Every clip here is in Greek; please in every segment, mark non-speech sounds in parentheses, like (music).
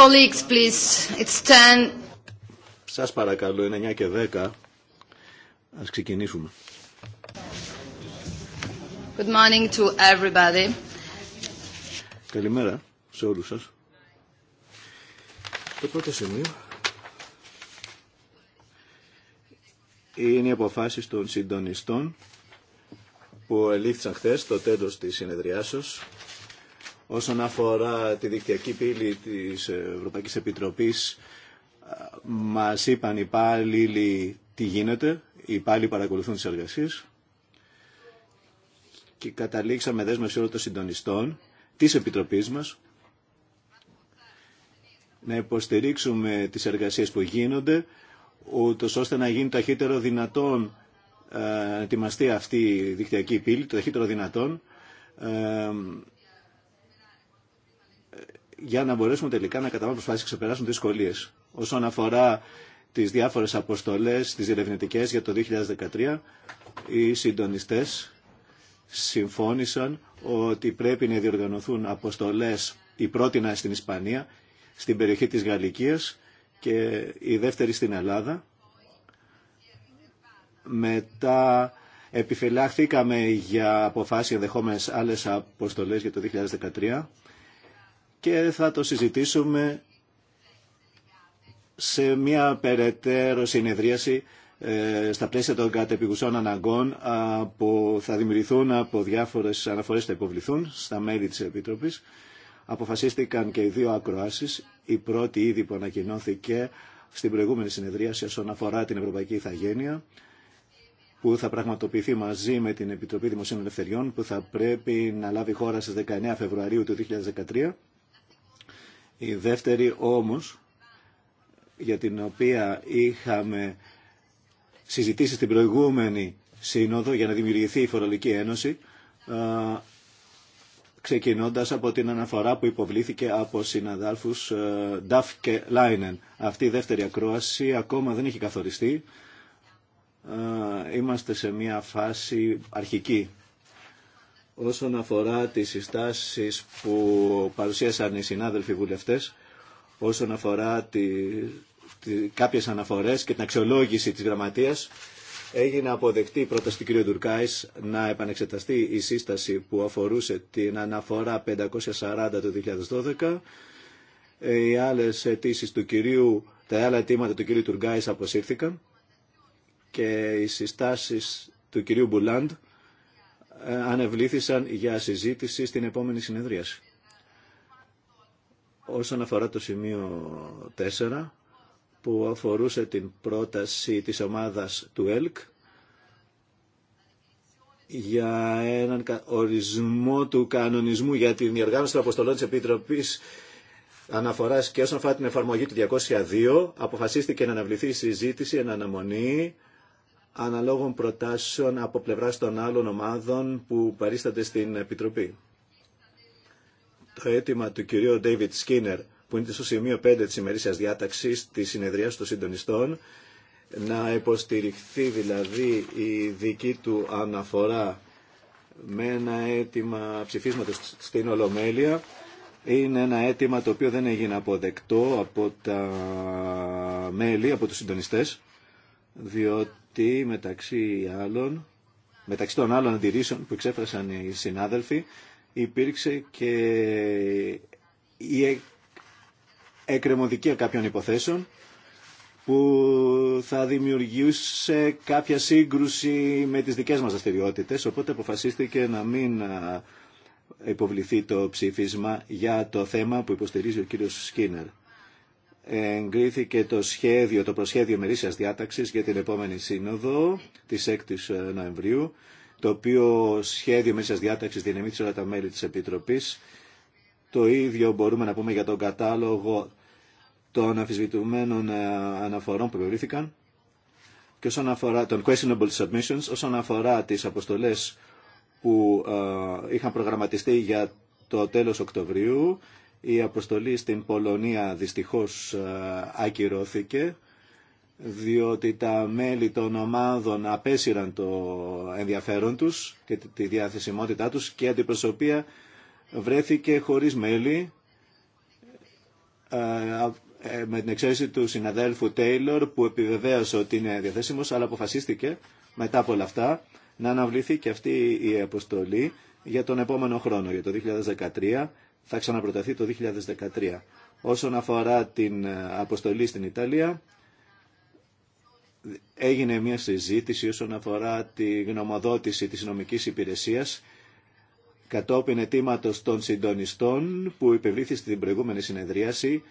colleagues, please. Σας παρακαλώ, είναι 9 και 10. Ας ξεκινήσουμε. Good morning to everybody. Καλημέρα σε όλους σας. Το πρώτο σημείο είναι οι αποφάσεις των συντονιστών που ελήφθησαν χθες στο τέλος της συνεδριάσεως όσον αφορά τη δικτυακή πύλη της Ευρωπαϊκής Επιτροπής μας είπαν οι υπάλληλοι τι γίνεται, οι υπάλληλοι παρακολουθούν τις εργασίες και καταλήξαμε δέσμευση όλων των συντονιστών της Επιτροπής μας να υποστηρίξουμε τις εργασίες που γίνονται ούτως ώστε να γίνει ταχύτερο δυνατόν ε, ετοιμαστεί αυτή η δικτυακή πύλη, το ταχύτερο δυνατόν ε, για να μπορέσουμε τελικά να καταβάλουμε προσπάθειες και ξεπεράσουμε τις Όσον αφορά τις διάφορες αποστολέ, τι ερευνητικέ για το 2013, οι συντονιστέ συμφώνησαν ότι πρέπει να διοργανωθούν αποστολές η πρώτη να στην Ισπανία, στην περιοχή της Γαλλικίας και η δεύτερη στην Ελλάδα. Μετά επιφυλάχθηκαμε για αποφάσεις ενδεχόμενες άλλες αποστολές για το 2013 και θα το συζητήσουμε σε μια περαιτέρω συνεδρίαση ε, στα πλαίσια των κατεπηγουσών αναγκών που θα δημιουργηθούν από διάφορες αναφορές θα υποβληθούν στα μέλη της Επίτροπης. Αποφασίστηκαν και οι δύο ακροάσεις. Η πρώτη ήδη που ανακοινώθηκε στην προηγούμενη συνεδρίαση όσον αφορά την Ευρωπαϊκή Ιθαγένεια που θα πραγματοποιηθεί μαζί με την Επιτροπή Δημοσίων Ελευθεριών που θα πρέπει να λάβει χώρα στις 19 Φεβρουαρίου του 2013 η δεύτερη όμως, για την οποία είχαμε συζητήσει στην προηγούμενη σύνοδο για να δημιουργηθεί η Φορολογική Ένωση, ξεκινώντας από την αναφορά που υποβλήθηκε από συναδάλφους Νταφ και Λάινεν. Αυτή η δεύτερη ακρόαση ακόμα δεν έχει καθοριστεί. Είμαστε σε μια φάση αρχική όσον αφορά τις συστάσεις που παρουσίασαν οι συνάδελφοι βουλευτές, όσον αφορά τη, τη, κάποιες αναφορές και την αξιολόγηση της γραμματείας, έγινε αποδεκτή η πρόταση του κ. να επανεξεταστεί η σύσταση που αφορούσε την αναφορά 540 του 2012, οι άλλες αιτήσει του κυρίου, τα άλλα αιτήματα του κυρίου Ντουρκάης αποσύρθηκαν και οι συστάσεις του κυρίου Μπουλάντ ε, ανεβλήθησαν για συζήτηση στην επόμενη συνεδρίαση. Όσον αφορά το σημείο 4, που αφορούσε την πρόταση της ομάδας του ΕΛΚ για έναν ορισμό του κανονισμού για την διοργάνωση των αποστολών της Επιτροπής Αναφοράς και όσον αφορά την εφαρμογή του 202, αποφασίστηκε να αναβληθεί η συζήτηση εν αναμονή αναλόγων προτάσεων από πλευράς των άλλων ομάδων που παρίστανται στην Επιτροπή. Το αίτημα του κυρίου David Skinner, που είναι στο σημείο 5 της ημερήσιας διάταξης της συνεδρίας των συντονιστών, να υποστηριχθεί δηλαδή η δική του αναφορά με ένα αίτημα ψηφίσματος στην Ολομέλεια, είναι ένα αίτημα το οποίο δεν έγινε αποδεκτό από τα μέλη, από τους συντονιστές, διότι τι μεταξύ άλλων μεταξύ των άλλων αντιρρήσεων που εξέφρασαν οι συνάδελφοι υπήρξε και η εκκρεμωδικία κάποιων υποθέσεων που θα δημιουργούσε κάποια σύγκρουση με τις δικές μας δραστηριότητε, οπότε αποφασίστηκε να μην υποβληθεί το ψήφισμα για το θέμα που υποστηρίζει ο κύριος Σκίνερ εγκρίθηκε το σχέδιο, το προσχέδιο μερίσιας διάταξης για την επόμενη σύνοδο της 6ης ε, Νοεμβρίου, το οποίο σχέδιο μερίσιας διάταξης δυναμίτησε όλα τα μέλη της Επιτροπής. Το ίδιο μπορούμε να πούμε για τον κατάλογο των αμφισβητουμένων ε, αναφορών που προβλήθηκαν και όσον αφορά των questionable submissions, όσον αφορά τις αποστολές που ε, είχαν προγραμματιστεί για το τέλος Οκτωβρίου, η αποστολή στην Πολωνία δυστυχώς ε, ακυρώθηκε διότι τα μέλη των ομάδων απέσυραν το ενδιαφέρον τους και τη διαθεσιμότητά τους και η αντιπροσωπεία βρέθηκε χωρίς μέλη ε, ε, με την εξαίρεση του συναδέλφου Τέιλορ που επιβεβαίωσε ότι είναι διαθέσιμος αλλά αποφασίστηκε μετά από όλα αυτά να αναβληθεί και αυτή η αποστολή για τον επόμενο χρόνο, για το 2013 θα ξαναπροταθεί το 2013. Όσον αφορά την ε, αποστολή στην Ιταλία, έγινε μια συζήτηση όσον αφορά τη γνωμοδότηση της νομικής υπηρεσίας κατόπιν αιτήματος των συντονιστών που υπευλήθη στην προηγούμενη συνεδρίαση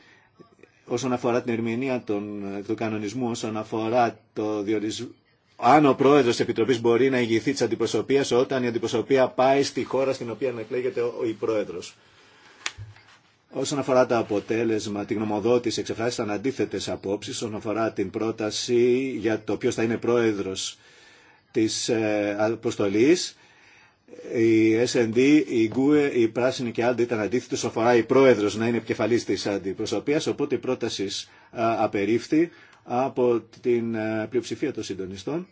όσον αφορά την ερμηνεία των, του κανονισμού, όσον αφορά το διορισμό, αν ο πρόεδρος τη Επιτροπή μπορεί να ηγηθεί τη αντιπροσωπεία όταν η αντιπροσωπεία πάει στη χώρα στην οποία εκλέγεται ο, ο, πρόεδρος. Όσον αφορά το αποτέλεσμα, τη γνωμοδότηση εξεφράστηκαν αντίθετε απόψει όσον αφορά την πρόταση για το ποιο θα είναι πρόεδρος της ε, αποστολή, Η S&D, η GUE, η Πράσινη και άλλοι ήταν αντίθετοι όσον αφορά η πρόεδρο να είναι επικεφαλή τη αντιπροσωπείας, οπότε η πρόταση απερίφθη από την ε, πλειοψηφία των συντονιστών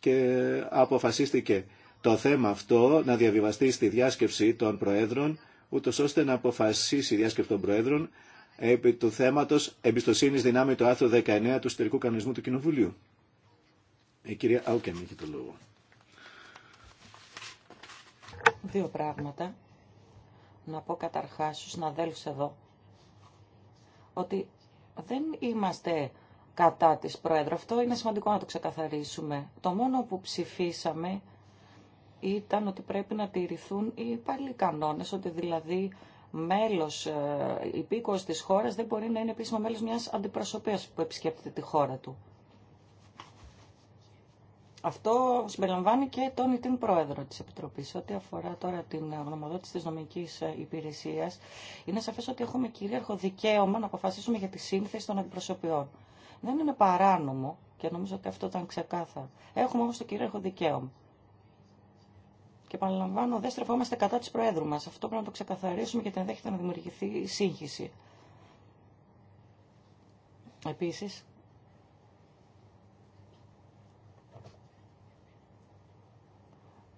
και αποφασίστηκε το θέμα αυτό να διαβιβαστεί στη διάσκεψη των Προέδρων ούτως ώστε να αποφασίσει η διάσκεψη των Προέδρων επί του θέματος εμπιστοσύνη δυνάμει του άρθρου 19 του Στερικού Κανονισμού του Κοινοβουλίου. Η κυρία Άουκεν έχει το λόγο. Δύο πράγματα. Να πω καταρχάς στου αδέλφου εδώ ότι δεν είμαστε κατά της Πρόεδρο. Αυτό είναι σημαντικό να το ξεκαθαρίσουμε. Το μόνο που ψηφίσαμε ήταν ότι πρέπει να τηρηθούν οι παλιοί κανόνε ότι δηλαδή μέλος ε, υπήκοος τη χώρα δεν μπορεί να είναι επίσημα μέλο μια αντιπροσωπείας που επισκέπτεται τη χώρα του. Αυτό συμπεριλαμβάνει και τον ή την πρόεδρο της Επιτροπής. Ό,τι αφορά τώρα την γνωμοδότηση της νομικής ε, υπηρεσίας, είναι σαφές ότι έχουμε κυρίαρχο δικαίωμα να αποφασίσουμε για τη σύνθεση των αντιπροσωπιών. Δεν είναι παράνομο και νομίζω ότι αυτό ήταν ξεκάθαρο. Έχουμε όμω το κυρίαρχο δικαίωμα. Και επαναλαμβάνω, δεν στρεφόμαστε κατά τη Προέδρου μα. Αυτό πρέπει να το ξεκαθαρίσουμε γιατί ενδέχεται να δημιουργηθεί σύγχυση. Επίση,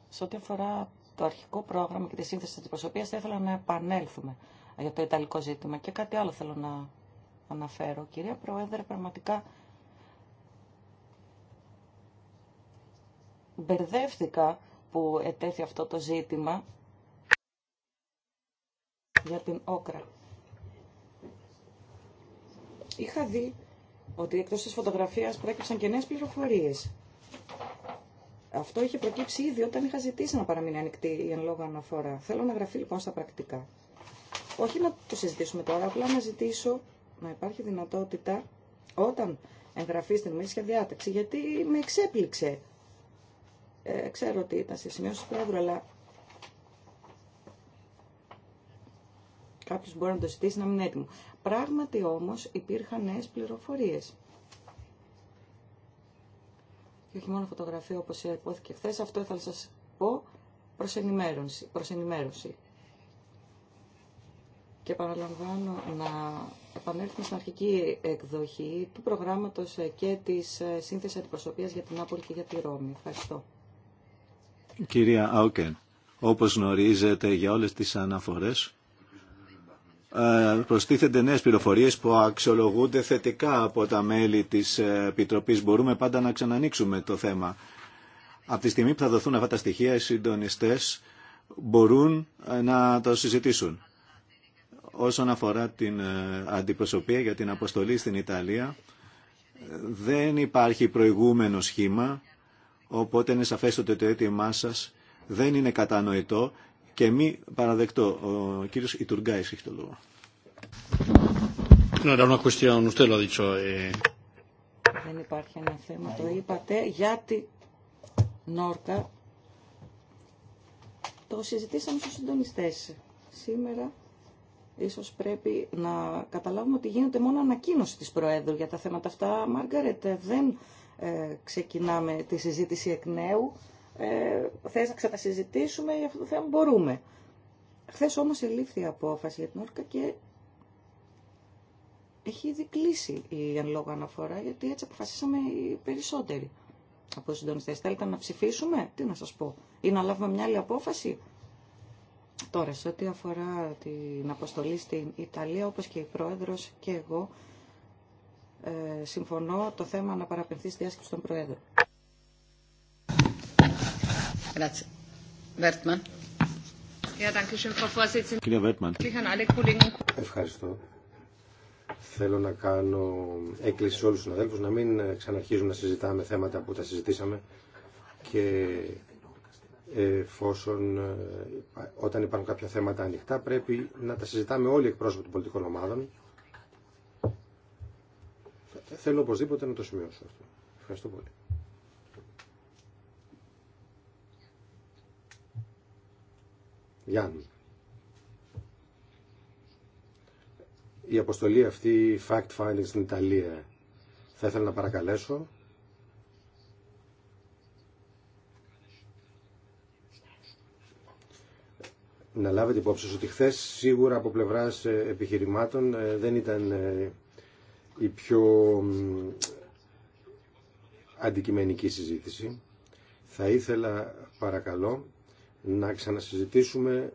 σε ό,τι αφορά το αρχικό πρόγραμμα και τη σύνθεση τη προσωπίας θα ήθελα να επανέλθουμε για το ιταλικό ζήτημα και κάτι άλλο θέλω να αναφέρω. Κυρία Πρόεδρε, πραγματικά μπερδεύτηκα που ετέθη αυτό το ζήτημα για την όκρα. Είχα δει ότι εκτός της φωτογραφίας προέκυψαν και νέες πληροφορίες. Αυτό είχε προκύψει ήδη όταν είχα ζητήσει να παραμείνει ανοιχτή η εν λόγω αναφορά. Θέλω να γραφεί λοιπόν στα πρακτικά. Όχι να το συζητήσουμε τώρα, απλά να ζητήσω να υπάρχει δυνατότητα όταν εγγραφεί στην ημερήσια διάταξη, γιατί με εξέπληξε ε, ξέρω ότι ήταν σε σημείο του πρόεδρου, αλλά κάποιος μπορεί να το ζητήσει να μην είναι έτοιμο. Πράγματι όμως υπήρχαν νέες πληροφορίες. Και όχι μόνο φωτογραφία όπως υπόθηκε χθε, αυτό θα σας πω προς ενημέρωση. Προς ενημέρωση. Και παραλαμβάνω να επανέλθουμε στην αρχική εκδοχή του προγράμματος και της ε, σύνθεσης αντιπροσωπείας για την Άπολη και για τη Ρώμη. Ευχαριστώ. Κυρία Άουκεν, όπως γνωρίζετε για όλες τις αναφορές, ε, προστίθενται νέες πληροφορίες που αξιολογούνται θετικά από τα μέλη της Επιτροπής. Μπορούμε πάντα να ξανανοίξουμε το θέμα. Από τη στιγμή που θα δοθούν αυτά τα στοιχεία, οι συντονιστές μπορούν ε, να το συζητήσουν. Όσον αφορά την ε, αντιπροσωπεία για την αποστολή στην Ιταλία, δεν υπάρχει προηγούμενο σχήμα Οπότε είναι σαφές ότι το αίτημά σα, δεν είναι κατανοητό και μη παραδεκτό. Ο κύριος Ιτουργκάης έχει το λόγο. Eh. Δεν υπάρχει ένα θέμα, το είπατε, γιατί Νόρκα το συζητήσαμε στους συντονιστές σήμερα. Ίσως πρέπει να καταλάβουμε ότι γίνεται μόνο ανακοίνωση της Προέδρου για τα θέματα αυτά. Μάργαρετ, δεν ε, ξεκινάμε τη συζήτηση εκ νέου. Ε, θες να ξανασυζητήσουμε για αυτό το θέμα, μπορούμε. Χθε όμως ελήφθη η απόφαση για την όρκα και έχει ήδη κλείσει η εν λόγω αναφορά, γιατί έτσι αποφασίσαμε οι περισσότεροι από τους συντονιστές. Θέλετε να ψηφίσουμε, τι να σας πω, ή να λάβουμε μια άλλη απόφαση. Τώρα, σε ό,τι αφορά την αποστολή στην Ιταλία, όπως και η Πρόεδρος και εγώ, ε, συμφωνώ το θέμα να παραπευθεί στη διάσκεψη των Προέδρων. Ευχαριστώ. Θέλω να κάνω έκκληση σε όλους τους συναδέλφους να μην ξαναρχίζουμε να συζητάμε θέματα που τα συζητήσαμε και εφόσον ε, όταν υπάρχουν κάποια θέματα ανοιχτά πρέπει να τα συζητάμε όλοι οι εκπρόσωποι των πολιτικών ομάδων Θέλω οπωσδήποτε να το σημειώσω αυτό. Ευχαριστώ πολύ. Γιάννη. Η αποστολή αυτή fact-finding στην Ιταλία θα ήθελα να παρακαλέσω να λάβετε υπόψη ότι χθε σίγουρα από πλευράς ε, επιχειρημάτων ε, δεν ήταν ε, η πιο αντικειμενική συζήτηση. Θα ήθελα παρακαλώ να ξανασυζητήσουμε,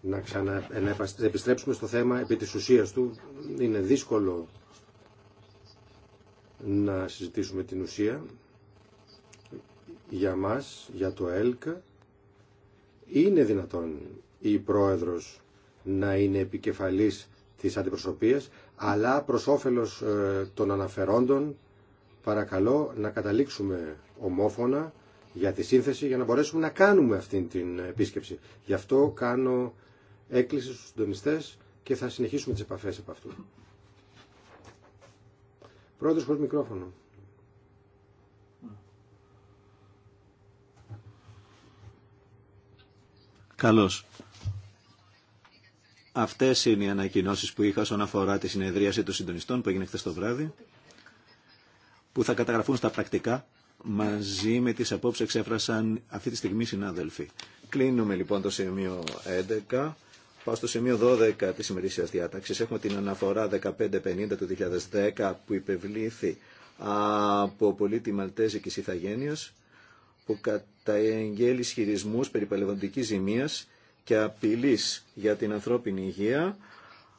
να, ξανα, να επιστρέψουμε στο θέμα επί της ουσίας του. Είναι δύσκολο να συζητήσουμε την ουσία για μας, για το ΕΛΚ. Είναι δυνατόν η πρόεδρος να είναι επικεφαλής της αντιπροσωπείας αλλά προς όφελος ε, των αναφερόντων παρακαλώ να καταλήξουμε ομόφωνα για τη σύνθεση για να μπορέσουμε να κάνουμε αυτή την επίσκεψη. Γι' αυτό κάνω έκκληση στους συντονιστές και θα συνεχίσουμε τις επαφές από αυτού. Πρόεδρος χωρίς μικρόφωνο. Καλώς. Αυτές είναι οι ανακοινώσει που είχα όσον αφορά τη συνεδρίαση των συντονιστών που έγινε χθε το βράδυ, που θα καταγραφούν στα πρακτικά μαζί με τις απόψεις εξέφρασαν αυτή τη στιγμή συνάδελφοι. Κλείνουμε λοιπόν το σημείο 11. Πάω στο σημείο 12 τη ημερησία διάταξη. Έχουμε την αναφορά 1550 του 2010 που υπευλήθη από πολίτη Μαλτέζικης Ιθαγένεια, που καταγγέλει ισχυρισμού περί ζημίας και απειλής για την ανθρώπινη υγεία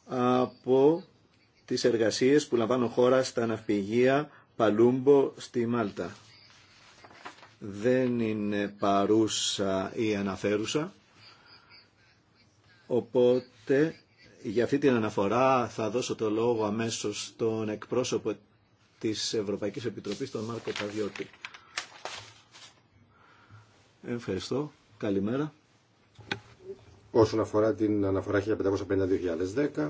από τις εργασίες που λαμβάνουν χώρα στα ναυπηγεία Παλούμπο στη Μάλτα. Δεν είναι παρούσα ή αναφέρουσα, οπότε για αυτή την αναφορά θα δώσω το λόγο αμέσως στον εκπρόσωπο της Ευρωπαϊκής Επιτροπής, τον Μάρκο Παδιώτη. Ευχαριστώ. Καλημέρα. Όσον αφορά την αναφορά 1550-2010,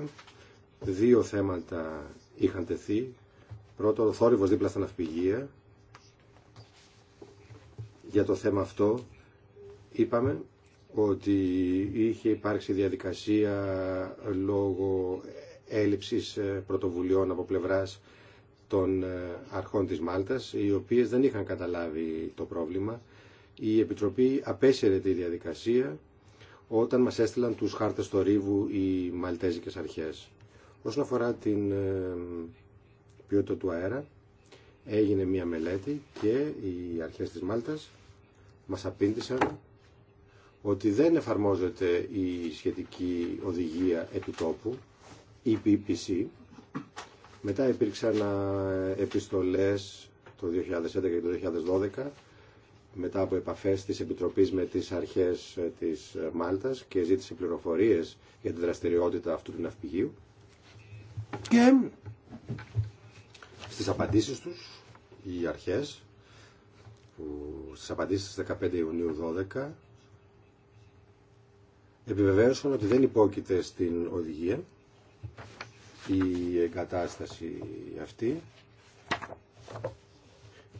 δύο θέματα είχαν τεθεί. Πρώτο, ο θόρυβος δίπλα στα ναυπηγεία. Για το θέμα αυτό είπαμε ότι είχε υπάρξει διαδικασία λόγω έλλειψης ε, πρωτοβουλειών από πλευράς των ε, αρχών της Μάλτας, οι οποίες δεν είχαν καταλάβει το πρόβλημα. Η Επιτροπή απέσαιρε τη διαδικασία όταν μας έστειλαν τους χάρτες στο Ρίβου οι μαλτέζικες αρχές. Όσον αφορά την ε, ποιότητα του αέρα, έγινε μία μελέτη και οι αρχές της Μάλτας μας απήντησαν ότι δεν εφαρμόζεται η σχετική οδηγία επιτόπου, η PPC. Μετά υπήρξαν ε, επιστολές το 2011 και το 2012 μετά από επαφές της Επιτροπής με τις αρχές ε, της ε, Μάλτας και ζήτησε πληροφορίες για τη δραστηριότητα αυτού του ναυπηγείου και στις απαντήσεις τους οι αρχές που στις απαντήσεις 15 Ιουνίου 12 επιβεβαίωσαν ότι δεν υπόκειται στην οδηγία η εγκατάσταση αυτή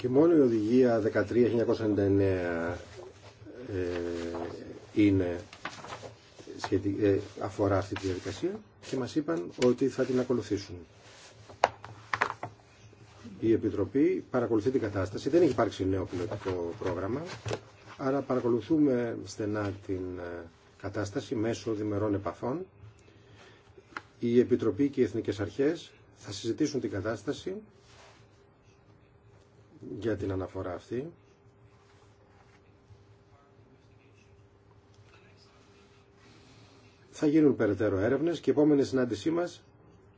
και μόνο η οδηγία 1399 ε, είναι, ε, αφορά αυτή τη διαδικασία και μας είπαν ότι θα την ακολουθήσουν. Η Επιτροπή παρακολουθεί την κατάσταση. Δεν έχει υπάρξει νέο πιλωτικό πρόγραμμα, άρα παρακολουθούμε στενά την ε, κατάσταση μέσω διμερών επαφών. Η Επιτροπή και οι Εθνικές Αρχές θα συζητήσουν την κατάσταση για την αναφορά αυτή. Θα γίνουν περαιτέρω έρευνες και η επόμενη συνάντησή μας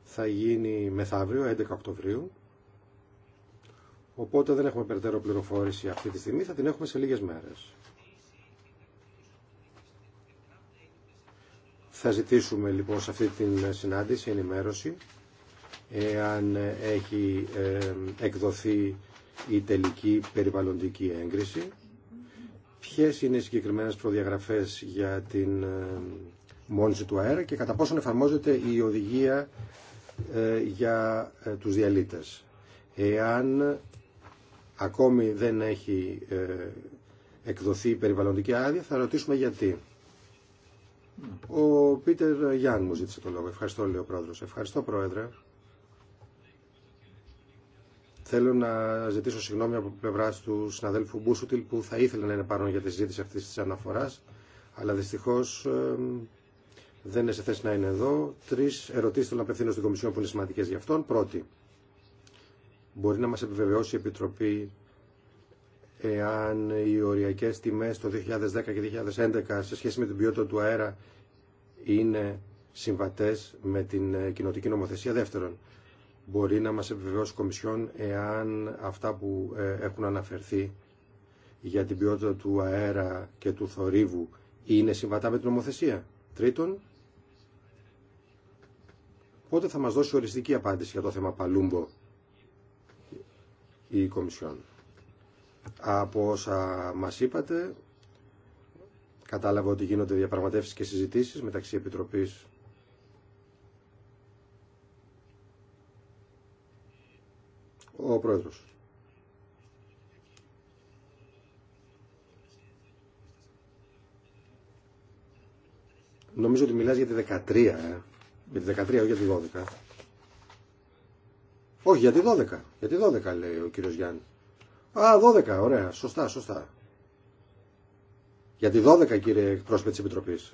θα γίνει μεθαύριο, 11 Οκτωβρίου. Οπότε δεν έχουμε περαιτέρω πληροφόρηση αυτή τη στιγμή, θα την έχουμε σε λίγες μέρες. Θα ζητήσουμε λοιπόν σε αυτή την συνάντηση ενημέρωση εάν έχει ε, εκδοθεί η τελική περιβαλλοντική έγκριση, ποιες είναι οι συγκεκριμένες προδιαγραφές για την ε, μόνιση του αέρα και κατά πόσον εφαρμόζεται η οδηγία ε, για ε, τους διαλύτες. Εάν ακόμη δεν έχει εκδοθεί η περιβαλλοντική άδεια, θα ρωτήσουμε γιατί. Ο Πίτερ Γιάν μου ζήτησε το λόγο. Ευχαριστώ, λέει ο πρόεδρος. Ευχαριστώ, πρόεδρε. Θέλω να ζητήσω συγγνώμη από πλευρά του συναδέλφου Μπούσουτιλ που θα ήθελε να είναι παρόν για τη συζήτηση αυτή τη αναφορά, αλλά δυστυχώ δεν είναι σε θέση να είναι εδώ. Τρει ερωτήσει θέλω να απευθύνω στην Κομισιόν που είναι σημαντικέ για αυτόν. Πρώτη, μπορεί να μα επιβεβαιώσει η Επιτροπή εάν οι οριακέ τιμέ το 2010 και 2011 σε σχέση με την ποιότητα του αέρα είναι συμβατέ με την ε, κοινοτική νομοθεσία. Δεύτερον, Μπορεί να μας επιβεβαιώσει η Κομισιόν εάν αυτά που ε, έχουν αναφερθεί για την ποιότητα του αέρα και του θορύβου είναι συμβατά με την νομοθεσία. Τρίτον, πότε θα μας δώσει οριστική απάντηση για το θέμα Παλούμπο η Κομισιόν. Από όσα μας είπατε, κατάλαβα ότι γίνονται διαπραγματεύσεις και συζητήσεις μεταξύ Επιτροπής Ο Πρόεδρος. Νομίζω ότι μιλάς για τη 13, ε. Για τη 13, όχι για τη 12. Όχι, για τη 12. Για τη 12 λέει ο κύριος Γιάννη. Α, 12, ωραία. Σωστά, σωστά. Για τη 12 κύριε εκπρόσωπε της Επιτροπής.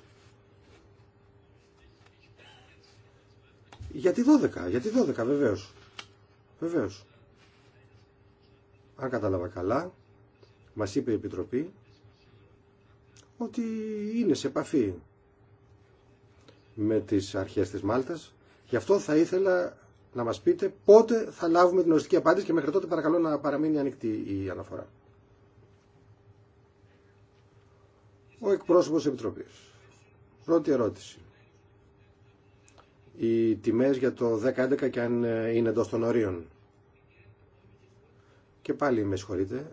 Για τη 12, για τη 12 βεβαίως. Βεβαίως αν κατάλαβα καλά, μας είπε η Επιτροπή ότι είναι σε επαφή με τις αρχές της Μάλτας. Γι' αυτό θα ήθελα να μας πείτε πότε θα λάβουμε την οριστική απάντηση και μέχρι τότε παρακαλώ να παραμείνει ανοιχτή η αναφορά. Ο εκπρόσωπος Επιτροπής. Πρώτη ερώτηση. Οι τιμές για το 10-11 και αν είναι εντός των ορίων και πάλι με συγχωρείτε,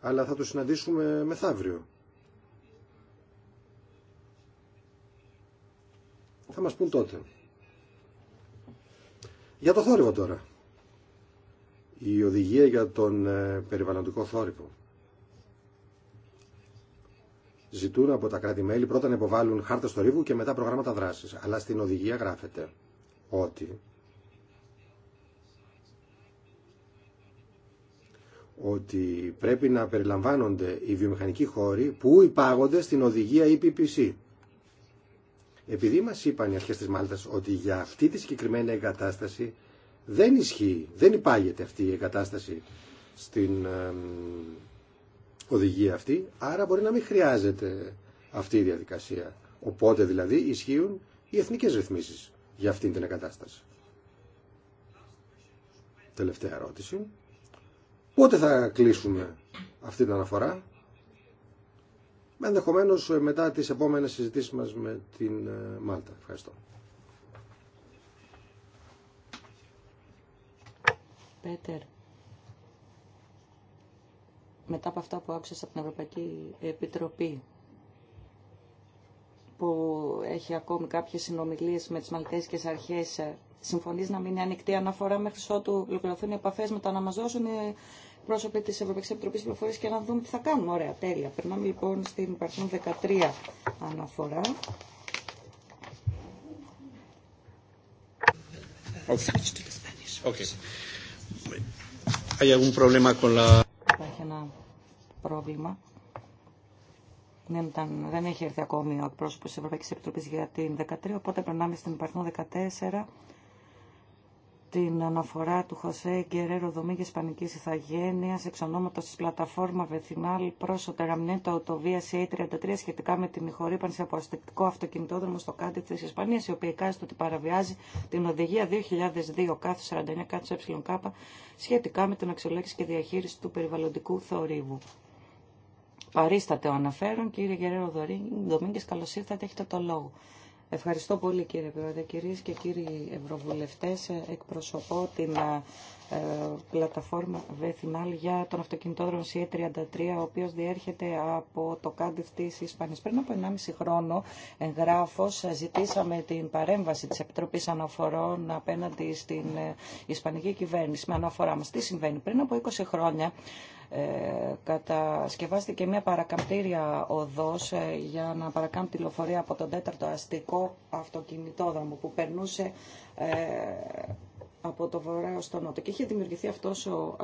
αλλά θα το συναντήσουμε μεθαύριο. Θα μας πούν τότε. Για το θόρυβο τώρα. Η οδηγία για τον ε, περιβαλλοντικό θόρυβο. Ζητούν από τα κράτη-μέλη πρώτα να υποβάλουν χάρτες θορύβου και μετά προγράμματα δράσης. Αλλά στην οδηγία γράφεται ότι ότι πρέπει να περιλαμβάνονται οι βιομηχανικοί χώροι που υπάγονται στην οδηγία EPPC. Επειδή μα είπαν οι αρχές της Μάλτας ότι για αυτή τη συγκεκριμένη εγκατάσταση δεν ισχύει, δεν υπάγεται αυτή η εγκατάσταση στην οδηγία αυτή, άρα μπορεί να μην χρειάζεται αυτή η διαδικασία. Οπότε δηλαδή ισχύουν οι εθνικές ρυθμίσεις για αυτή την εγκατάσταση. Τελευταία ερώτηση. Πότε θα κλείσουμε αυτή την αναφορά. Ενδεχομένω ε, μετά τις επόμενες συζητήσεις μας με την ε, Μάλτα. Ευχαριστώ. Πέτερ, μετά από αυτά που άκουσες από την Ευρωπαϊκή Επιτροπή, που έχει ακόμη κάποιες συνομιλίες με τις μαλτέζικες αρχές ε, συμφωνεί να μην είναι ανοιχτή αναφορά μέχρι ότου ολοκληρωθούν οι επαφέ μετά να μα δώσουν οι πρόσωποι τη Ευρωπαϊκή Επιτροπή Πληροφορία και να δούμε τι θα κάνουμε. Ωραία, τέλεια. Περνάμε λοιπόν στην υπαρχόν 13 αναφορά. Okay. Υπάρχει ένα πρόβλημα δεν, ναι, ήταν, δεν έχει έρθει ακόμη ο εκπρόσωπο τη Ευρωπαϊκή Επιτροπή για την 13, οπότε περνάμε στην υπαρθμό 14, την αναφορά του Χωσέ Γκερέρο Δομή για Ισπανική Ιθαγένεια, εξ ονόματο τη πλατφόρμα Βεθινάλ προ το Τεραμνέτο, το VSA 33, σχετικά με την ηχορύπανση από αστικτικό αυτοκινητόδρομο στο κάτι τη Ισπανία, η οποία εικάζεται ότι παραβιάζει την οδηγία 2002 49 ΕΚ σχετικά με την αξιολόγηση και διαχείριση του περιβαλλοντικού θορύβου. Παρίστατε ο αναφέρον, κύριε Γερέρο Δομήνγκες, καλώς ήρθατε, έχετε το λόγο. Ευχαριστώ πολύ κύριε Πρόεδρε, κυρίε και κύριοι Ευρωβουλευτές. Ε, εκπροσωπώ την ε, ε, πλατφόρμα Βεθινάλ για τον αυτοκινητοδρομο c CE33, ο οποίος διέρχεται από το Κάντιφ της Ισπανίας. Πριν από 1,5 χρόνο εγγράφος ε, ζητήσαμε την παρέμβαση της Επιτροπής Αναφορών απέναντι στην Ισπανική κυβέρνηση με αναφορά μας. Τι συμβαίνει. Πριν από 20 χρόνια ε, κατασκευάστηκε μια παρακαμπτήρια οδός ε, για να παρακάμπτει λοφορία από τον τέταρτο αστικό αυτοκινητόδρομο που περνούσε ε, από το βορρά στο νότο και είχε δημιουργηθεί αυτός ο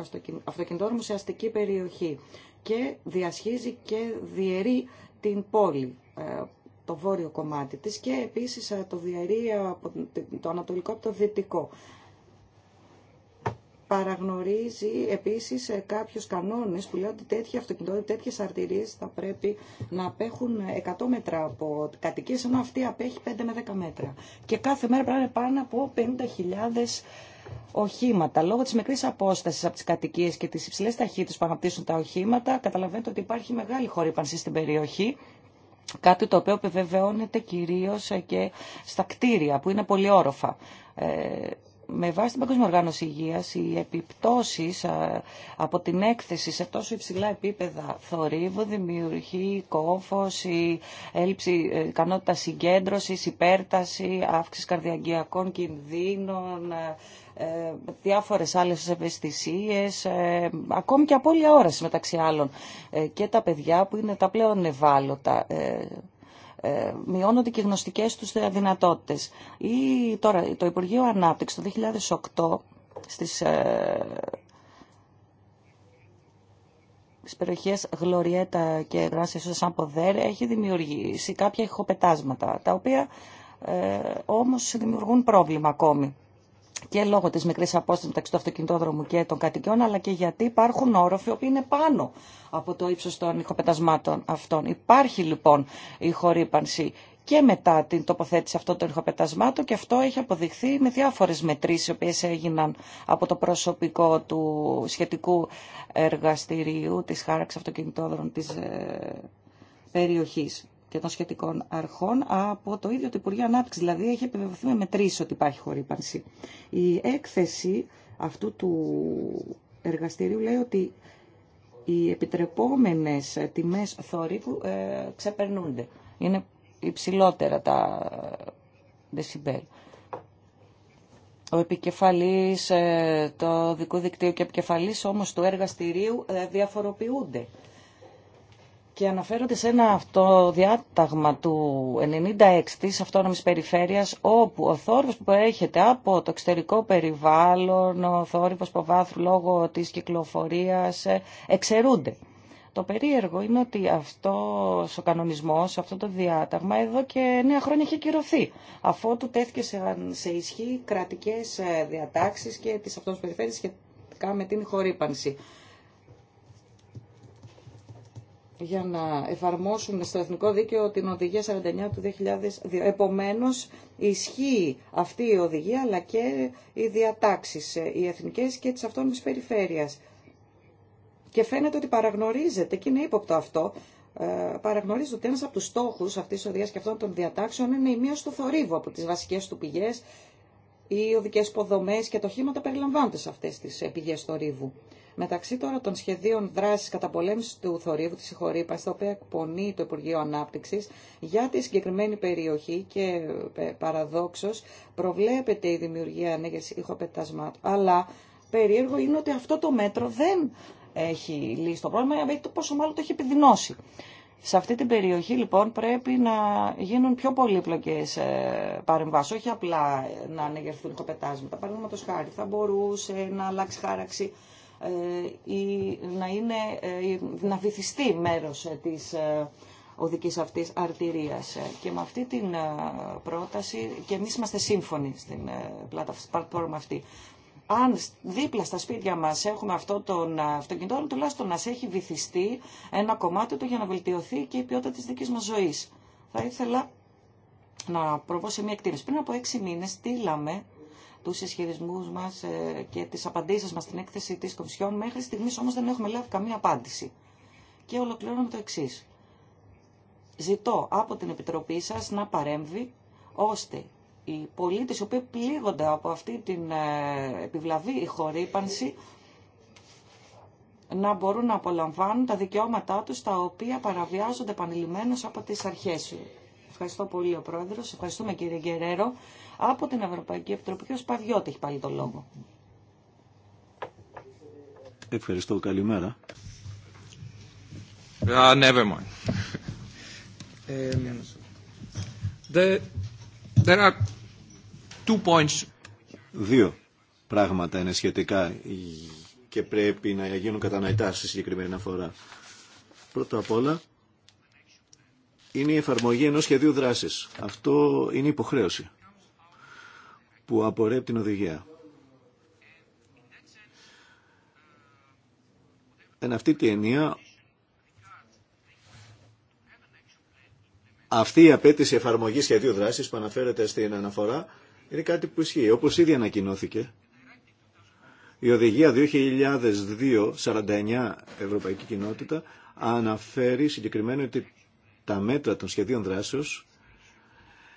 αυτοκινητόδρομος σε αστική περιοχή και διασχίζει και διαιρεί την πόλη το βόρειο κομμάτι της και επίσης το διαιρεί από το ανατολικό από το δυτικό παραγνωρίζει επίσης ε, κάποιους κανόνες που λέει ότι τέτοια αυτοκινητότητα, τέτοιες αρτηρίες θα πρέπει να απέχουν 100 μέτρα από κατοικίες, ενώ αυτή απέχει 5 με 10 μέτρα. Και κάθε μέρα πρέπει να είναι πάνω από 50.000 οχήματα. Λόγω τη μικρή απόσταση από τι κατοικίε και τι υψηλέ ταχύτητε που αναπτύσσουν τα οχήματα, καταλαβαίνετε ότι υπάρχει μεγάλη χορύπανση στην περιοχή. Κάτι το οποίο επιβεβαιώνεται κυρίω ε, και στα κτίρια που είναι πολυόροφα. Ε, με βάση την Παγκόσμια Οργάνωση Υγείας, οι επιπτώσεις από την έκθεση σε τόσο υψηλά επίπεδα θορύβου δημιουργεί κόφο, η έλλειψη ε, ικανότητα συγκέντρωσης, υπέρταση, αύξηση καρδιαγκιακών κινδύνων, ε, ε, διάφορες άλλες ευαισθησίες, ακόμη και απώλεια όραση μεταξύ άλλων και τα παιδιά που είναι τα πλέον ευάλωτα ε, μειώνονται και οι γνωστικές τους δυνατότητες. Ή, τώρα, το Υπουργείο Ανάπτυξη το 2008 στις, ε, περιοχές Γλωριέτα και Γράσια Σούσα Σαμποδέρ έχει δημιουργήσει κάποια ηχοπετάσματα, τα οποία ε, όμως δημιουργούν πρόβλημα ακόμη και λόγω της μικρής απόστασης μεταξύ του αυτοκινητόδρομου και των κατοικιών, αλλά και γιατί υπάρχουν όροφοι που είναι πάνω από το ύψος των ηχοπετασμάτων αυτών. Υπάρχει λοιπόν η χορύπανση και μετά την τοποθέτηση αυτών των ηχοπετασμάτων και αυτό έχει αποδειχθεί με διάφορες μετρήσεις οι οποίες έγιναν από το προσωπικό του σχετικού εργαστηρίου της χάραξης αυτοκινητόδρων της ε, περιοχής των σχετικών αρχών από το ίδιο το Υπουργείο Ανάπτυξη. Δηλαδή έχει επιβεβαιωθεί με μετρήσει ότι υπάρχει χορύπανση. Η έκθεση αυτού του εργαστηρίου λέει ότι οι επιτρεπόμενες τιμές θορύβου ε, ξεπερνούνται. Είναι υψηλότερα τα δεσιμπέλ. Ο επικεφαλής ε, το δικού δικτύου και επικεφαλής όμως του εργαστηρίου ε, διαφοροποιούνται και αναφέρονται σε ένα αυτοδιάταγμα του 96 της αυτόνομης περιφέρειας όπου ο θόρυβος που προέρχεται από το εξωτερικό περιβάλλον, ο θόρυβος υποβάθρου λόγω της κυκλοφορίας ε, εξαιρούνται. Το περίεργο είναι ότι αυτό ο κανονισμό, αυτό το διάταγμα εδώ και νέα χρόνια είχε κυρωθεί αφού του τέθηκε σε ισχύ κρατικές ε, διατάξεις και τις αυτόνομες περιφέρειες σχετικά με την χορύπανση για να εφαρμόσουν στο Εθνικό Δίκαιο την Οδηγία 49 του 2002. Επομένως, ισχύει αυτή η οδηγία, αλλά και οι διατάξεις, ε, οι εθνικές και τις αυτόνομης περιφέρειας. Και φαίνεται ότι παραγνωρίζεται, και είναι ύποπτο αυτό, ε, παραγνωρίζεται ότι ένας από τους στόχους αυτής της οδηγίας και αυτών των διατάξεων είναι η μείωση του θορύβου από τις βασικές του πηγές, οι οδικές υποδομές και το τα περιλαμβάνονται σε αυτές τις ε, πηγές θορύβου. Μεταξύ τώρα των σχεδίων δράσης καταπολέμησης του θορύβου τη συγχωρήπας, τα οποία εκπονεί το Υπουργείο Ανάπτυξη για τη συγκεκριμένη περιοχή και ε, παραδόξω προβλέπεται η δημιουργία ανέγερση ηχοπετασμάτων. Αλλά περίεργο είναι ότι αυτό το μέτρο δεν έχει λύσει το πρόβλημα, γιατί το πόσο μάλλον το έχει επιδεινώσει. Σε αυτή την περιοχή λοιπόν πρέπει να γίνουν πιο πολύπλοκες ε, παρεμβάσεις, όχι απλά να ανεγερθούν πετάσματα. Παραδείγματο χάρη θα μπορούσε να αλλάξει χάραξη ε, να, είναι, ε, να βυθιστεί μέρος ε, της οδικής αυτής αρτηρίας. Και με αυτή την πρόταση, και εμείς είμαστε σύμφωνοι στην πλατφόρμα αυτή, αν δίπλα στα σπίτια μας έχουμε αυτό τον αυτοκινητό, τουλάχιστον να έχει βυθιστεί ένα κομμάτι του για να βελτιωθεί και η ποιότητα της δικής μας ζωής. Θα ήθελα να προβώ σε μια εκτίμηση. Πριν από έξι μήνες στείλαμε τους ισχυρισμούς μας ε, και τις απαντήσεις μας στην έκθεση της Κομισιόν. Μέχρι στιγμής όμως δεν έχουμε λάβει καμία απάντηση. Και ολοκληρώνω με το εξή. Ζητώ από την Επιτροπή σας να παρέμβει ώστε οι πολίτες οι οποίοι πλήγονται από αυτή την ε, επιβλαβή χορύπανση να μπορούν να απολαμβάνουν τα δικαιώματά τους τα οποία παραβιάζονται επανειλημμένως από τις αρχές. Ευχαριστώ πολύ ο Πρόεδρος, ευχαριστούμε κύριε Γκερέρο από την Ευρωπαϊκή Επιτροπή. Ο Παδιώτη έχει πάλι το λόγο. Ευχαριστώ. Καλημέρα. Uh, never mind. (laughs) Ε, ε, there are two points. Δύο πράγματα είναι σχετικά και πρέπει να γίνουν κατανοητά στη συγκεκριμένη αναφορά. Πρώτα απ' όλα είναι η εφαρμογή ενός σχεδίου δράσης. Αυτό είναι υποχρέωση που απορρέπει την οδηγία. Εν αυτή τη ενία, αυτή η απέτηση εφαρμογής σχεδίου δράσης που αναφέρεται στην αναφορά είναι κάτι που ισχύει. Όπως ήδη ανακοινώθηκε, η Οδηγία 2002-49 Ευρωπαϊκή Κοινότητα αναφέρει συγκεκριμένα ότι τα μέτρα των σχεδίων δράσεως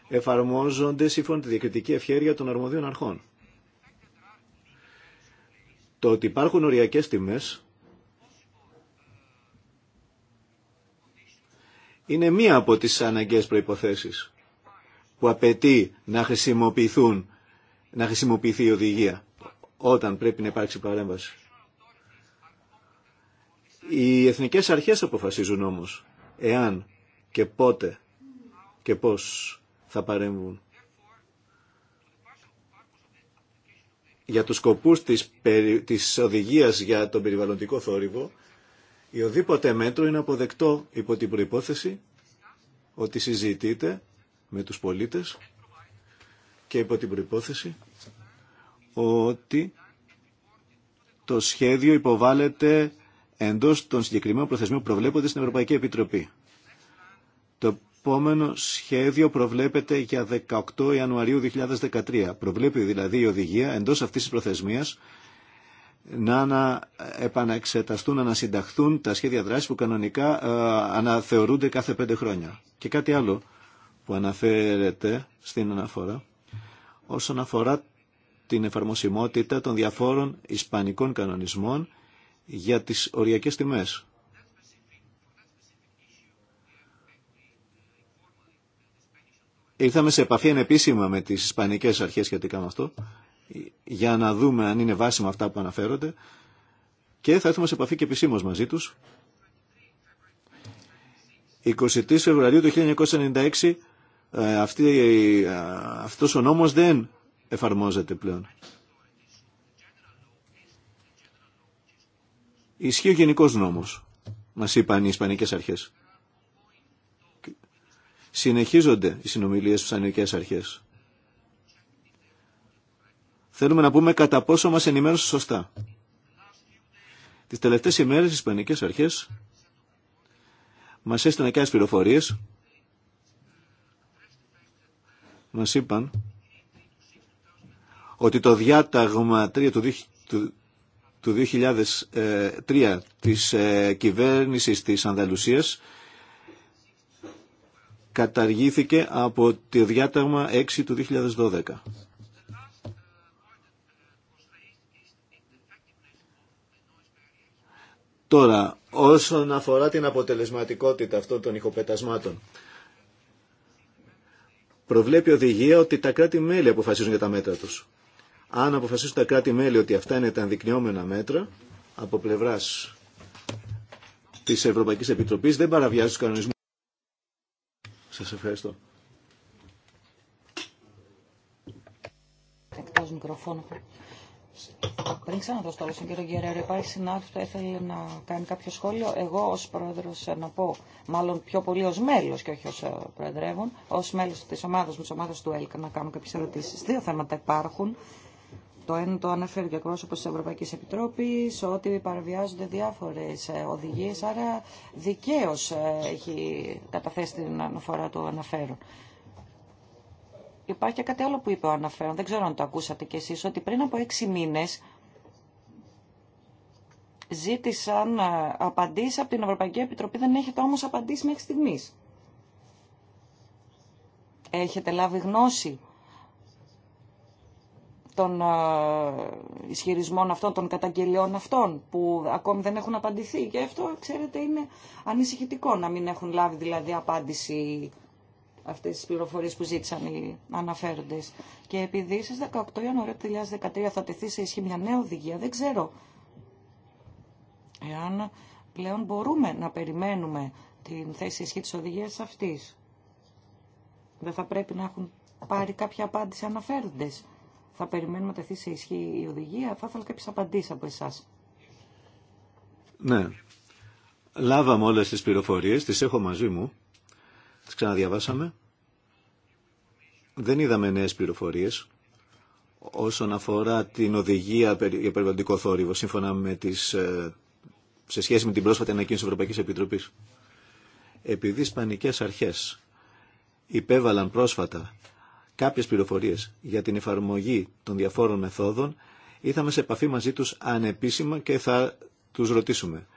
εφαρμόζονται σύμφωνα τη διακριτική ευχέρεια των αρμοδίων αρχών. Το ότι υπάρχουν οριακές τιμές είναι μία από τις αναγκαίες προϋποθέσεις που απαιτεί να, χρησιμοποιηθούν, να χρησιμοποιηθεί η οδηγία όταν πρέπει να υπάρξει παρέμβαση. Οι εθνικές αρχές αποφασίζουν όμως εάν και πότε και πώς θα παρέμβουν. Για τους σκοπούς της, περι... της οδηγίας για τον περιβαλλοντικό θόρυβο, η οδήποτε μέτρο είναι αποδεκτό υπό την προϋπόθεση ότι συζητείται με τους πολίτες και υπό την προϋπόθεση ότι το σχέδιο υποβάλλεται εντός των συγκεκριμένων προθεσμίων προβλέπονται στην Ευρωπαϊκή Επιτροπή. Το επόμενο σχέδιο προβλέπεται για 18 Ιανουαρίου 2013. Προβλέπει δηλαδή η οδηγία εντός αυτής της προθεσμίας να ανα, επαναεξεταστούν, να ανασυνταχθούν τα σχέδια δράση που κανονικά ε, αναθεωρούνται κάθε πέντε χρόνια. Και κάτι άλλο που αναφέρεται στην αναφορά όσον αφορά την εφαρμοσιμότητα των διαφόρων ισπανικών κανονισμών για τις οριακές τιμές. Ήρθαμε σε επαφή ανεπίσημα με τις ισπανικές αρχές σχετικά με αυτό, για να δούμε αν είναι βάσιμα αυτά που αναφέρονται και θα έρθουμε σε επαφή και επισήμω μαζί τους. 23 Φεβρουαρίου του 1996 ε, αυτή, ε, αυτός ο νόμος δεν εφαρμόζεται πλέον. Ισχύει ο γενικός νόμος, μας είπαν οι Ισπανικές αρχές. Συνεχίζονται οι συνομιλίες στις ανοιοκές αρχές. Θέλουμε να πούμε κατά πόσο μας ενημέρωσε σωστά. Τις τελευταίες ημέρες οι Ισπανικές αρχές μας έστειλαν και άλλες πληροφορίες. Μας είπαν ότι το διάταγμα 3 του, 2003 ε, της ε, κυβέρνησης της Ανδαλουσίας καταργήθηκε από το διάταγμα 6 του 2012. Τώρα, όσον αφορά την αποτελεσματικότητα αυτών των ηχοπετασμάτων, προβλέπει οδηγία ότι τα κράτη-μέλη αποφασίζουν για τα μέτρα τους. Αν αποφασίσουν τα κράτη-μέλη ότι αυτά είναι τα ενδεικνυόμενα μέτρα, από πλευράς της Ευρωπαϊκής Επιτροπής, δεν παραβιάζουν τους κανονισμούς. Σας ευχαριστώ. Εκτός μικροφώνου. Πριν ξαναδώ στο άλλο στον κύριο Γκερέρο, υπάρχει συνάδελφο που ήθελε να κάνει κάποιο σχόλιο. Εγώ ως πρόεδρος ε, να πω, μάλλον πιο πολύ ως μέλος και όχι ως ε, προεδρεύων, ως μέλος της ομάδας μου, της ομάδας του ΕΛΚΑ να κάνω κάποιες ερωτήσεις. Δύο θέματα υπάρχουν το ένα το αναφέρει και εκπρόσωπο τη Ευρωπαϊκή Επιτροπή ότι παραβιάζονται διάφορε οδηγίε, άρα δικαίω ε, έχει καταθέσει την αναφορά του αναφέρον. Υπάρχει και κάτι άλλο που είπε ο αναφέρον, δεν ξέρω αν το ακούσατε κι εσείς, ότι πριν από έξι μήνες ζήτησαν ε, απαντήσει από την Ευρωπαϊκή Επιτροπή, δεν έχετε όμως απαντήσει μέχρι στιγμής. Έχετε λάβει γνώση των ισχυρισμών αυτών, των καταγγελιών αυτών που ακόμη δεν έχουν απαντηθεί και αυτό ξέρετε είναι ανησυχητικό να μην έχουν λάβει δηλαδή απάντηση αυτές τις πληροφορίες που ζήτησαν οι αναφέροντες. Και επειδή στις 18 Ιανουαρίου 2013 θα τεθεί σε ισχύ μια νέα οδηγία, δεν ξέρω εάν πλέον μπορούμε να περιμένουμε την θέση ισχύ της οδηγίας αυτής. Δεν θα πρέπει να έχουν πάρει κάποια απάντηση αναφέροντες θα περιμένουμε τεθεί σε ισχύ η οδηγία. Θα ήθελα κάποιε απαντήσει από εσά. Ναι. Λάβαμε όλε τις πληροφορίε, τις έχω μαζί μου. Τις ξαναδιαβάσαμε. Δεν είδαμε νέες πληροφορίε όσον αφορά την οδηγία για περιβαλλοντικό θόρυβο, σύμφωνα με τις, ε, σε σχέση με την πρόσφατη ανακοίνωση της Ευρωπαϊκής Επιτροπής. Επειδή οι Ισπανικές αρχές υπέβαλαν πρόσφατα κάποιες πληροφορίες για την εφαρμογή των διαφόρων μεθόδων, ήθαμε σε επαφή μαζί τους ανεπίσημα και θα τους ρωτήσουμε.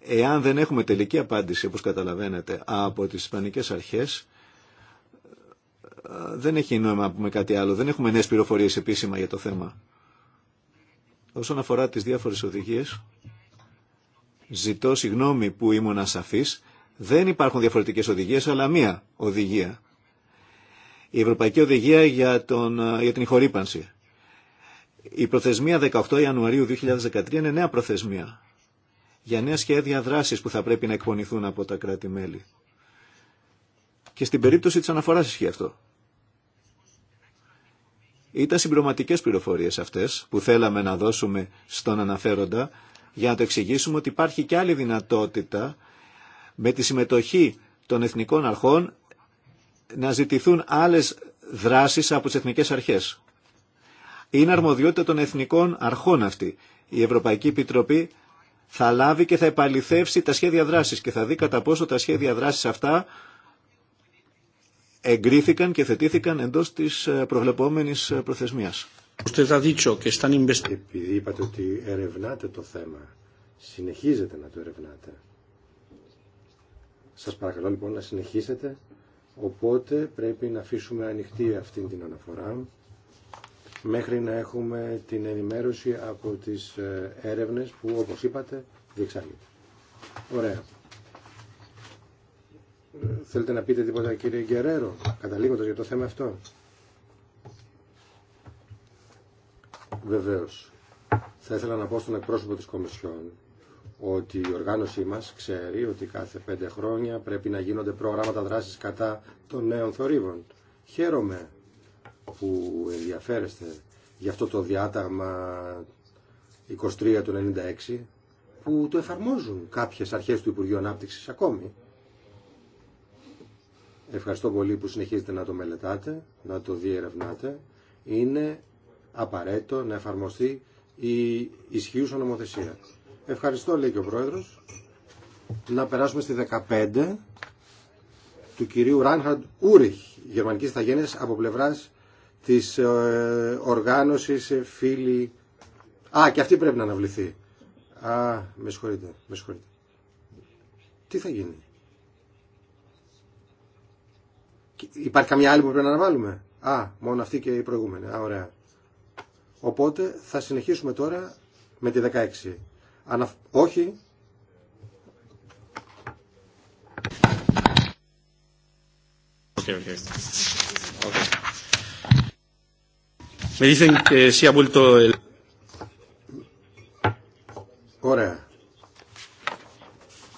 Εάν δεν έχουμε τελική απάντηση, όπως καταλαβαίνετε, από τις Ισπανικές αρχές, δεν έχει νόημα να πούμε κάτι άλλο. Δεν έχουμε νέες πληροφορίες επίσημα για το θέμα. Όσον αφορά τις διάφορες οδηγίες, ζητώ συγγνώμη που ήμουν ασαφής. Δεν υπάρχουν διαφορετικές οδηγίες, αλλά μία οδηγία η Ευρωπαϊκή Οδηγία για, τον, για την Ιχορύπανση. Η προθεσμία 18 Ιανουαρίου 2013 είναι νέα προθεσμία για νέα σχέδια δράσης που θα πρέπει να εκπονηθούν από τα κράτη-μέλη. Και στην περίπτωση της αναφοράς ισχύει αυτό. Ήταν συμπληρωματικέ πληροφορίε αυτές που θέλαμε να δώσουμε στον αναφέροντα για να το εξηγήσουμε ότι υπάρχει και άλλη δυνατότητα με τη συμμετοχή των εθνικών αρχών να ζητηθούν άλλες δράσεις από τις εθνικές αρχές. Είναι αρμοδιότητα των εθνικών αρχών αυτή. Η Ευρωπαϊκή Επιτροπή θα λάβει και θα επαληθεύσει τα σχέδια δράσης και θα δει κατά πόσο τα σχέδια δράσης αυτά εγκρίθηκαν και θετήθηκαν εντός της ε, προβλεπόμενης ε, προθεσμίας. Επειδή είπατε ότι ερευνάτε το θέμα, συνεχίζετε να το ερευνάτε. Σας παρακαλώ λοιπόν να συνεχίσετε Οπότε πρέπει να αφήσουμε ανοιχτή αυτή την αναφορά μέχρι να έχουμε την ενημέρωση από τις ε, έρευνες που όπως είπατε διεξάγεται. Ωραία. Θέλετε να πείτε τίποτα κύριε Γκερέρο, καταλήγοντας για το θέμα αυτό. Βεβαίως. Θα ήθελα να πω στον εκπρόσωπο της Κομισιόν ότι η οργάνωσή μας ξέρει ότι κάθε πέντε χρόνια πρέπει να γίνονται προγράμματα δράσης κατά των νέων θορύβων. Χαίρομαι που ενδιαφέρεστε για αυτό το διάταγμα 23 του 96 που το εφαρμόζουν κάποιες αρχές του Υπουργείου Ανάπτυξης ακόμη. Ευχαριστώ πολύ που συνεχίζετε να το μελετάτε, να το διερευνάτε. Είναι απαραίτητο να εφαρμοστεί η ισχύουσα νομοθεσία. Ευχαριστώ, λέει και ο Πρόεδρος. Να περάσουμε στη 15 του κυρίου Ράνχαρντ Ούριχ, γερμανικής Ιθαγένειας, από πλευράς της ε, οργάνωσης ε, φίλη... Α, και αυτή πρέπει να αναβληθεί. Α, με συγχωρείτε, με συγχωρείτε. Τι θα γίνει. Υπάρχει καμιά άλλη που πρέπει να αναβάλουμε. Α, μόνο αυτή και η προηγούμενη. Α, ωραία. Οπότε θα συνεχίσουμε τώρα με τη 16. Ανα... όχι... Me dicen que ha vuelto el... Ωραία.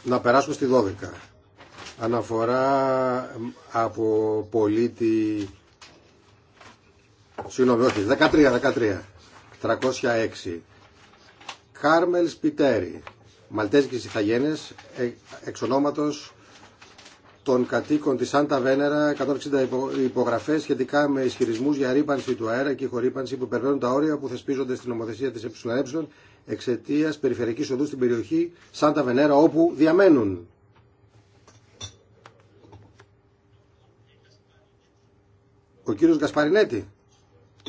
Να περάσουμε στη 12. Αναφορά από πολίτη... Συγγνώμη, όχι, 13, 13. 306 Χάρμελ Σπιτέρι, Μαλτέζικης Ιθαγένες, ε, εξ ονόματος των κατοίκων της Σάντα Βένερα, 160 υπογραφές σχετικά με ισχυρισμούς για ρήπανση του αέρα και χορύπανση που περνούν τα όρια που θεσπίζονται στην νομοθεσία της ΕΕ εξαιτίας περιφερειακής οδού στην περιοχή Σάντα Βενέρα όπου διαμένουν. Ο κύριος Γκασπαρινέτη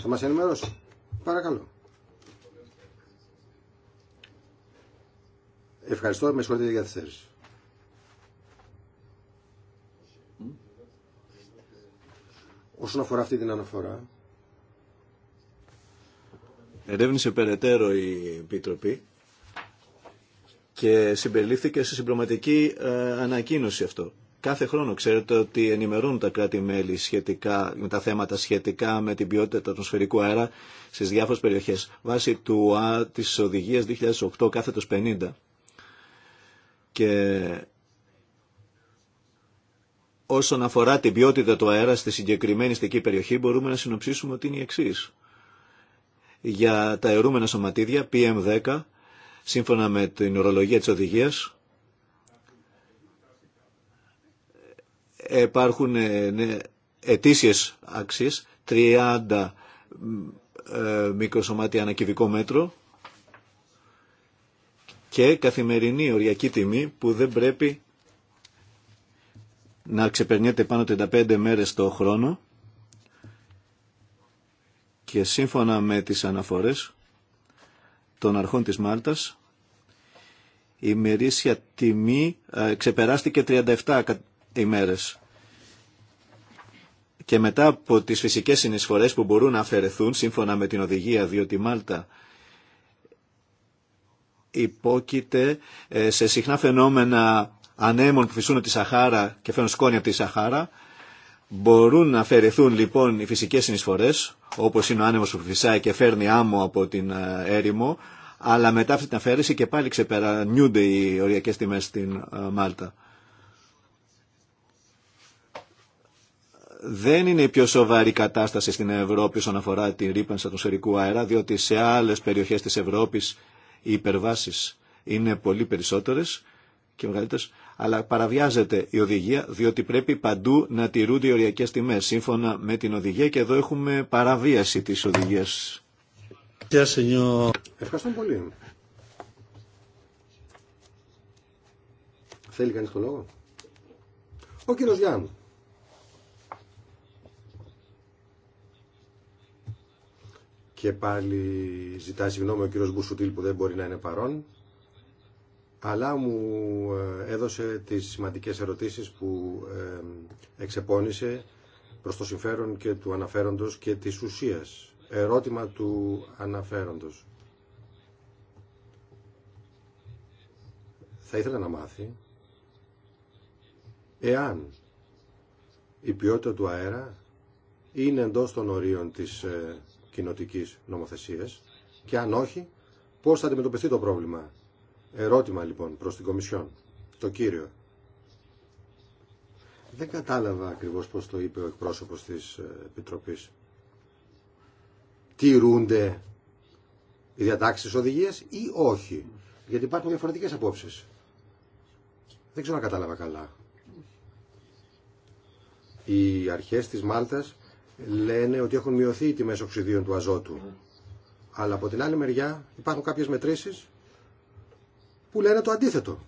θα μας ενημερώσει. Παρακαλώ. Ευχαριστώ, με συγχωρείτε για θέση. Όσον αφορά αυτή την αναφορά. Ερεύνησε περαιτέρω η Επιτροπή και συμπεριλήφθηκε σε συμπληρωματική ε, ανακοίνωση αυτό. Κάθε χρόνο ξέρετε ότι ενημερούν τα κράτη-μέλη σχετικά με τα θέματα σχετικά με την ποιότητα του ατμοσφαιρικού αέρα στις διάφορες περιοχές. Βάσει του οδηγία της Οδηγίας 2008 κάθετος 50 και όσον αφορά την ποιότητα του αέρα στη συγκεκριμένη στική περιοχή μπορούμε να συνοψίσουμε ότι είναι η εξή. Για τα αερούμενα σωματίδια PM10 σύμφωνα με την ορολογία της οδηγίας υπάρχουν ε, ναι, ετήσιες άξιες 30 ε, μικροσωμάτια ανακυβικό μέτρο και καθημερινή οριακή τιμή που δεν πρέπει να ξεπερνιέται πάνω 35 μέρες το χρόνο και σύμφωνα με τις αναφορές των αρχών της Μάλτας η μερίσια τιμή ε, ξεπεράστηκε 37 ημέρες. Και μετά από τις φυσικές συνεισφορές που μπορούν να αφαιρεθούν σύμφωνα με την οδηγία, διότι η Μάλτα υπόκειται ε, σε συχνά φαινόμενα ανέμων που φυσούν από τη Σαχάρα και φέρνουν σκόνη από τη Σαχάρα. Μπορούν να αφαιρεθούν λοιπόν οι φυσικές συνεισφορές, όπως είναι ο άνεμος που φυσάει και φέρνει άμμο από την ε, έρημο, αλλά μετά αυτή την αφαίρεση και πάλι ξεπερανιούνται οι οριακές τιμές στην ε, Μάλτα. δεν είναι η πιο σοβαρή κατάσταση στην Ευρώπη όσον αφορά την ρήπανση ατμοσφαιρικού αέρα, διότι σε άλλες περιοχές της Ευρώπης οι υπερβάσεις είναι πολύ περισσότερες και μεγαλύτερες, αλλά παραβιάζεται η οδηγία διότι πρέπει παντού να τηρούνται οι οριακές τιμές σύμφωνα με την οδηγία και εδώ έχουμε παραβίαση της οδηγίας. Ευχαριστώ πολύ. Θέλει κανείς το λόγο. Ο κύριος Γιάννου. και πάλι ζητάει συγγνώμη ο κύριος Μπουσουτήλ που δεν μπορεί να είναι παρόν αλλά μου ε, έδωσε τις σημαντικές ερωτήσεις που ε, εξεπώνησε προς το συμφέρον και του αναφέροντος και της ουσίας. Ερώτημα του αναφέροντος. Θα ήθελα να μάθει εάν η ποιότητα του αέρα είναι εντός των ορίων της ε, κοινοτική και αν όχι, πώς θα αντιμετωπιστεί το πρόβλημα. Ερώτημα λοιπόν προς την Κομισιόν, το κύριο. Δεν κατάλαβα ακριβώς πώς το είπε ο εκπρόσωπος της ε, Επιτροπής. Τηρούνται οι διατάξεις οδηγίας ή όχι. Γιατί υπάρχουν διαφορετικές απόψεις. Δεν ξέρω να κατάλαβα καλά. Οι αρχές της Μάλτας λένε ότι έχουν μειωθεί οι τιμές οξυδίων του αζότου. Αλλά από την άλλη μεριά υπάρχουν κάποιες μετρήσεις που λένε το αντίθετο.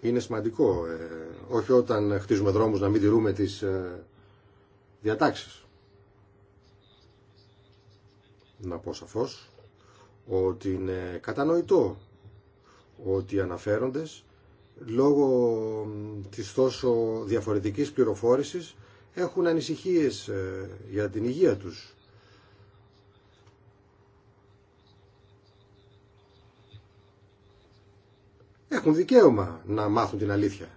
Είναι σημαντικό, ε, όχι όταν χτίζουμε δρόμους να μην τηρούμε τις ε, διατάξεις. Να πω σαφώς ότι είναι κατανοητό ότι οι αναφέροντες λόγω της τόσο διαφορετικής πληροφόρησης έχουν ανησυχίες ε, για την υγεία τους. Έχουν δικαίωμα να μάθουν την αλήθεια.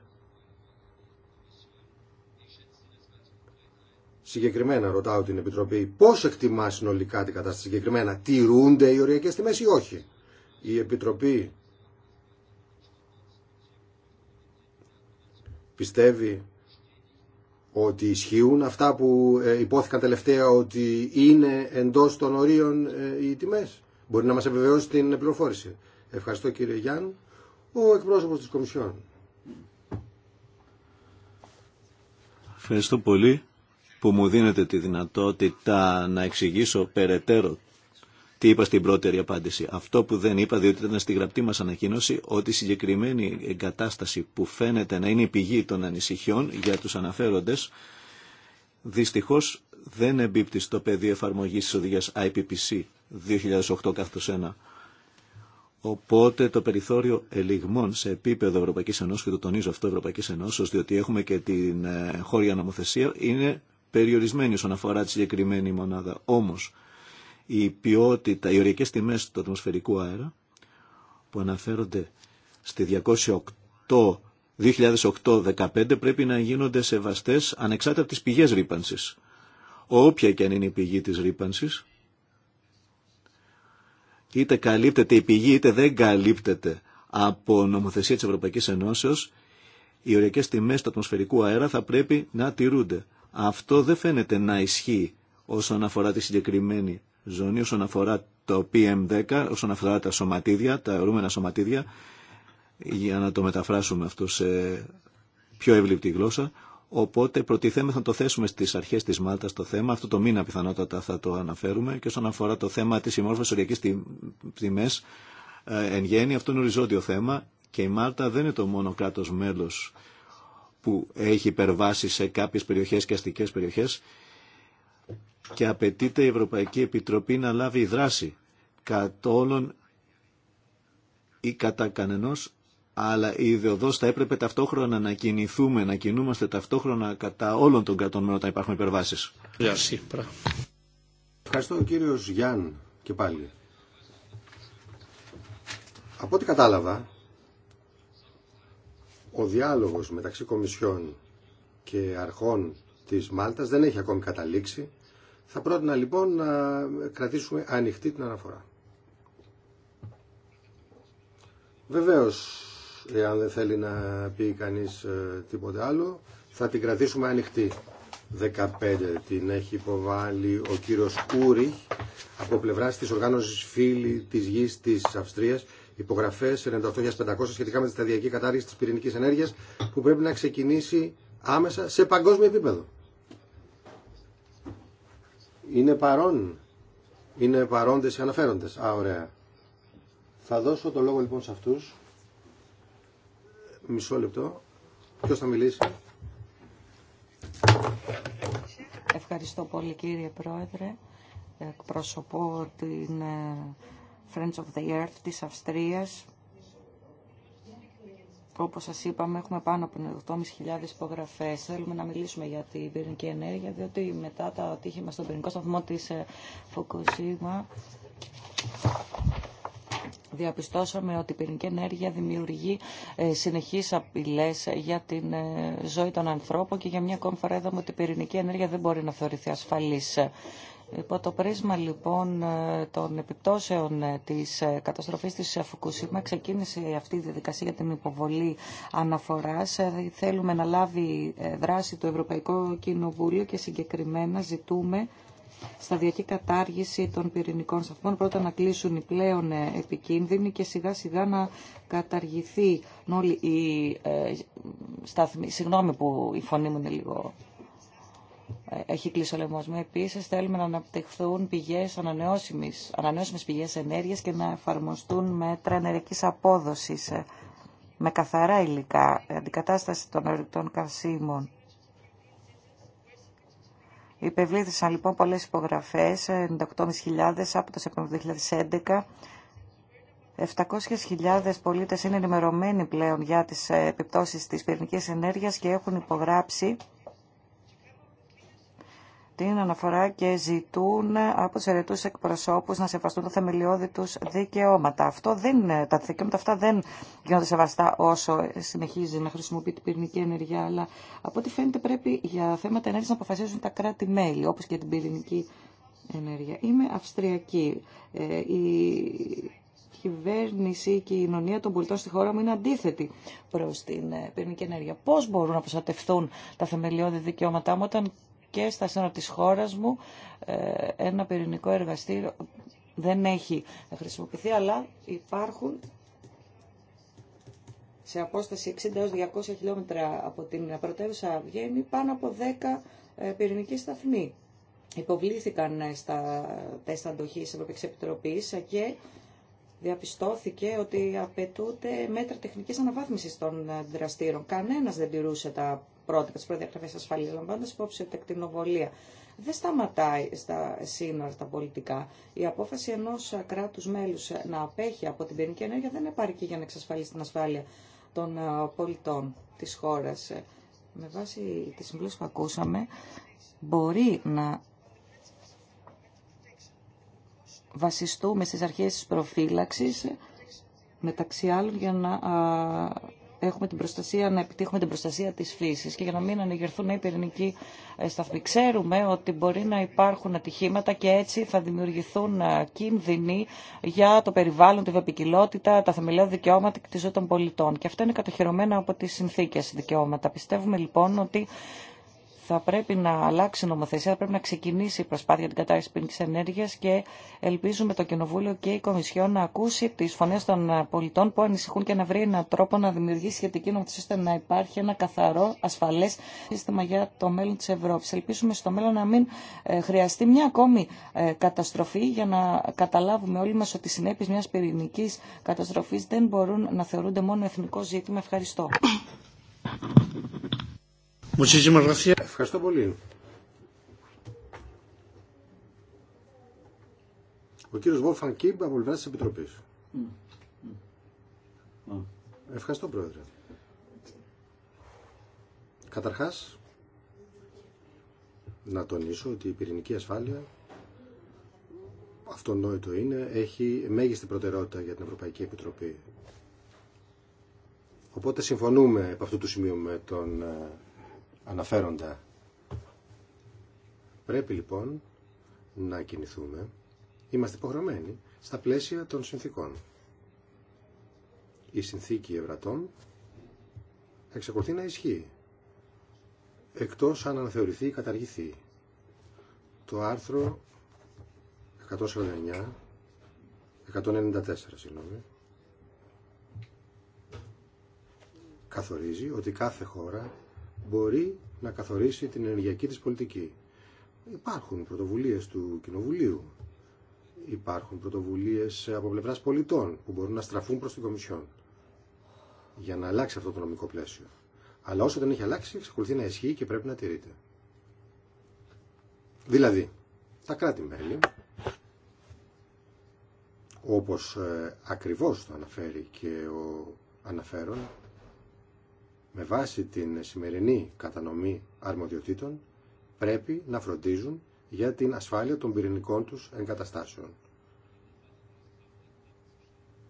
Συγκεκριμένα ρωτάω την Επιτροπή πώς εκτιμά συνολικά την κατάσταση συγκεκριμένα. Τηρούνται οι οριακές τιμές ή όχι. Η Επιτροπή πιστεύει ότι ισχύουν αυτά που ε, υπόθηκαν τελευταία ότι είναι εντός των ορίων ε, οι τιμές. Μπορεί να μας επιβεβαιώσει την πληροφόρηση. Ευχαριστώ κύριε Γιάννου, Ο εκπρόσωπος της Κομισιόν. Ευχαριστώ πολύ που μου δίνετε τη δυνατότητα να εξηγήσω περαιτέρω τι είπα στην πρώτερη απάντηση. Αυτό που δεν είπα, διότι ήταν στη γραπτή μα ανακοίνωση, ότι η συγκεκριμένη εγκατάσταση που φαίνεται να είναι η πηγή των ανησυχιών για του αναφέροντε δυστυχώ δεν εμπίπτει στο πεδίο εφαρμογή τη οδηγία IPPC 2008-1. Οπότε το περιθώριο ελιγμών σε επίπεδο Ευρωπαϊκή Ενώσης και το τονίζω αυτό Ευρωπαϊκή Ενώσης διότι έχουμε και την ε, χώρια νομοθεσία, είναι περιορισμένη όσον αφορά τη συγκεκριμένη μονάδα. Όμω, η ποιότητα, οι οριακές τιμές του ατμοσφαιρικού αέρα που αναφέρονται στη 2008 2015 πρέπει να γίνονται σεβαστές ανεξάρτητα από τις πηγές ρήπανσης. Όποια και αν είναι η πηγή της ρήπανσης, είτε καλύπτεται η πηγή είτε δεν καλύπτεται από νομοθεσία της Ευρωπαϊκής Ενώσεως, οι οριακές τιμές του ατμοσφαιρικού αέρα θα πρέπει να τηρούνται. Αυτό δεν φαίνεται να ισχύει όσον αφορά τη συγκεκριμένη ζωνή όσον αφορά το PM10, όσον αφορά τα σωματίδια, τα ορούμενα σωματίδια, για να το μεταφράσουμε αυτό σε πιο εύληπτη γλώσσα. Οπότε προτιθέμε θα το θέσουμε στις αρχές της Μάλτα το θέμα, αυτό το μήνα πιθανότατα θα το αναφέρουμε και όσον αφορά το θέμα της συμμόρφωσης οριακής τιμές, ε, εν γέννη αυτό είναι οριζόντιο θέμα και η Μάλτα δεν είναι το μόνο κράτο μέλος που έχει υπερβάσει σε κάποιες περιοχές και αστικέ περιοχές και απαιτείται η Ευρωπαϊκή Επιτροπή να λάβει δράση κατ' όλων ή κατά κανενός, αλλά ιδεοδός θα έπρεπε ταυτόχρονα να κινηθούμε, να κινούμαστε ταυτόχρονα κατά όλων των κρατών μερών όταν υπάρχουν υπερβάσεις. Ευχαριστώ κύριος Γιάν και πάλι. Από ό,τι κατάλαβα, ο διάλογος μεταξύ Κομισιών και αρχών της Μάλτας δεν έχει ακόμη καταλήξει θα πρότεινα λοιπόν να κρατήσουμε ανοιχτή την αναφορά. Βεβαίως, εάν δεν θέλει να πει κανείς ε, τίποτε άλλο, θα την κρατήσουμε ανοιχτή. 15 την έχει υποβάλει ο κύριος Κούρη από πλευρά τη οργάνωση φίλη της γης της Αυστρίας υπογραφές 98.500 σχετικά με τη σταδιακή κατάργηση τη πυρηνική ενέργεια που πρέπει να ξεκινήσει άμεσα σε παγκόσμιο επίπεδο. Είναι παρόν. Είναι παρόντες οι αναφέροντες. Α, ωραία. Θα δώσω το λόγο λοιπόν σε αυτούς. Μισό λεπτό. Ποιο θα μιλήσει. Ευχαριστώ πολύ κύριε Πρόεδρε. Εκπροσωπώ την ε, Friends of the Earth της Αυστρίας όπως σας είπαμε, έχουμε πάνω από 8.500 υπογραφές. Θέλουμε να μιλήσουμε για την πυρηνική ενέργεια, διότι μετά τα ατύχημα στον πυρηνικό σταθμό της ε, Φουκουσίμα διαπιστώσαμε ότι η πυρηνική ενέργεια δημιουργεί ε, συνεχείς απειλές για την ε, ζωή των ανθρώπων και για μια ακόμη φορά είδαμε ότι η πυρηνική ενέργεια δεν μπορεί να θεωρηθεί ασφαλής. Υπό το πρίσμα λοιπόν ε, των επιπτώσεων ε, της ε, καταστροφής της Φουκουσίμα ξεκίνησε αυτή η διαδικασία για την υποβολή αναφοράς. Θέλουμε να λάβει δράση το Ευρωπαϊκό Κοινοβούλιο και συγκεκριμένα ζητούμε σταδιακή κατάργηση των πυρηνικών σταθμών. Πρώτα να κλείσουν οι πλέον επικίνδυνοι και σιγά σιγά να καταργηθεί όλη η στάθμη. Συγγνώμη που η φωνή μου είναι λίγο έχει κλείσει ο λαιμό. μου. Επίσης θέλουμε να αναπτυχθούν πηγές ανανεώσιμης, ανανεώσιμες πηγές ενέργειας και να εφαρμοστούν μέτρα ενεργειακή απόδοσης ε, με καθαρά υλικά, αντικατάσταση των ορεικτών καυσίμων. Υπευλήθησαν λοιπόν πολλέ υπογραφές, 98.500 ε, από το Σεπτέμβριο 2011. 700.000 πολίτες είναι ενημερωμένοι πλέον για τις ε, επιπτώσεις της πυρηνικής ενέργειας και έχουν υπογράψει την αναφορά και ζητούν από του αιρετού εκπροσώπου να σεβαστούν τα θεμελιώδη του δικαιώματα. Αυτό δεν, τα δικαιώματα αυτά δεν γίνονται σεβαστά όσο συνεχίζει να χρησιμοποιεί την πυρηνική ενέργεια, αλλά από ό,τι φαίνεται πρέπει για θέματα ενέργεια να αποφασίζουν τα κράτη-μέλη, όπω και την πυρηνική ενέργεια. Είμαι αυστριακή. Ε, η κυβέρνηση και η κοινωνία των πολιτών στη χώρα μου είναι αντίθετη προ την ε, πυρηνική ενέργεια. Πώ μπορούν να προστατευτούν τα θεμελιώδη δικαιώματά μου όταν και στα σύνορα της χώρας μου ε, ένα πυρηνικό εργαστήριο δεν έχει χρησιμοποιηθεί, αλλά υπάρχουν σε απόσταση 60 έως 200 χιλιόμετρα από την πρωτεύουσα Βιέννη πάνω από 10 ε, πυρηνικοί σταθμοί. Υποβλήθηκαν ε, στα τεστ αντοχής Ευρωπαϊκής Επιτροπής και διαπιστώθηκε ότι απαιτούνται μέτρα τεχνικής αναβάθμισης των δραστήρων. Κανένας δεν τηρούσε τα πρότυπε, τι προδιαγραφέ ασφαλεία, λαμβάνοντα υπόψη ότι η δεν σταματάει στα σύνορα τα πολιτικά. Η απόφαση ενό κράτου μέλου να απέχει από την πυρηνική ενέργεια δεν επαρκεί για να εξασφαλίσει την ασφάλεια των ε, πολιτών τη χώρα. Ε, με βάση τη συμβουλή που ακούσαμε, μπορεί να βασιστούμε στις αρχές τη προφύλαξης μεταξύ άλλων για να έχουμε την προστασία, να επιτύχουμε την προστασία της φύσης και για να μην ανεγερθούν οι πυρηνικοί ε, σταθμοί. Ξέρουμε ότι μπορεί να υπάρχουν ατυχήματα και έτσι θα δημιουργηθούν ε, κίνδυνοι για το περιβάλλον, τη βεπικιλότητα, τα θεμελιώδη δικαιώματα και τη ζωή των πολιτών. Και αυτά είναι κατοχυρωμένα από τις συνθήκες δικαιώματα. Πιστεύουμε λοιπόν ότι θα πρέπει να αλλάξει η νομοθεσία, θα πρέπει να ξεκινήσει η προσπάθεια για την κατάρριξη πυρηνική ενέργεια και ελπίζουμε το Κοινοβούλιο και η Κομισιό να ακούσει τι φωνέ των πολιτών που ανησυχούν και να βρει έναν τρόπο να δημιουργήσει σχετική νομοθεσία ώστε να υπάρχει ένα καθαρό, ασφαλέ σύστημα για το μέλλον τη Ευρώπη. Ελπίζουμε στο μέλλον να μην ε, χρειαστεί μια ακόμη ε, καταστροφή για να καταλάβουμε όλοι μα ότι οι συνέπειε μια πυρηνική καταστροφή δεν μπορούν να θεωρούνται μόνο εθνικό ζήτημα. Ευχαριστώ. Ευχαριστώ πολύ. Ο κύριος Βόλφαν Κίμπ από τη Επιτροπή. Ευχαριστώ, Πρόεδρε. Καταρχάς, να τονίσω ότι η πυρηνική ασφάλεια, αυτονόητο είναι, έχει μέγιστη προτεραιότητα για την Ευρωπαϊκή Επιτροπή. Οπότε συμφωνούμε από αυτού του σημείου με τον ε, αναφέροντα. Πρέπει λοιπόν να κινηθούμε. Είμαστε υποχρεωμένοι στα πλαίσια των συνθήκων. Η συνθήκη Ευρατών εξακολουθεί να ισχύει. Εκτός αν αναθεωρηθεί ή καταργηθεί. Το άρθρο 149, 194 συγγνώμη, καθορίζει ότι κάθε χώρα μπορεί να καθορίσει την ενεργειακή της πολιτική. Υπάρχουν πρωτοβουλίες του Κοινοβουλίου, υπάρχουν πρωτοβουλίες από πλευράς πολιτών που μπορούν να στραφούν προς την Κομισιόν για να αλλάξει αυτό το νομικό πλαίσιο. Αλλά όσο δεν έχει αλλάξει, εξακολουθεί να ισχύει και πρέπει να τηρείται. Δηλαδή, τα κράτη-μέλη, όπως ε, ακριβώς το αναφέρει και ο αναφέρον, με βάση την σημερινή κατανομή αρμοδιοτήτων πρέπει να φροντίζουν για την ασφάλεια των πυρηνικών τους εγκαταστάσεων.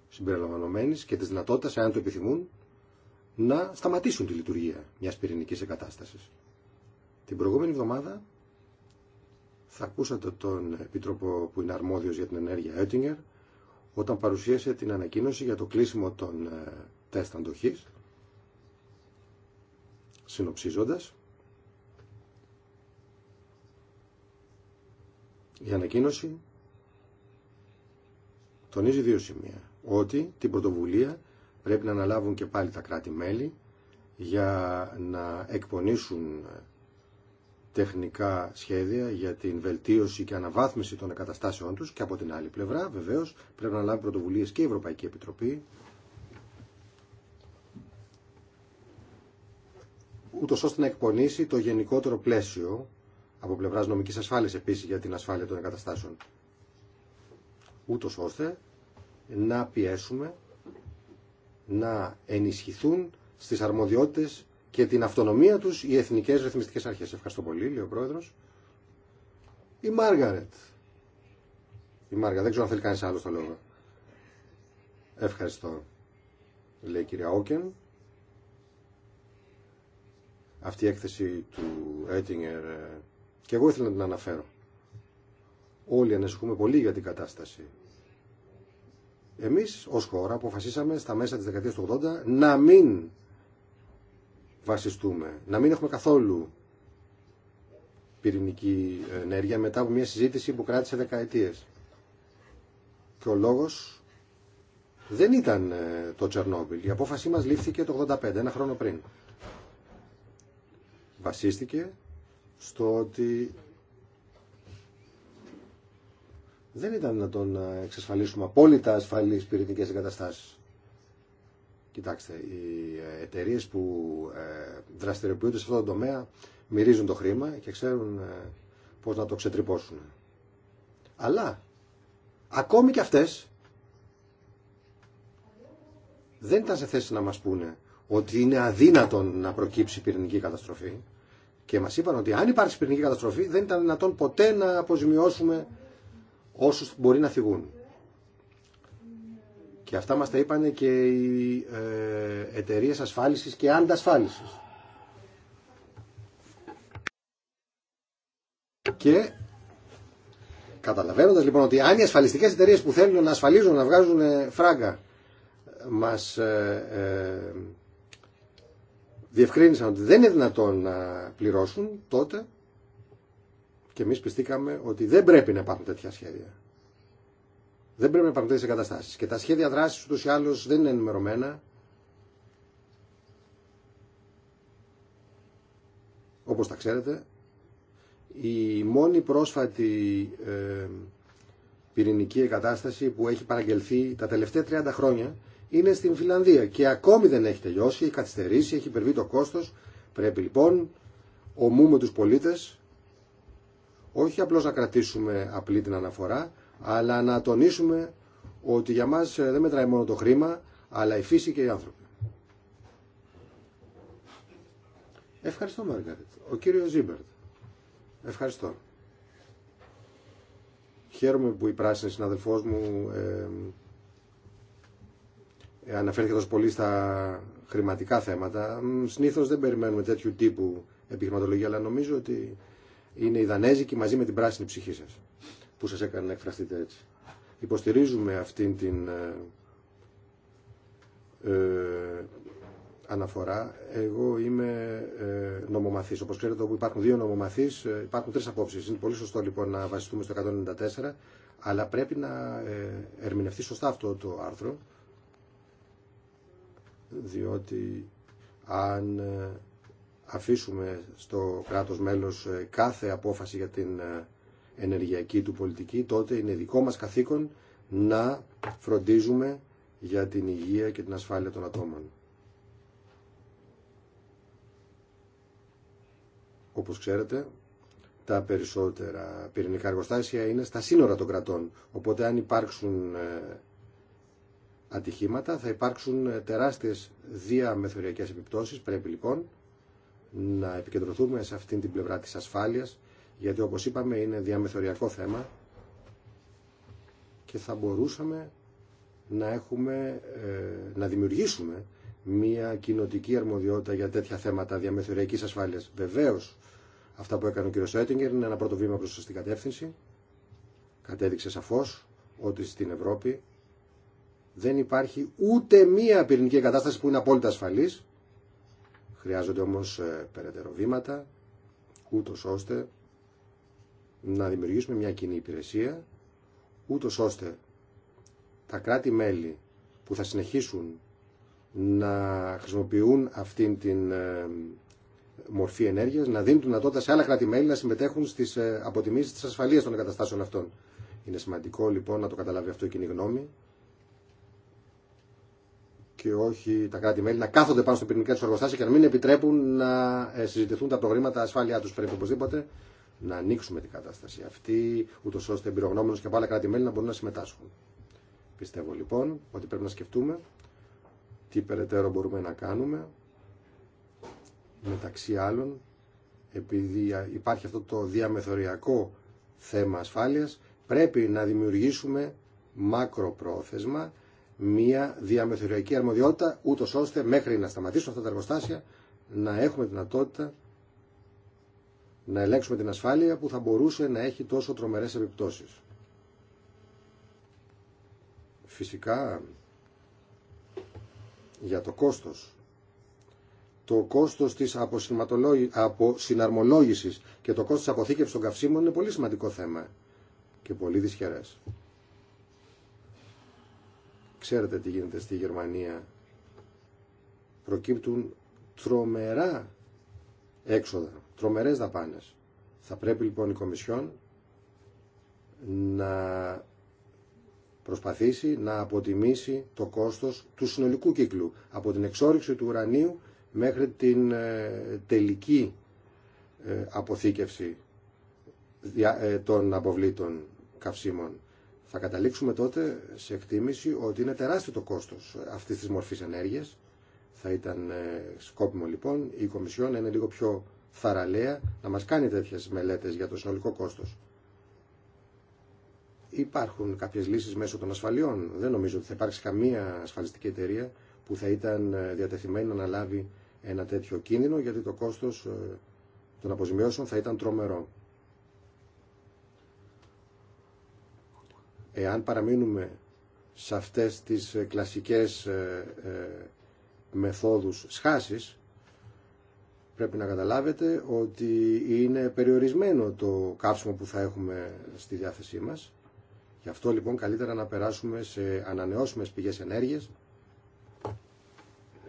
Συμπεριλαμβανομένης και της δυνατότητας, εάν το επιθυμούν, να σταματήσουν τη λειτουργία μιας πυρηνικής εγκατάστασης. Την προηγούμενη εβδομάδα θα ακούσατε τον Επίτροπο που είναι αρμόδιος για την ενέργεια όταν παρουσίασε την ανακοίνωση για το κλείσιμο των ε, τεστ αντοχής Συνοψίζοντας, η ανακοίνωση τονίζει δύο σημεία. Ότι την πρωτοβουλία πρέπει να αναλάβουν και πάλι τα κράτη-μέλη για να εκπονήσουν τεχνικά σχέδια για την βελτίωση και αναβάθμιση των εγκαταστάσεών τους και από την άλλη πλευρά βεβαίως πρέπει να λάβει πρωτοβουλίες και η Ευρωπαϊκή Επιτροπή ούτω ώστε να εκπονήσει το γενικότερο πλαίσιο από πλευρά νομική ασφάλεια επίση για την ασφάλεια των εγκαταστάσεων. Ούτω ώστε να πιέσουμε να ενισχυθούν στι αρμοδιότητε και την αυτονομία του οι εθνικέ ρυθμιστικέ αρχέ. Ευχαριστώ πολύ, λέει ο πρόεδρο. Η Μάργαρετ. Η Μάργαρετ δεν ξέρω αν θέλει κανεί άλλο το λόγο. Ευχαριστώ, λέει η κυρία Όκεν αυτή η έκθεση του Έτιγερ ε, και εγώ ήθελα να την αναφέρω. Όλοι ανησυχούμε πολύ για την κατάσταση. Εμείς ως χώρα αποφασίσαμε στα μέσα της δεκαετίας του 80 να μην βασιστούμε, να μην έχουμε καθόλου πυρηνική ενέργεια μετά από μια συζήτηση που κράτησε δεκαετίες. Και ο λόγος δεν ήταν ε, το Τσερνόμπιλ. Η απόφασή μας λήφθηκε το 85, ένα χρόνο πριν βασίστηκε στο ότι δεν ήταν να τον εξασφαλίσουμε απόλυτα ασφαλείς πυρηνικές εγκαταστάσεις. Κοιτάξτε, οι ε, εταιρείε που ε, δραστηριοποιούνται σε αυτό το τομέα μυρίζουν το χρήμα και ξέρουν ε, πώς να το ξετρυπώσουν. Αλλά, ακόμη και αυτές δεν ήταν σε θέση να μας πούνε ότι είναι αδύνατον να προκύψει πυρηνική καταστροφή και μας είπαν ότι αν υπάρξει πυρηνική καταστροφή δεν ήταν δυνατόν ποτέ να αποζημιώσουμε όσους μπορεί να φυγούν. Και αυτά μας τα είπαν και οι ε, εταιρείε ασφάλισης και αντασφάλισης. Και καταλαβαίνοντας λοιπόν ότι αν οι ασφαλιστικές εταιρείε που θέλουν να ασφαλίζουν, να βγάζουν φράγκα μας ε, ε διευκρίνησαν ότι δεν είναι δυνατόν να πληρώσουν τότε και εμείς πιστήκαμε ότι δεν πρέπει να υπάρχουν τέτοια σχέδια. Δεν πρέπει να υπάρχουν τέτοιες εγκαταστάσεις. Και τα σχέδια δράσης ούτως ή άλλως δεν είναι τους, η μόνη πρόσφατη ε, πυρηνική εγκατάσταση που έχει παραγγελθεί τα τελευταία 30 χρόνια είναι στην Φιλανδία και ακόμη δεν έχει τελειώσει, έχει καθυστερήσει, έχει υπερβεί το κόστος. Πρέπει λοιπόν ομού με τους πολίτες όχι απλώς να κρατήσουμε απλή την αναφορά, αλλά να τονίσουμε ότι για μας ε, δεν μετράει μόνο το χρήμα, αλλά η φύση και οι άνθρωποι. Ευχαριστώ Μαργαρίτ. Ο κύριος Ζίμπερτ. Ευχαριστώ. Χαίρομαι που η πράσινη συναδελφός μου ε, ε, αναφέρθηκε τόσο πολύ στα χρηματικά θέματα. Συνήθω δεν περιμένουμε τέτοιου τύπου επιχειρηματολογία, αλλά νομίζω ότι είναι οι Δανέζικη μαζί με την πράσινη ψυχή σα που σα έκανε να εκφραστείτε έτσι. Υποστηρίζουμε αυτήν την ε, ε, αναφορά. Εγώ είμαι ε, νομομαθής. Όπως ξέρετε όπου υπάρχουν δύο νομομαθείς ε, υπάρχουν τρει απόψεις. Είναι πολύ σωστό λοιπόν να βασιστούμε στο 194 αλλά πρέπει να ερμηνευτεί σωστά αυτό το άρθρο διότι αν ε, αφήσουμε στο κράτος μέλος ε, κάθε απόφαση για την ε, ενεργειακή του πολιτική, τότε είναι δικό μας καθήκον να φροντίζουμε για την υγεία και την ασφάλεια των ατόμων. Όπως ξέρετε, τα περισσότερα πυρηνικά εργοστάσια είναι στα σύνορα των κρατών. Οπότε αν υπάρξουν ατυχήματα, θα υπάρξουν ε, τεράστιες διαμεθοριακές επιπτώσεις. Πρέπει λοιπόν να επικεντρωθούμε σε αυτήν την πλευρά της ασφάλειας, γιατί όπως είπαμε είναι διαμεθοριακό θέμα και θα μπορούσαμε να, έχουμε, ε, να δημιουργήσουμε μια κοινοτική αρμοδιότητα για τέτοια θέματα διαμεθοριακής ασφάλειας. Βεβαίως, αυτά που έκανε ο κ. Σέτιγκερ είναι ένα πρώτο βήμα προς την κατεύθυνση. Κατέδειξε σαφώς ότι στην Ευρώπη δεν υπάρχει ούτε μία πυρηνική εγκατάσταση που είναι απόλυτα ασφαλής. Χρειάζονται όμως ε, περαιτέρω βήματα, ούτως ώστε να δημιουργήσουμε μια κοινή υπηρεσία, ούτως ώστε τα κράτη-μέλη που θα συνεχίσουν να χρησιμοποιούν αυτήν την ε, μορφή ενέργειας, να δίνουν δυνατότητα σε άλλα κράτη-μέλη να συμμετέχουν στις ε, αποτιμήσεις της ασφαλείας των εγκαταστάσεων αυτών. Είναι σημαντικό λοιπόν να το καταλάβει αυτό η κοινή γνώμη και όχι τα κράτη-μέλη να κάθονται πάνω στο πυρηνικά του εργοστάσια και να μην επιτρέπουν να ε, συζητηθούν τα προβλήματα ασφάλειά του. Πρέπει οπωσδήποτε να ανοίξουμε την κατάσταση αυτή, ούτω ώστε εμπειρογνώμονε και από άλλα κράτη-μέλη να μπορούν να συμμετάσχουν. Πιστεύω λοιπόν ότι πρέπει να σκεφτούμε τι περαιτέρω μπορούμε να κάνουμε μεταξύ άλλων επειδή υπάρχει αυτό το διαμεθοριακό θέμα ασφάλειας πρέπει να δημιουργήσουμε μακροπρόθεσμα μια διαμεθοριακή αρμοδιότητα, ούτω ώστε μέχρι να σταματήσουν αυτά τα εργοστάσια να έχουμε δυνατότητα να ελέγξουμε την ασφάλεια που θα μπορούσε να έχει τόσο τρομερές επιπτώσεις. Φυσικά, για το κόστος, το κόστος της αποσυναρμολόγησης και το κόστος της αποθήκευσης των καυσίμων είναι πολύ σημαντικό θέμα και πολύ δυσχερές. Ξέρετε τι γίνεται στη Γερμανία. Προκύπτουν τρομερά έξοδα, τρομερές δαπάνες. Θα πρέπει λοιπόν η Κομισιόν να προσπαθήσει να αποτιμήσει το κόστος του συνολικού κύκλου από την εξόριξη του ουρανίου μέχρι την ε, τελική ε, αποθήκευση ε, των αποβλήτων καυσίμων θα καταλήξουμε τότε σε εκτίμηση ότι είναι τεράστιο το κόστος αυτής της μορφής ενέργειας. Θα ήταν ε, σκόπιμο λοιπόν η Κομισιόν να είναι λίγο πιο θαραλέα να μας κάνει τέτοιες μελέτες για το συνολικό κόστος. Υπάρχουν κάποιες λύσεις μέσω των ασφαλιών. Δεν νομίζω ότι θα υπάρξει καμία ασφαλιστική εταιρεία που θα ήταν ε, διατεθειμένη να αναλάβει ένα τέτοιο κίνδυνο γιατί το κόστος ε, των αποζημιώσεων θα ήταν τρομερό. Εάν παραμείνουμε σε αυτές τις ε, κλασικές ε, ε, μεθόδους σχάσης, πρέπει να καταλάβετε ότι είναι περιορισμένο το κάψιμο που θα έχουμε στη διάθεσή μας. Γι' αυτό λοιπόν καλύτερα να περάσουμε σε ανανεώσιμες πηγές ενέργειας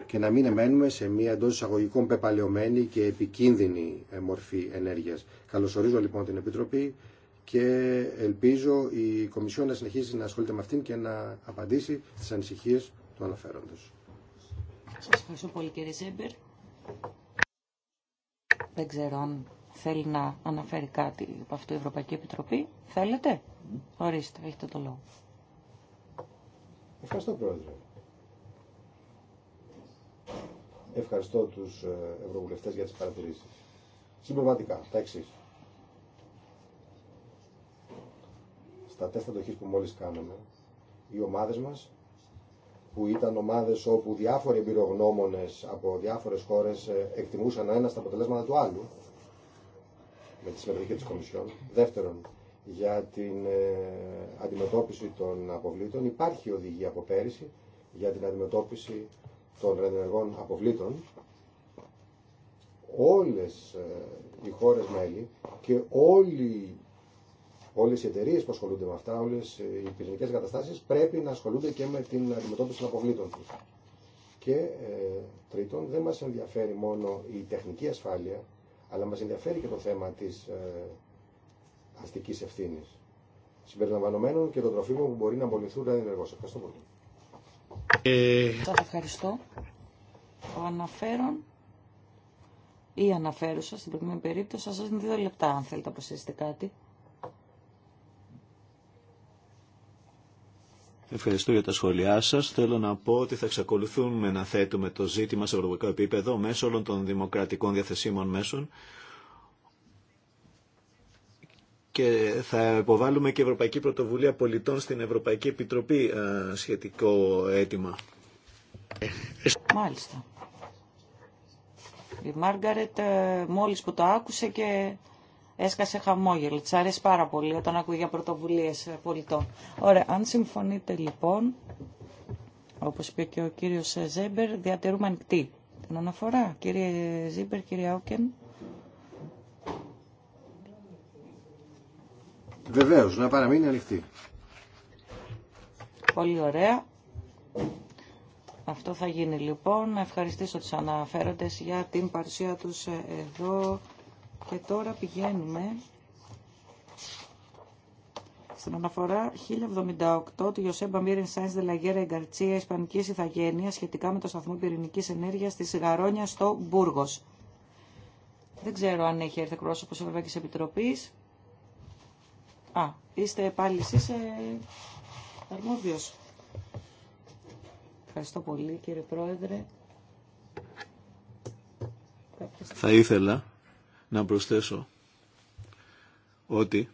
και να μην εμένουμε σε μια εντό εισαγωγικών πεπαλαιωμένη και επικίνδυνη μορφή ενέργειας. Καλωσορίζω λοιπόν την Επιτροπή και ελπίζω η Κομισιόν να συνεχίσει να ασχολείται με αυτήν και να απαντήσει στις ανησυχίες του αναφέροντος. Σας ευχαριστώ πολύ κύριε Ζέμπερ. Δεν ξέρω αν θέλει να αναφέρει κάτι από αυτό η Ευρωπαϊκή Επιτροπή. Θέλετε. Ορίστε, έχετε το λόγο. Ευχαριστώ Πρόεδρε. Ευχαριστώ τους ε, Ευρωβουλευτές για τις παρατηρήσεις. Συμπληρωματικά, τα εξής. τα τεστ αντοχής που μόλις κάναμε, οι ομάδες μας, που ήταν ομάδες όπου διάφοροι εμπειρογνώμονες από διάφορες χώρες ε, εκτιμούσαν ένα στα αποτελέσματα του άλλου, με τη συμμετοχή της Κομισιόν. Δεύτερον, για την ε, αντιμετώπιση των αποβλήτων υπάρχει οδηγία από πέρυσι για την αντιμετώπιση των ενεργών αποβλήτων. Όλες ε, οι χώρες μέλη και όλοι Όλε οι εταιρείε που ασχολούνται με αυτά, όλε οι πυρηνικέ καταστάσει πρέπει να ασχολούνται και με την αντιμετώπιση των αποβλήτων του. Και ε, τρίτον, δεν μα ενδιαφέρει μόνο η τεχνική ασφάλεια, αλλά μα ενδιαφέρει και το θέμα τη ε, αστική ευθύνη. Συμπεριλαμβανομένων και των τροφίμων που μπορεί να απολυθούν ραδιενεργώ. Ευχαριστώ πολύ. Ε... Σα ευχαριστώ. Ο αναφέρον ή αναφέρουσα στην προηγούμενη περίπτωση, σα δίνω δύο λεπτά αν θέλετε να προσθέσετε κάτι. Ευχαριστώ για τα σχόλιά σα. Θέλω να πω ότι θα εξακολουθούμε να θέτουμε το ζήτημα σε ευρωπαϊκό επίπεδο μέσω όλων των δημοκρατικών διαθεσίμων μέσων και θα υποβάλουμε και Ευρωπαϊκή Πρωτοβουλία Πολιτών στην Ευρωπαϊκή Επιτροπή ε, σχετικό αίτημα. Μάλιστα. Η Μάργαρετ ε, μόλις που το άκουσε και Έσκασε χαμόγελο. Τη αρέσει πάρα πολύ όταν ακούει για πρωτοβουλίε πολιτών. Ωραία, αν συμφωνείτε λοιπόν, όπω είπε και ο κύριο Ζέμπερ, διατηρούμε ανοιχτή την αναφορά. Κύριε Ζέμπερ, κύριε Άουκεν. Βεβαίω, να παραμείνει ανοιχτή. Πολύ ωραία. Αυτό θα γίνει λοιπόν. ευχαριστήσω τους αναφέροντες για την παρουσία τους εδώ και τώρα πηγαίνουμε στην αναφορά 1078 του Ιωσέμπα Μίρεν Σάινς Δελαγέρα Εγκαρτσία Ισπανικής Ιθαγένειας σχετικά με το σταθμό πυρηνικής ενέργειας της Γαρόνια στο Μπούργος. Δεν ξέρω αν έχει έρθει πρόσωπο της Ευρωπαϊκής Επιτροπής. Α, είστε πάλι εσείς ε, αρμόδιος. Ευχαριστώ πολύ κύριε Πρόεδρε. Θα ήθελα να προσθέσω ότι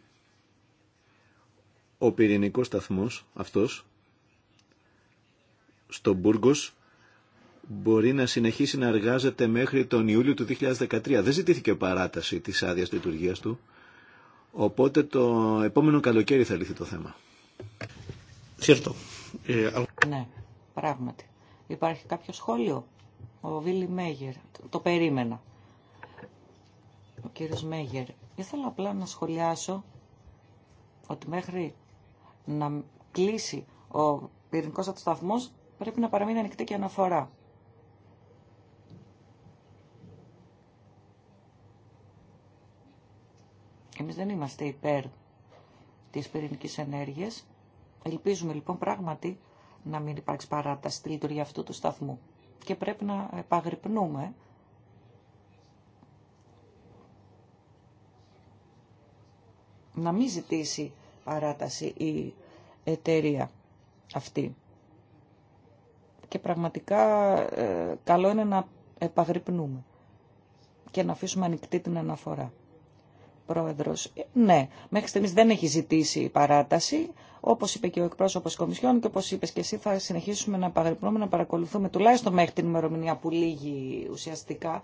ο πυρηνικός σταθμός αυτός στο Μπούργκος μπορεί να συνεχίσει να εργάζεται μέχρι τον Ιούλιο του 2013. Δεν ζητήθηκε παράταση της άδειας λειτουργίας του, οπότε το επόμενο καλοκαίρι θα λυθεί το θέμα. Ε, ναι, πράγματι. Υπάρχει κάποιο σχόλιο. Ο Βίλι Μέγερ. Το περίμενα ο κύριος Μέγερ. Ήθελα απλά να σχολιάσω ότι μέχρι να κλείσει ο πυρηνικός αυτοσταθμός πρέπει να παραμείνει ανοιχτή και αναφορά. Εμείς δεν είμαστε υπέρ της πυρηνικής ενέργειας. Ελπίζουμε λοιπόν πράγματι να μην υπάρξει παράταση στη λειτουργία αυτού του σταθμού. Και πρέπει να επαγρυπνούμε να μην ζητήσει παράταση η εταιρεία αυτή. Και πραγματικά ε, καλό είναι να επαγρυπνούμε και να αφήσουμε ανοιχτή την αναφορά. Πρόεδρος, ναι, μέχρι στιγμής δεν έχει ζητήσει παράταση, όπως είπε και ο εκπρόσωπος της Κομισιόν και όπως είπες και εσύ θα συνεχίσουμε να επαγρυπνούμε, να παρακολουθούμε τουλάχιστον μέχρι την ημερομηνία που λύγει ουσιαστικά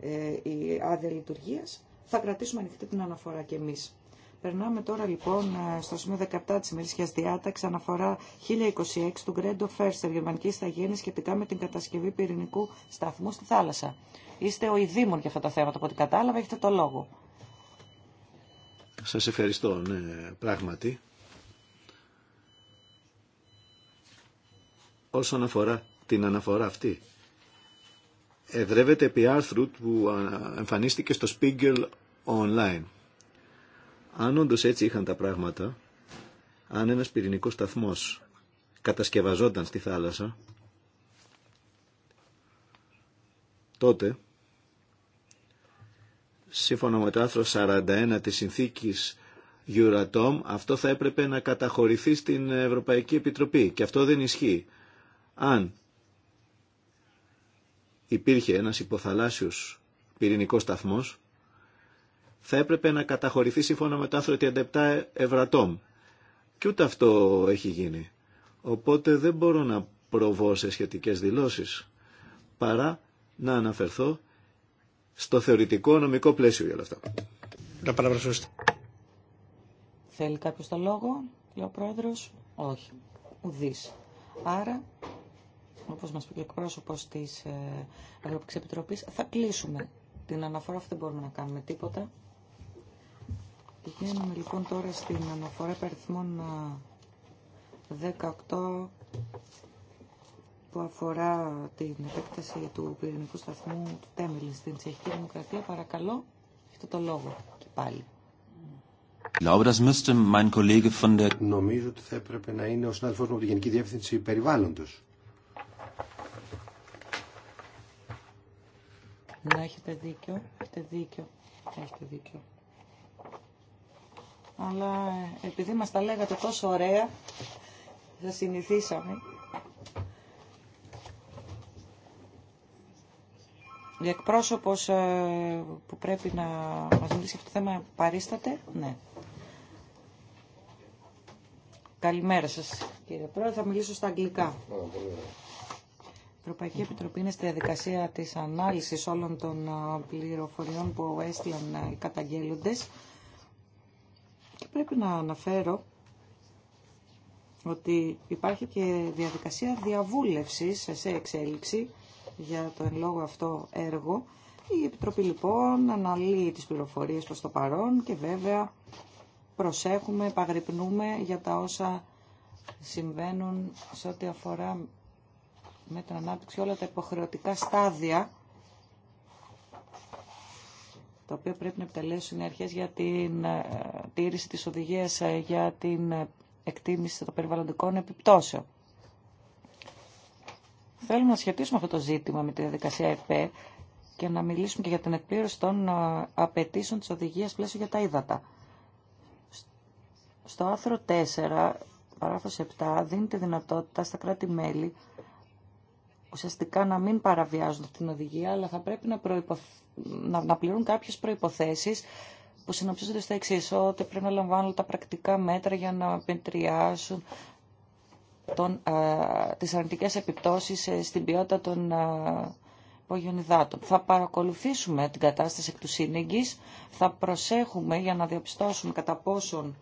ε, η άδεια λειτουργίας. Θα κρατήσουμε ανοιχτή την αναφορά και εμείς. Περνάμε τώρα λοιπόν ε, στο σημείο 17 της ημερήσια διάταξη αναφορά 1026 του Γκρέντο Φέρστερ, Γερμανική σταγέννη σχετικά με την κατασκευή πυρηνικού σταθμού στη θάλασσα. Είστε ο ειδήμων για αυτά τα θέματα, από ό,τι κατάλαβα, έχετε το λόγο. Σας ευχαριστώ, ναι, πράγματι. Όσον αφορά την αναφορά αυτή, εδρεύεται επί άρθρου που εμφανίστηκε στο Spiegel Online. Αν όντω έτσι είχαν τα πράγματα, αν ένας πυρηνικός σταθμός κατασκευαζόταν στη θάλασσα, τότε, σύμφωνα με το άρθρο 41 της συνθήκης Euratom, αυτό θα έπρεπε να καταχωρηθεί στην Ευρωπαϊκή Επιτροπή και αυτό δεν ισχύει. Αν υπήρχε ένας υποθαλάσσιος πυρηνικός σταθμός, θα έπρεπε να καταχωρηθεί σύμφωνα με το άρθρο 37 Ευρατόμ. Και ούτε αυτό έχει γίνει. Οπότε δεν μπορώ να προβώ σε σχετικές δηλώσεις, παρά να αναφερθώ στο θεωρητικό νομικό πλαίσιο για όλα αυτά. Να Θέλει κάποιος το λόγο, λέει ο πρόεδρος. Όχι. Ουδής. Άρα, όπως μας πήγε ο εκπρόσωπος της ε, Ευρωπαϊκής Επιτροπής, θα κλείσουμε την αναφορά αυτή δεν μπορούμε να κάνουμε τίποτα. Πηγαίνουμε λοιπόν τώρα στην αναφορά περιθμών 18 που αφορά την επέκταση του πυρηνικού σταθμού του Τέμιλη στην Τσεχική Δημοκρατία. Παρακαλώ, έχετε το λόγο και πάλι. Νομίζω ότι θα έπρεπε να είναι ο συνάδελφός μου από τη Γενική Διεύθυνση Περιβάλλοντος. Να έχετε δίκιο, έχετε δίκιο, έχετε δίκιο αλλά επειδή μας τα λέγατε τόσο ωραία, θα συνηθίσαμε. Ο εκπρόσωπος ε, που πρέπει να μας μιλήσει αυτό το θέμα παρίσταται, ναι. Καλημέρα σας κύριε Πρόεδρε, θα μιλήσω στα αγγλικά. Η Ευρωπαϊκή Επιτροπή είναι στη διαδικασία της ανάλυσης όλων των ε, πληροφοριών που έστειλαν οι καταγγέλλοντες πρέπει να αναφέρω ότι υπάρχει και διαδικασία διαβούλευσης σε εξέλιξη για το εν αυτό έργο. Η Επιτροπή λοιπόν αναλύει τις πληροφορίες προς το παρόν και βέβαια προσέχουμε, επαγρυπνούμε για τα όσα συμβαίνουν σε ό,τι αφορά με την ανάπτυξη όλα τα υποχρεωτικά στάδια το οποίο πρέπει να επιτελέσουν οι αρχές για την ε, τήρηση της οδηγίας ε, για την ε, εκτίμηση των περιβαλλοντικών επιπτώσεων. Θέλουμε να σχετίσουμε αυτό το ζήτημα με τη διαδικασία ΕΠΕ και να μιλήσουμε και για την εκπλήρωση των απαιτήσεων της οδηγίας πλαίσιο για τα ύδατα. Στο άρθρο 4, παράγραφος 7, δίνει τη δυνατότητα στα κράτη-μέλη ουσιαστικά να μην παραβιάζουν την οδηγία, αλλά θα πρέπει να προϋποθέσουν να, να πληρούν κάποιες προϋποθέσεις που συνοψίζονται στα εξής. ότι πρέπει να λαμβάνουν τα πρακτικά μέτρα για να πεντριάσουν τον, α, τις αρνητικές επιπτώσεις ε, στην ποιότητα των α, θα παρακολουθήσουμε την κατάσταση εκ του σύνεγγης, θα προσέχουμε για να διαπιστώσουμε κατά πόσον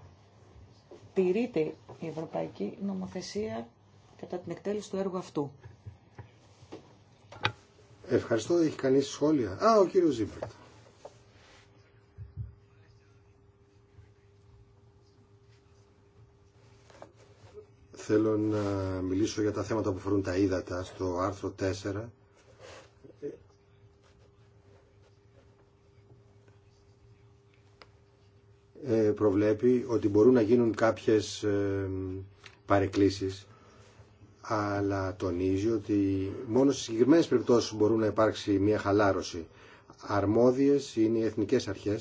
τηρείται η Ευρωπαϊκή Νομοθεσία κατά την εκτέλεση του έργου αυτού. Ευχαριστώ. Έχει κανείς σχόλια. Α, ο κύριος Ζήμπερτ. Θέλω να μιλήσω για τα θέματα που αφορούν τα ύδατα στο άρθρο 4. Ε, προβλέπει ότι μπορούν να γίνουν κάποιες ε, παρεκκλήσεις αλλά τονίζει ότι μόνο σε συγκεκριμένε περιπτώσει μπορούν να υπάρξει μια χαλάρωση. Αρμόδιε είναι οι εθνικέ αρχέ.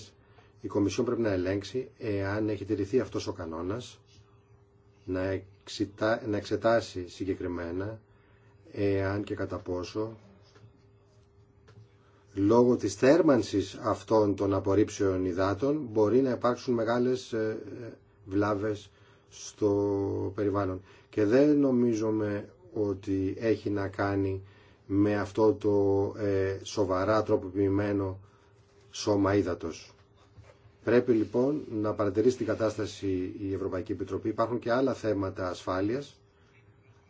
Η Κομισιόν πρέπει να ελέγξει εάν έχει τηρηθεί αυτό ο κανόνα, να εξετάσει συγκεκριμένα εάν και κατά πόσο λόγω της θέρμανσης αυτών των απορρίψεων υδάτων μπορεί να υπάρξουν μεγάλες ε, ε, βλάβες στο περιβάλλον. Και δεν νομίζουμε ότι έχει να κάνει με αυτό το ε, σοβαρά τροποποιημένο σώμα ύδατος. Πρέπει λοιπόν να παρατηρήσει την κατάσταση η Ευρωπαϊκή Επιτροπή. Υπάρχουν και άλλα θέματα ασφάλειας,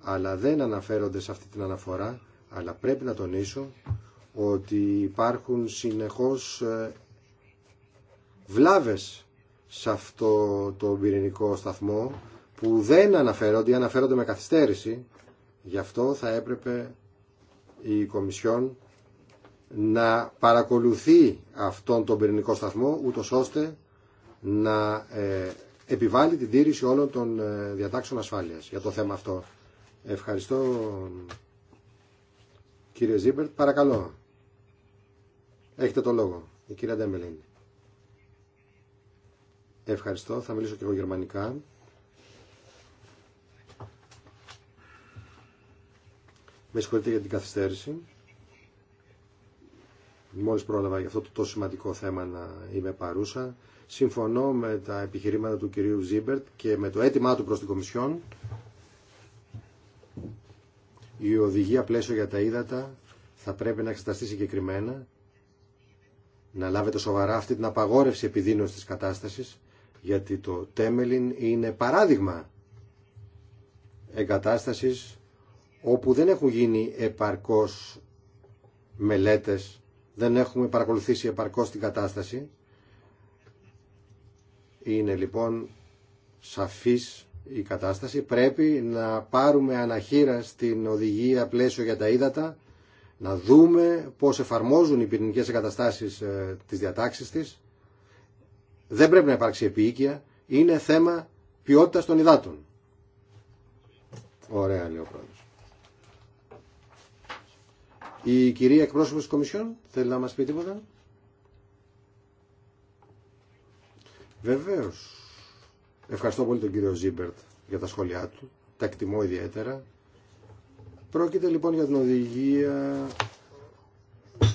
αλλά δεν αναφέρονται σε αυτή την αναφορά, αλλά πρέπει να τονίσω ότι υπάρχουν συνεχώς ε, βλάβες σε αυτό το πυρηνικό σταθμό που δεν αναφέρονται ή αναφέρονται με καθυστέρηση. Γι' αυτό θα έπρεπε η Κομισιόν να παρακολουθεί αυτόν τον πυρηνικό σταθμό ούτως ώστε να ε, επιβάλλει την τήρηση όλων των ε, διατάξεων ασφάλειας για το θέμα αυτό. Ευχαριστώ κύριε Ζίμπερτ Παρακαλώ. Έχετε το λόγο. Η κυρία Ντέμελιν. Ευχαριστώ. Θα μιλήσω και εγώ γερμανικά. Με συγχωρείτε για την καθυστέρηση. Μόλις πρόλαβα για αυτό το τόσο σημαντικό θέμα να είμαι παρούσα. Συμφωνώ με τα επιχειρήματα του κυρίου Ζίμπερτ και με το αίτημά του προς την Κομισιόν. Η οδηγία πλαίσιο για τα ύδατα θα πρέπει να εξεταστεί συγκεκριμένα, να λάβετε σοβαρά αυτή την απαγόρευση επιδείνωσης της κατάστασης γιατί το Τέμελιν είναι παράδειγμα εγκατάστασης όπου δεν έχουν γίνει επαρκώς μελέτες, δεν έχουμε παρακολουθήσει επαρκώς την κατάσταση. Είναι λοιπόν σαφής η κατάσταση. Πρέπει να πάρουμε αναχείρα στην οδηγία πλαίσιο για τα ύδατα, να δούμε πώς εφαρμόζουν οι πυρηνικές εγκαταστάσεις ε, τις διατάξεις της δεν πρέπει να υπάρξει επίοικια, είναι θέμα ποιότητας των υδάτων. Ωραία, λέει ο πρόεδρος. Η κυρία εκπρόσωπος της Κομισιόν θέλει να μας πει τίποτα. Βεβαίως. Ευχαριστώ πολύ τον κύριο Ζίμπερτ για τα σχόλιά του. Τα εκτιμώ ιδιαίτερα. Πρόκειται λοιπόν για την οδηγία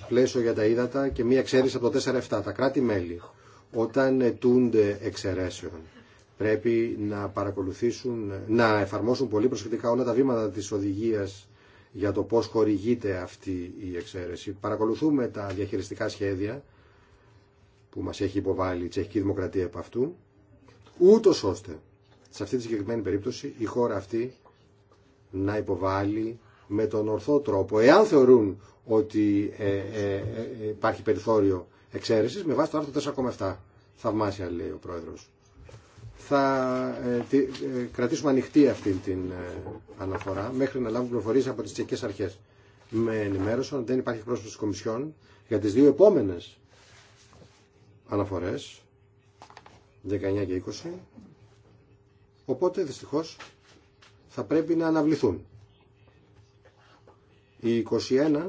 πλαίσιο για τα ύδατα και μία εξαίρεση από το 4-7. Τα κράτη-μέλη όταν ετούνται εξαιρέσεων. Πρέπει να παρακολουθήσουν, να εφαρμόσουν πολύ προσεκτικά όλα τα βήματα της οδηγίας για το πώς χορηγείται αυτή η εξαίρεση. Παρακολουθούμε τα διαχειριστικά σχέδια που μας έχει υποβάλει η Τσεχική Δημοκρατία από αυτού, ούτως ώστε σε αυτή τη συγκεκριμένη περίπτωση η χώρα αυτή να υποβάλει με τον ορθό τρόπο, εάν θεωρούν ότι ε, ε, ε, υπάρχει περιθώριο εξαίρεση με βάση το άρθρο 4,7. Θαυμάσια λέει ο πρόεδρο. Θα ε, τη, ε, κρατήσουμε ανοιχτή αυτή την ε, αναφορά μέχρι να λάβουμε πληροφορίε από τι τσεκέ αρχέ. Με ενημέρωσαν ότι δεν υπάρχει πρόσωπο τη Κομισιόν για τι δύο επόμενε αναφορέ, 19 και 20. Οπότε δυστυχώ θα πρέπει να αναβληθούν. Η 21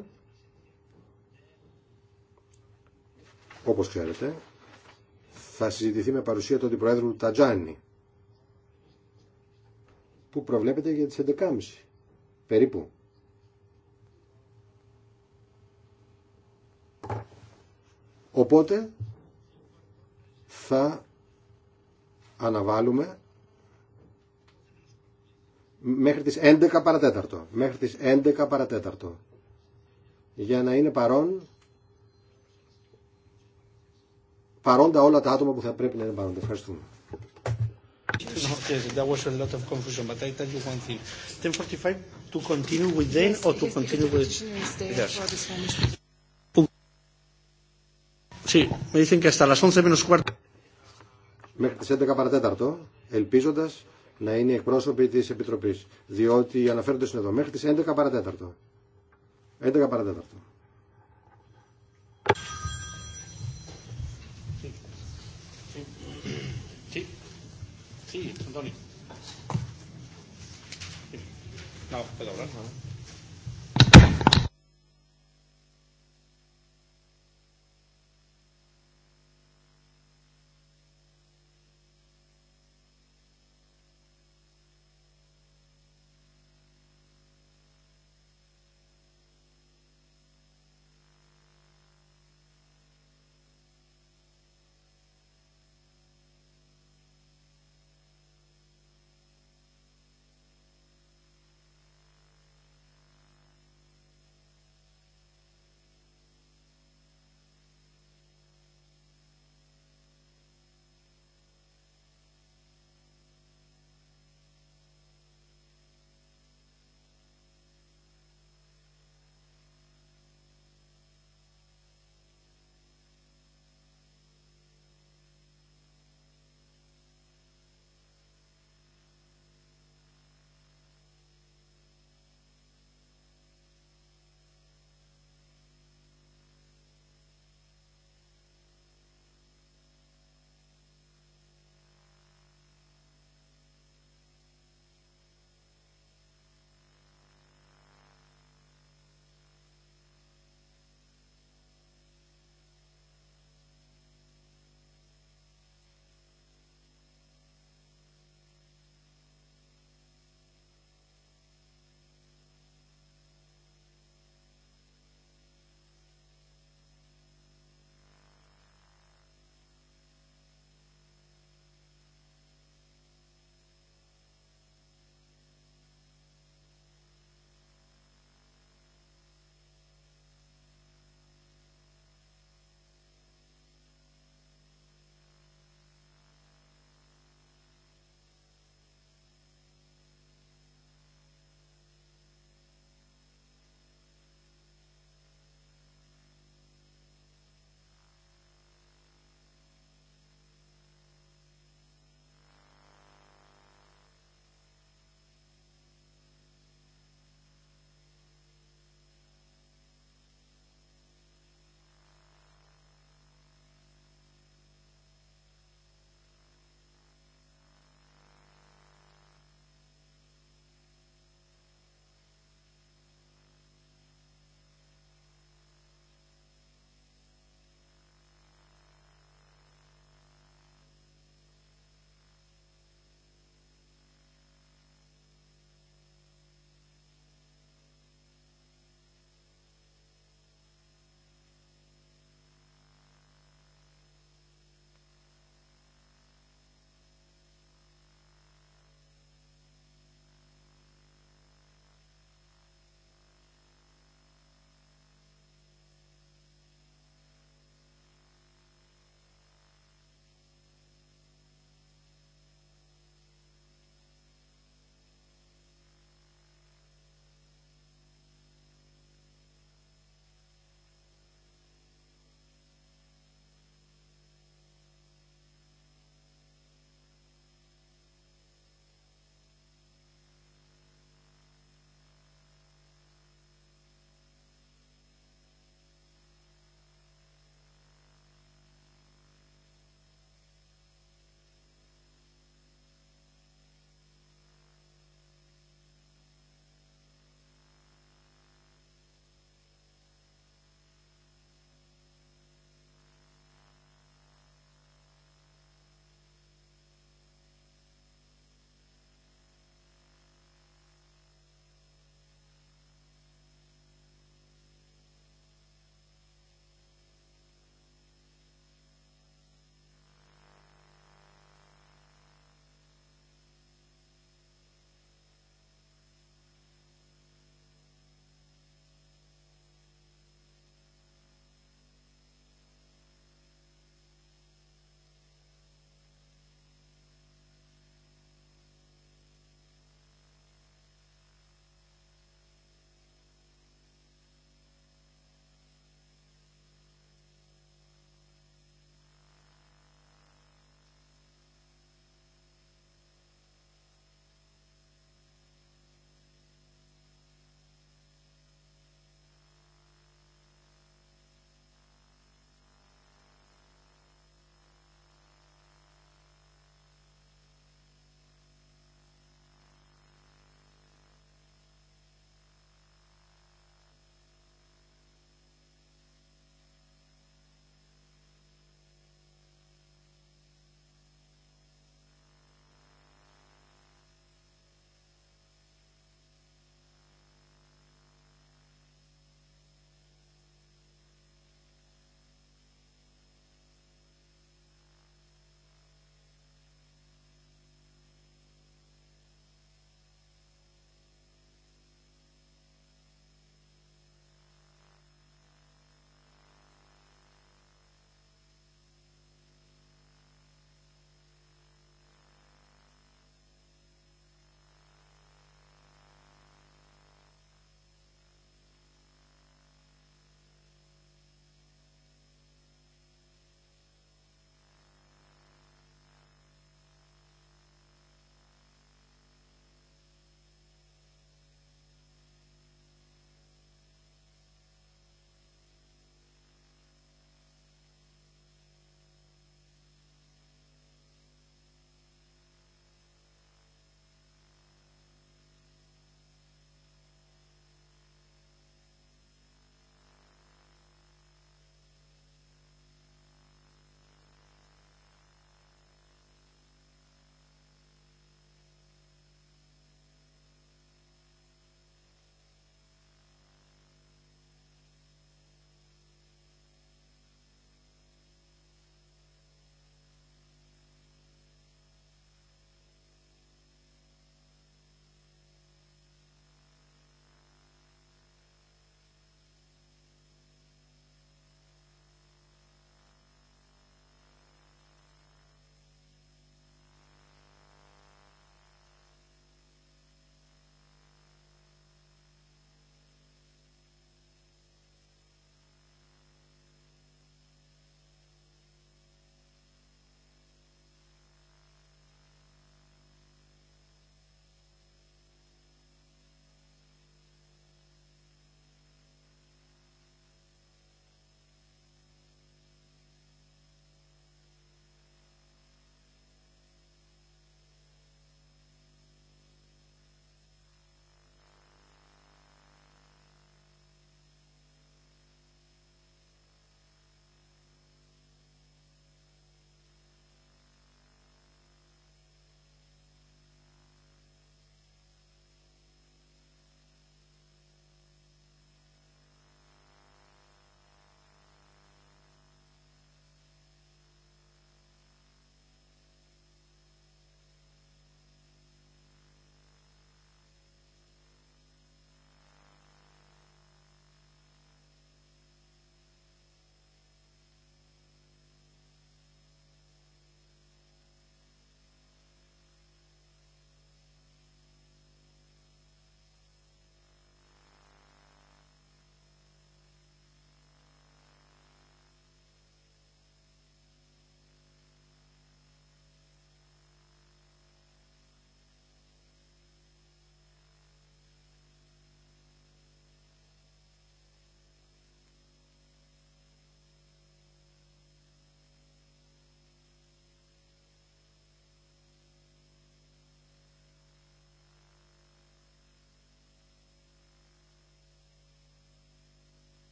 όπως ξέρετε, θα συζητηθεί με παρουσία του Αντιπροέδρου Τατζάνη, που προβλέπεται για τις 11.30 περίπου. Οπότε θα αναβάλουμε μέχρι τις 11 παρατέταρτο. Μέχρι τις 11 παρατέταρτο. Για να είναι παρόν παρόντα όλα τα άτομα που θα πρέπει να είναι παρόντα. Ευχαριστούμε. Μέχρι τις 11 παρατέταρτο, ελπίζοντας να είναι εκπρόσωποι της Επιτροπής, διότι αναφέρονται στην εδώ μέχρι τις 11 παρατέταρτο. 11 παρατέταρτο. Αντώνη. Να,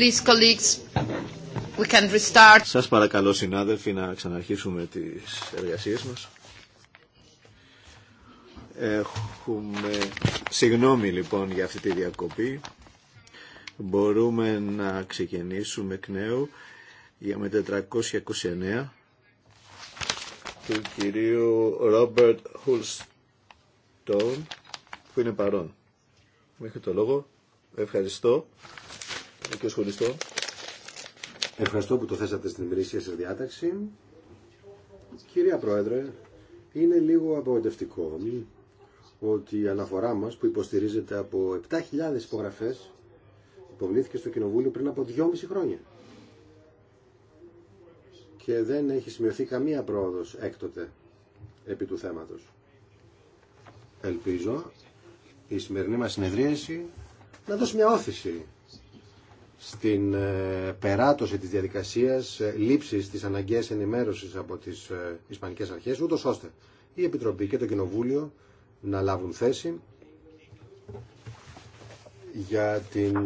Please, Σας παρακαλώ συνάδελφοι να ξαναρχίσουμε τις εργασίες μας. Έχουμε συγγνώμη λοιπόν για αυτή τη διακοπή. Μπορούμε να ξεκινήσουμε εκ νέου για με 429 του κυρίου Ρόμπερτ Χουλστόν που είναι παρόν. Μέχρι το λόγο. Ευχαριστώ κ. Ευχαριστώ που το θέσατε στην υπηρεσία σας διάταξη. Κυρία Πρόεδρε, είναι λίγο απογοητευτικό ότι η αναφορά μας που υποστηρίζεται από 7.000 υπογραφές υποβλήθηκε στο Κοινοβούλιο πριν από 2,5 χρόνια και δεν έχει σημειωθεί καμία πρόοδος έκτοτε επί του θέματος. Ελπίζω η σημερινή μας συνεδρίαση να δώσει μια όθηση στην ε, περάτωση της διαδικασίας ε, λήψης της αναγκαίας ενημέρωσης από τις ε, Ισπανικές Αρχές, ούτως ώστε η Επιτροπή και το Κοινοβούλιο να λάβουν θέση για την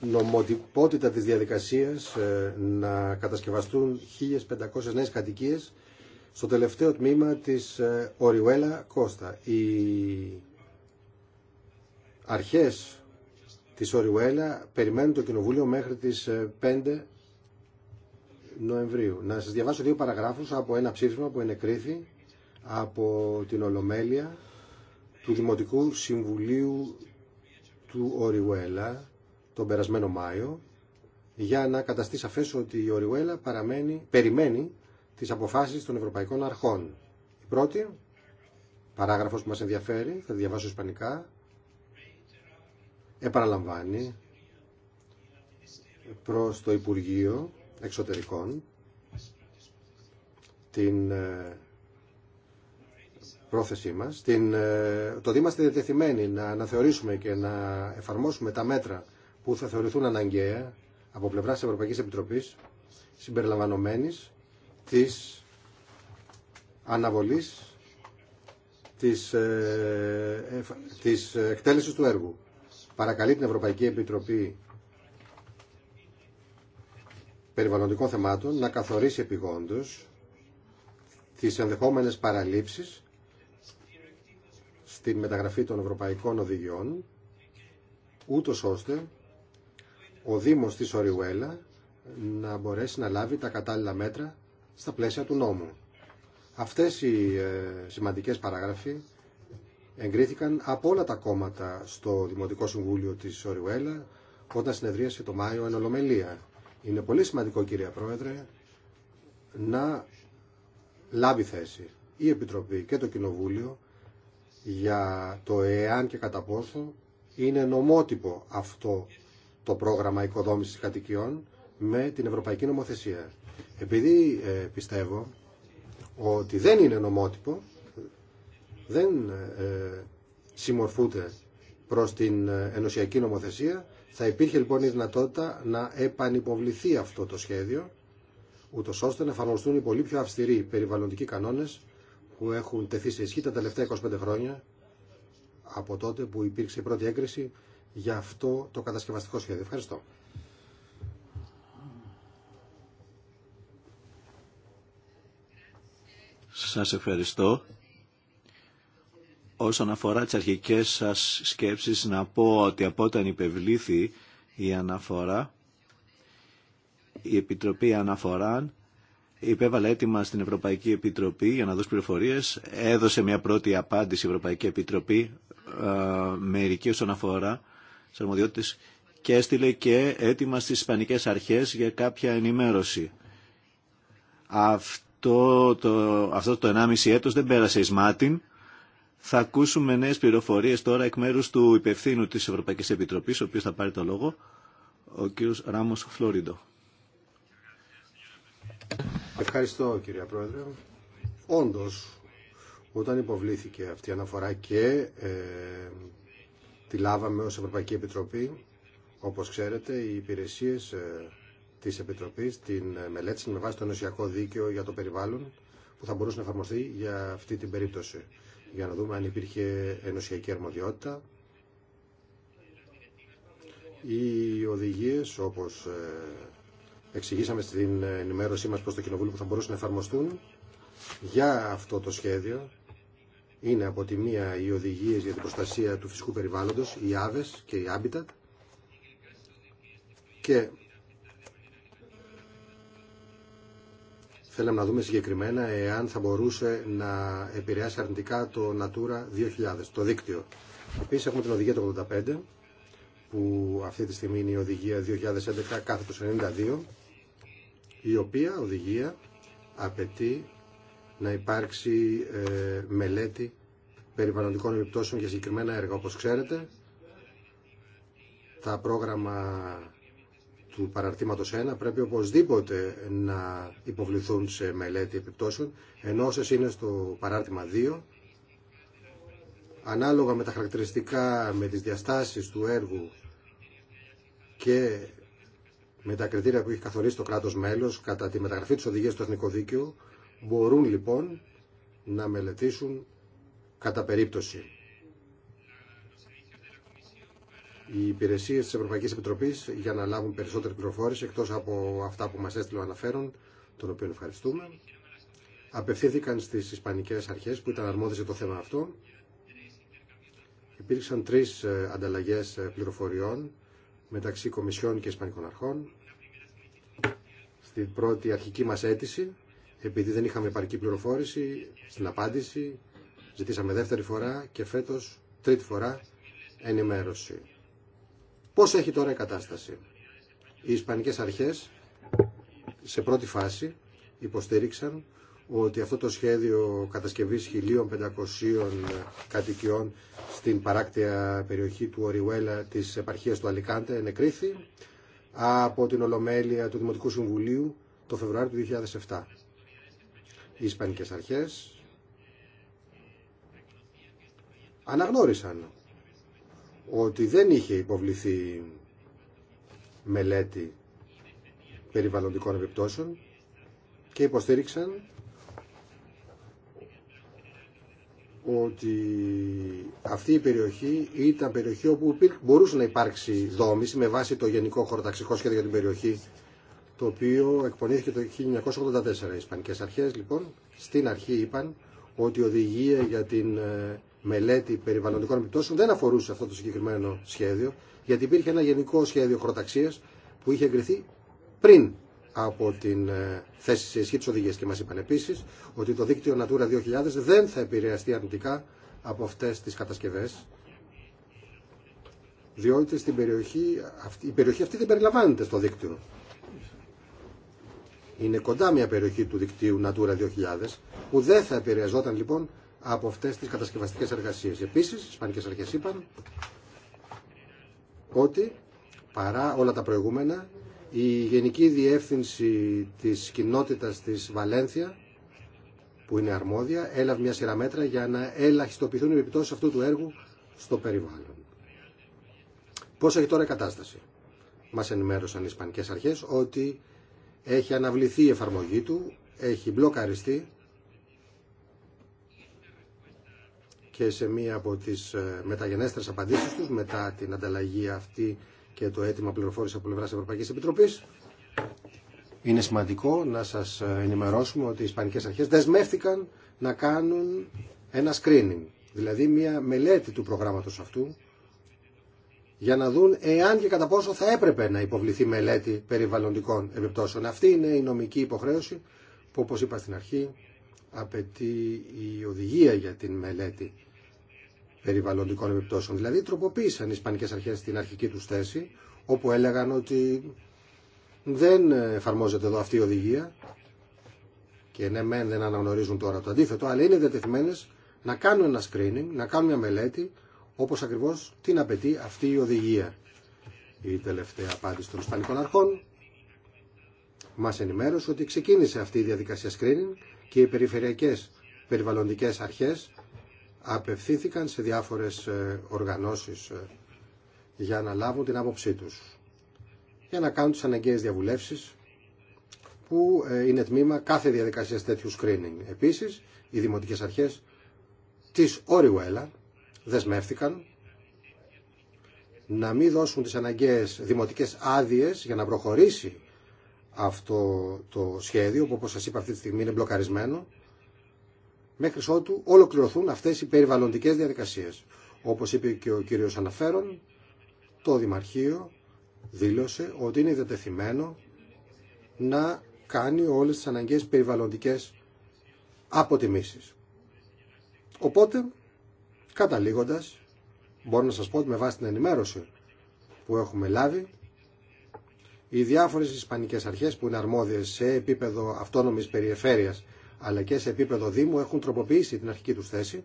νομοτυπότητα της διαδικασίας να κατασκευαστούν 1.500 νέες κατοικίες στο τελευταίο τμήμα της Οριουέλα Κώστα. Η αρχές της Οριουέλα περιμένουν το Κοινοβούλιο μέχρι τις 5 ε, Νοεμβρίου. Να σας διαβάσω δύο παραγράφους από ένα ψήφισμα που ενεκρίθη από την Ολομέλεια του Δημοτικού Συμβουλίου του Οριουέλα τον περασμένο Μάιο για να καταστεί σαφές ότι η Οριουέλα παραμένει, περιμένει τις αποφάσεις των Ευρωπαϊκών Αρχών. Η πρώτη, παράγραφος που μας ενδιαφέρει, θα τη διαβάσω ισπανικά, επαναλαμβάνει προς το Υπουργείο Εξωτερικών την ε, πρόθεσή μας, την, ε, το ότι είμαστε διατεθειμένοι να αναθεωρήσουμε και να εφαρμόσουμε τα μέτρα που θα θεωρηθούν αναγκαία από πλευράς Ευρωπαϊκής Επιτροπής συμπεριλαμβανομένης της αναβολής της, ε, της εκτέλεσης του έργου παρακαλεί την Ευρωπαϊκή Επιτροπή Περιβαλλοντικών Θεμάτων να καθορίσει επιγόντως τις ενδεχόμενες παραλήψεις στη μεταγραφή των ευρωπαϊκών οδηγιών ούτως ώστε ο Δήμος της Οριουέλα να μπορέσει να λάβει τα κατάλληλα μέτρα στα πλαίσια του νόμου. Αυτές οι ε, σημαντικές παράγραφοι εγκρίθηκαν από όλα τα κόμματα στο Δημοτικό Συμβούλιο της Οριουέλα όταν συνεδρίασε το Μάιο εν Ολομελία. Είναι πολύ σημαντικό κυρία Πρόεδρε να λάβει θέση η Επιτροπή και το Κοινοβούλιο για το εάν και κατά πόσο είναι νομότυπο αυτό το πρόγραμμα οικοδόμησης κατοικιών με την Ευρωπαϊκή Νομοθεσία. Επειδή ε, πιστεύω ότι δεν είναι νομότυπο, δεν ε, ε, συμμορφούνται προς την ε, ενωσιακή νομοθεσία. Θα υπήρχε λοιπόν η δυνατότητα να επανυποβληθεί αυτό το σχέδιο, ούτως ώστε να εφαρμοστούν οι πολύ πιο αυστηροί περιβαλλοντικοί κανόνες που έχουν τεθεί σε ισχύ τα τελευταία 25 χρόνια από τότε που υπήρξε η πρώτη έγκριση για αυτό το κατασκευαστικό σχέδιο. Ευχαριστώ. Σας ευχαριστώ. Όσον αφορά τις αρχικές σας σκέψεις, να πω ότι από όταν υπευλήθη η αναφορά, η Επιτροπή Αναφοράν υπέβαλε έτοιμα στην Ευρωπαϊκή Επιτροπή για να δώσει πληροφορίες. Έδωσε μια πρώτη απάντηση η Ευρωπαϊκή Επιτροπή ε, μερική όσον αφορά αρμοδιότητες και έστειλε και έτοιμα στις Ισπανικές Αρχές για κάποια ενημέρωση. Αυτό το, αυτό το 1,5 έτος δεν πέρασε εις θα ακούσουμε νέες πληροφορίες τώρα εκ μέρους του υπευθύνου της Ευρωπαϊκής Επιτροπής, ο οποίος θα πάρει το λόγο, ο κύριος Ράμος Φλόριντο. Ευχαριστώ κύριε Πρόεδρε. Όντως, όταν υποβλήθηκε αυτή η αναφορά και ε, τη λάβαμε ως Ευρωπαϊκή Επιτροπή, όπως ξέρετε, οι υπηρεσίες ε, της Επιτροπής την ε, μελέτησαν με βάση το νοσιακό δίκαιο για το περιβάλλον που θα μπορούσε να εφαρμοστεί για αυτή την περίπτωση για να δούμε αν υπήρχε ενωσιακή αρμοδιότητα. Οι οδηγίες, όπως ε, εξηγήσαμε στην ενημέρωσή μας προς το Κοινοβούλιο που θα μπορούσαν να εφαρμοστούν, για αυτό το σχέδιο είναι από τη μία οι οδηγίες για την προστασία του φυσικού περιβάλλοντος, οι ΆΒΕΣ και οι Habitat, και Θέλαμε να δούμε συγκεκριμένα εάν θα μπορούσε να επηρεάσει αρνητικά το Natura 2000, το δίκτυο. Επίσης έχουμε την οδηγία του 85, που αυτή τη στιγμή είναι η οδηγία 2011 κάθετος 92, η οποία οδηγία απαιτεί να υπάρξει ε, μελέτη περιβαλλοντικών επιπτώσεων για συγκεκριμένα έργα. Όπως ξέρετε, τα πρόγραμμα του παραρτήματος 1 πρέπει οπωσδήποτε να υποβληθούν σε μελέτη επιπτώσεων, ενώ όσες είναι στο παράρτημα 2, ανάλογα με τα χαρακτηριστικά, με τις διαστάσεις του έργου και με τα κριτήρια που έχει καθορίσει το κράτος μέλος κατά τη μεταγραφή της οδηγίας του εθνικού δίκαιου, μπορούν λοιπόν να μελετήσουν κατά περίπτωση οι υπηρεσίε τη Ευρωπαϊκή Επιτροπή για να λάβουν περισσότερη πληροφόρηση εκτό από αυτά που μα έστειλε ο αναφέρον, τον οποίο ευχαριστούμε. Απευθύνθηκαν στι ισπανικέ αρχέ που ήταν αρμόδιες για το θέμα αυτό. Υπήρξαν τρει ε, ανταλλαγέ ε, πληροφοριών μεταξύ Κομισιών και Ισπανικών Αρχών. Στην πρώτη αρχική μα αίτηση, επειδή δεν είχαμε επαρκή πληροφόρηση, στην απάντηση ζητήσαμε δεύτερη φορά και φέτο τρίτη φορά ενημέρωση. Πώς έχει τώρα η κατάσταση. Οι Ισπανικές αρχές σε πρώτη φάση υποστήριξαν ότι αυτό το σχέδιο κατασκευής 1.500 κατοικιών στην παράκτια περιοχή του Οριουέλα της επαρχίας του Αλικάντε ενεκρίθη από την Ολομέλεια του Δημοτικού Συμβουλίου το Φεβρουάριο του 2007. Οι Ισπανικές αρχές αναγνώρισαν ότι δεν είχε υποβληθεί μελέτη περιβαλλοντικών επιπτώσεων και υποστήριξαν ότι αυτή η περιοχή ήταν περιοχή όπου μπορούσε να υπάρξει δόμηση με βάση το Γενικό Χωροταξικό Σχέδιο για την περιοχή το οποίο εκπονήθηκε το 1984. Οι Ισπανικές Αρχές λοιπόν στην αρχή είπαν ότι η οδηγία για την ε, μελέτη περιβαλλοντικών επιπτώσεων δεν αφορούσε αυτό το συγκεκριμένο σχέδιο, γιατί υπήρχε ένα γενικό σχέδιο χροταξία που είχε εγκριθεί πριν από την ε, θέση σε ισχύ τη οδηγία. Και μα είπαν επίση ότι το δίκτυο Natura 2000 δεν θα επηρεαστεί αρνητικά από αυτέ τι κατασκευέ, διότι στην περιοχή, η περιοχή αυτή δεν περιλαμβάνεται στο δίκτυο. Είναι κοντά μια περιοχή του δικτύου Natura 2000 που δεν θα επηρεαζόταν λοιπόν από αυτές τις κατασκευαστικές εργασίες. Επίσης, οι ισπανικέ Αρχές είπαν ότι παρά όλα τα προηγούμενα, η Γενική Διεύθυνση της Κοινότητας της Βαλένθια, που είναι αρμόδια, έλαβε μια σειρά μέτρα για να ελαχιστοποιηθούν οι επιπτώσεις αυτού του έργου στο περιβάλλον. Πώς έχει τώρα η κατάσταση. Μας ενημέρωσαν οι ισπανικέ αρχέ, ότι έχει αναβληθεί η εφαρμογή του, έχει μπλοκαριστεί και σε μία από τις ε, μεταγενέστερες απαντήσεις τους μετά την ανταλλαγή αυτή και το αίτημα πληροφόρηση από πλευρά Ευρωπαϊκής Επιτροπής. Είναι σημαντικό να σας ε, ενημερώσουμε ότι οι Ισπανικές Αρχές δεσμεύτηκαν να κάνουν ένα screening, δηλαδή μία μελέτη του προγράμματος αυτού, για να δουν εάν και κατά πόσο θα έπρεπε να υποβληθεί μελέτη περιβαλλοντικών επιπτώσεων. Αυτή είναι η νομική υποχρέωση που, όπως είπα στην αρχή, απαιτεί η οδηγία για την μελέτη περιβαλλοντικών επιπτώσεων. Δηλαδή τροποποίησαν οι Ισπανικές αρχές την αρχική του θέση όπου έλεγαν ότι δεν εφαρμόζεται εδώ αυτή η οδηγία και ναι δεν αναγνωρίζουν τώρα το αντίθετο αλλά είναι διατεθειμένες να κάνουν ένα screening, να κάνουν μια μελέτη όπως ακριβώς την απαιτεί αυτή η οδηγία. Η τελευταία απάντηση των Ισπανικών αρχών μας ενημέρωσε ότι ξεκίνησε αυτή η διαδικασία screening και οι περιφερειακές περιβαλλοντικές αρχές απευθύνθηκαν σε διάφορες ε, οργανώσεις ε, για να λάβουν την άποψή τους, για να κάνουν τις αναγκαίες διαβουλεύσεις που ε, είναι τμήμα κάθε διαδικασίας τέτοιου screening. Επίσης, οι δημοτικές αρχές της Όριουέλα δεσμεύτηκαν να μην δώσουν τις αναγκαίες δημοτικές άδειες για να προχωρήσει αυτό το σχέδιο που όπως σας είπα αυτή τη στιγμή είναι μπλοκαρισμένο μέχρι ότου ολοκληρωθούν αυτές οι περιβαλλοντικές διαδικασίες. Όπως είπε και ο κύριος Αναφέρον, το Δημαρχείο δήλωσε ότι είναι διατεθειμένο να κάνει όλες τις αναγκαίες περιβαλλοντικές αποτιμήσεις. Οπότε, καταλήγοντας, μπορώ να σας πω ότι με βάση την ενημέρωση που έχουμε λάβει, οι διάφορες ισπανικές αρχές που είναι αρμόδιες σε επίπεδο αυτόνομη περιεφέρειας αλλά και σε επίπεδο Δήμου έχουν τροποποιήσει την αρχική του θέση.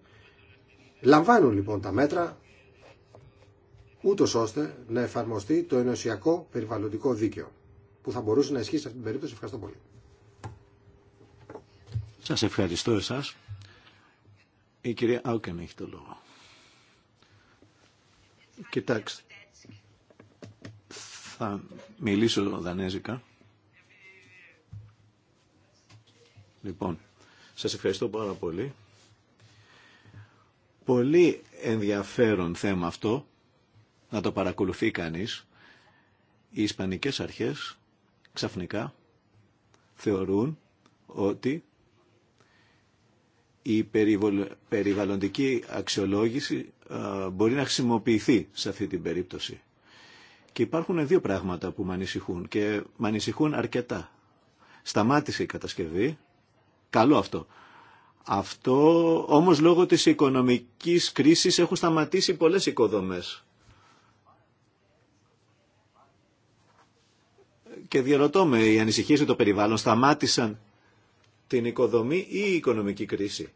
Λαμβάνουν λοιπόν τα μέτρα ούτω ώστε να εφαρμοστεί το ενωσιακό περιβαλλοντικό δίκαιο που θα μπορούσε να ισχύσει σε αυτήν την περίπτωση. Ευχαριστώ πολύ. Σας ευχαριστώ εσά. Η κυρία Άουκεν έχει το λόγο. Κοιτάξτε, θα μιλήσω δανέζικα. Λοιπόν, σας ευχαριστώ πάρα πολύ. Πολύ ενδιαφέρον θέμα αυτό, να το παρακολουθεί κανείς. Οι Ισπανικές αρχές ξαφνικά θεωρούν ότι η περιβαλλοντική αξιολόγηση μπορεί να χρησιμοποιηθεί σε αυτή την περίπτωση. Και υπάρχουν δύο πράγματα που με ανησυχούν και με ανησυχούν αρκετά. Σταμάτησε η κατασκευή, καλό αυτό. Αυτό όμως λόγω της οικονομικής κρίσης έχουν σταματήσει πολλές οικοδομές. Και διαρωτώ με, οι ανησυχίες για το περιβάλλον σταμάτησαν την οικοδομή ή η οικονομική κρίση.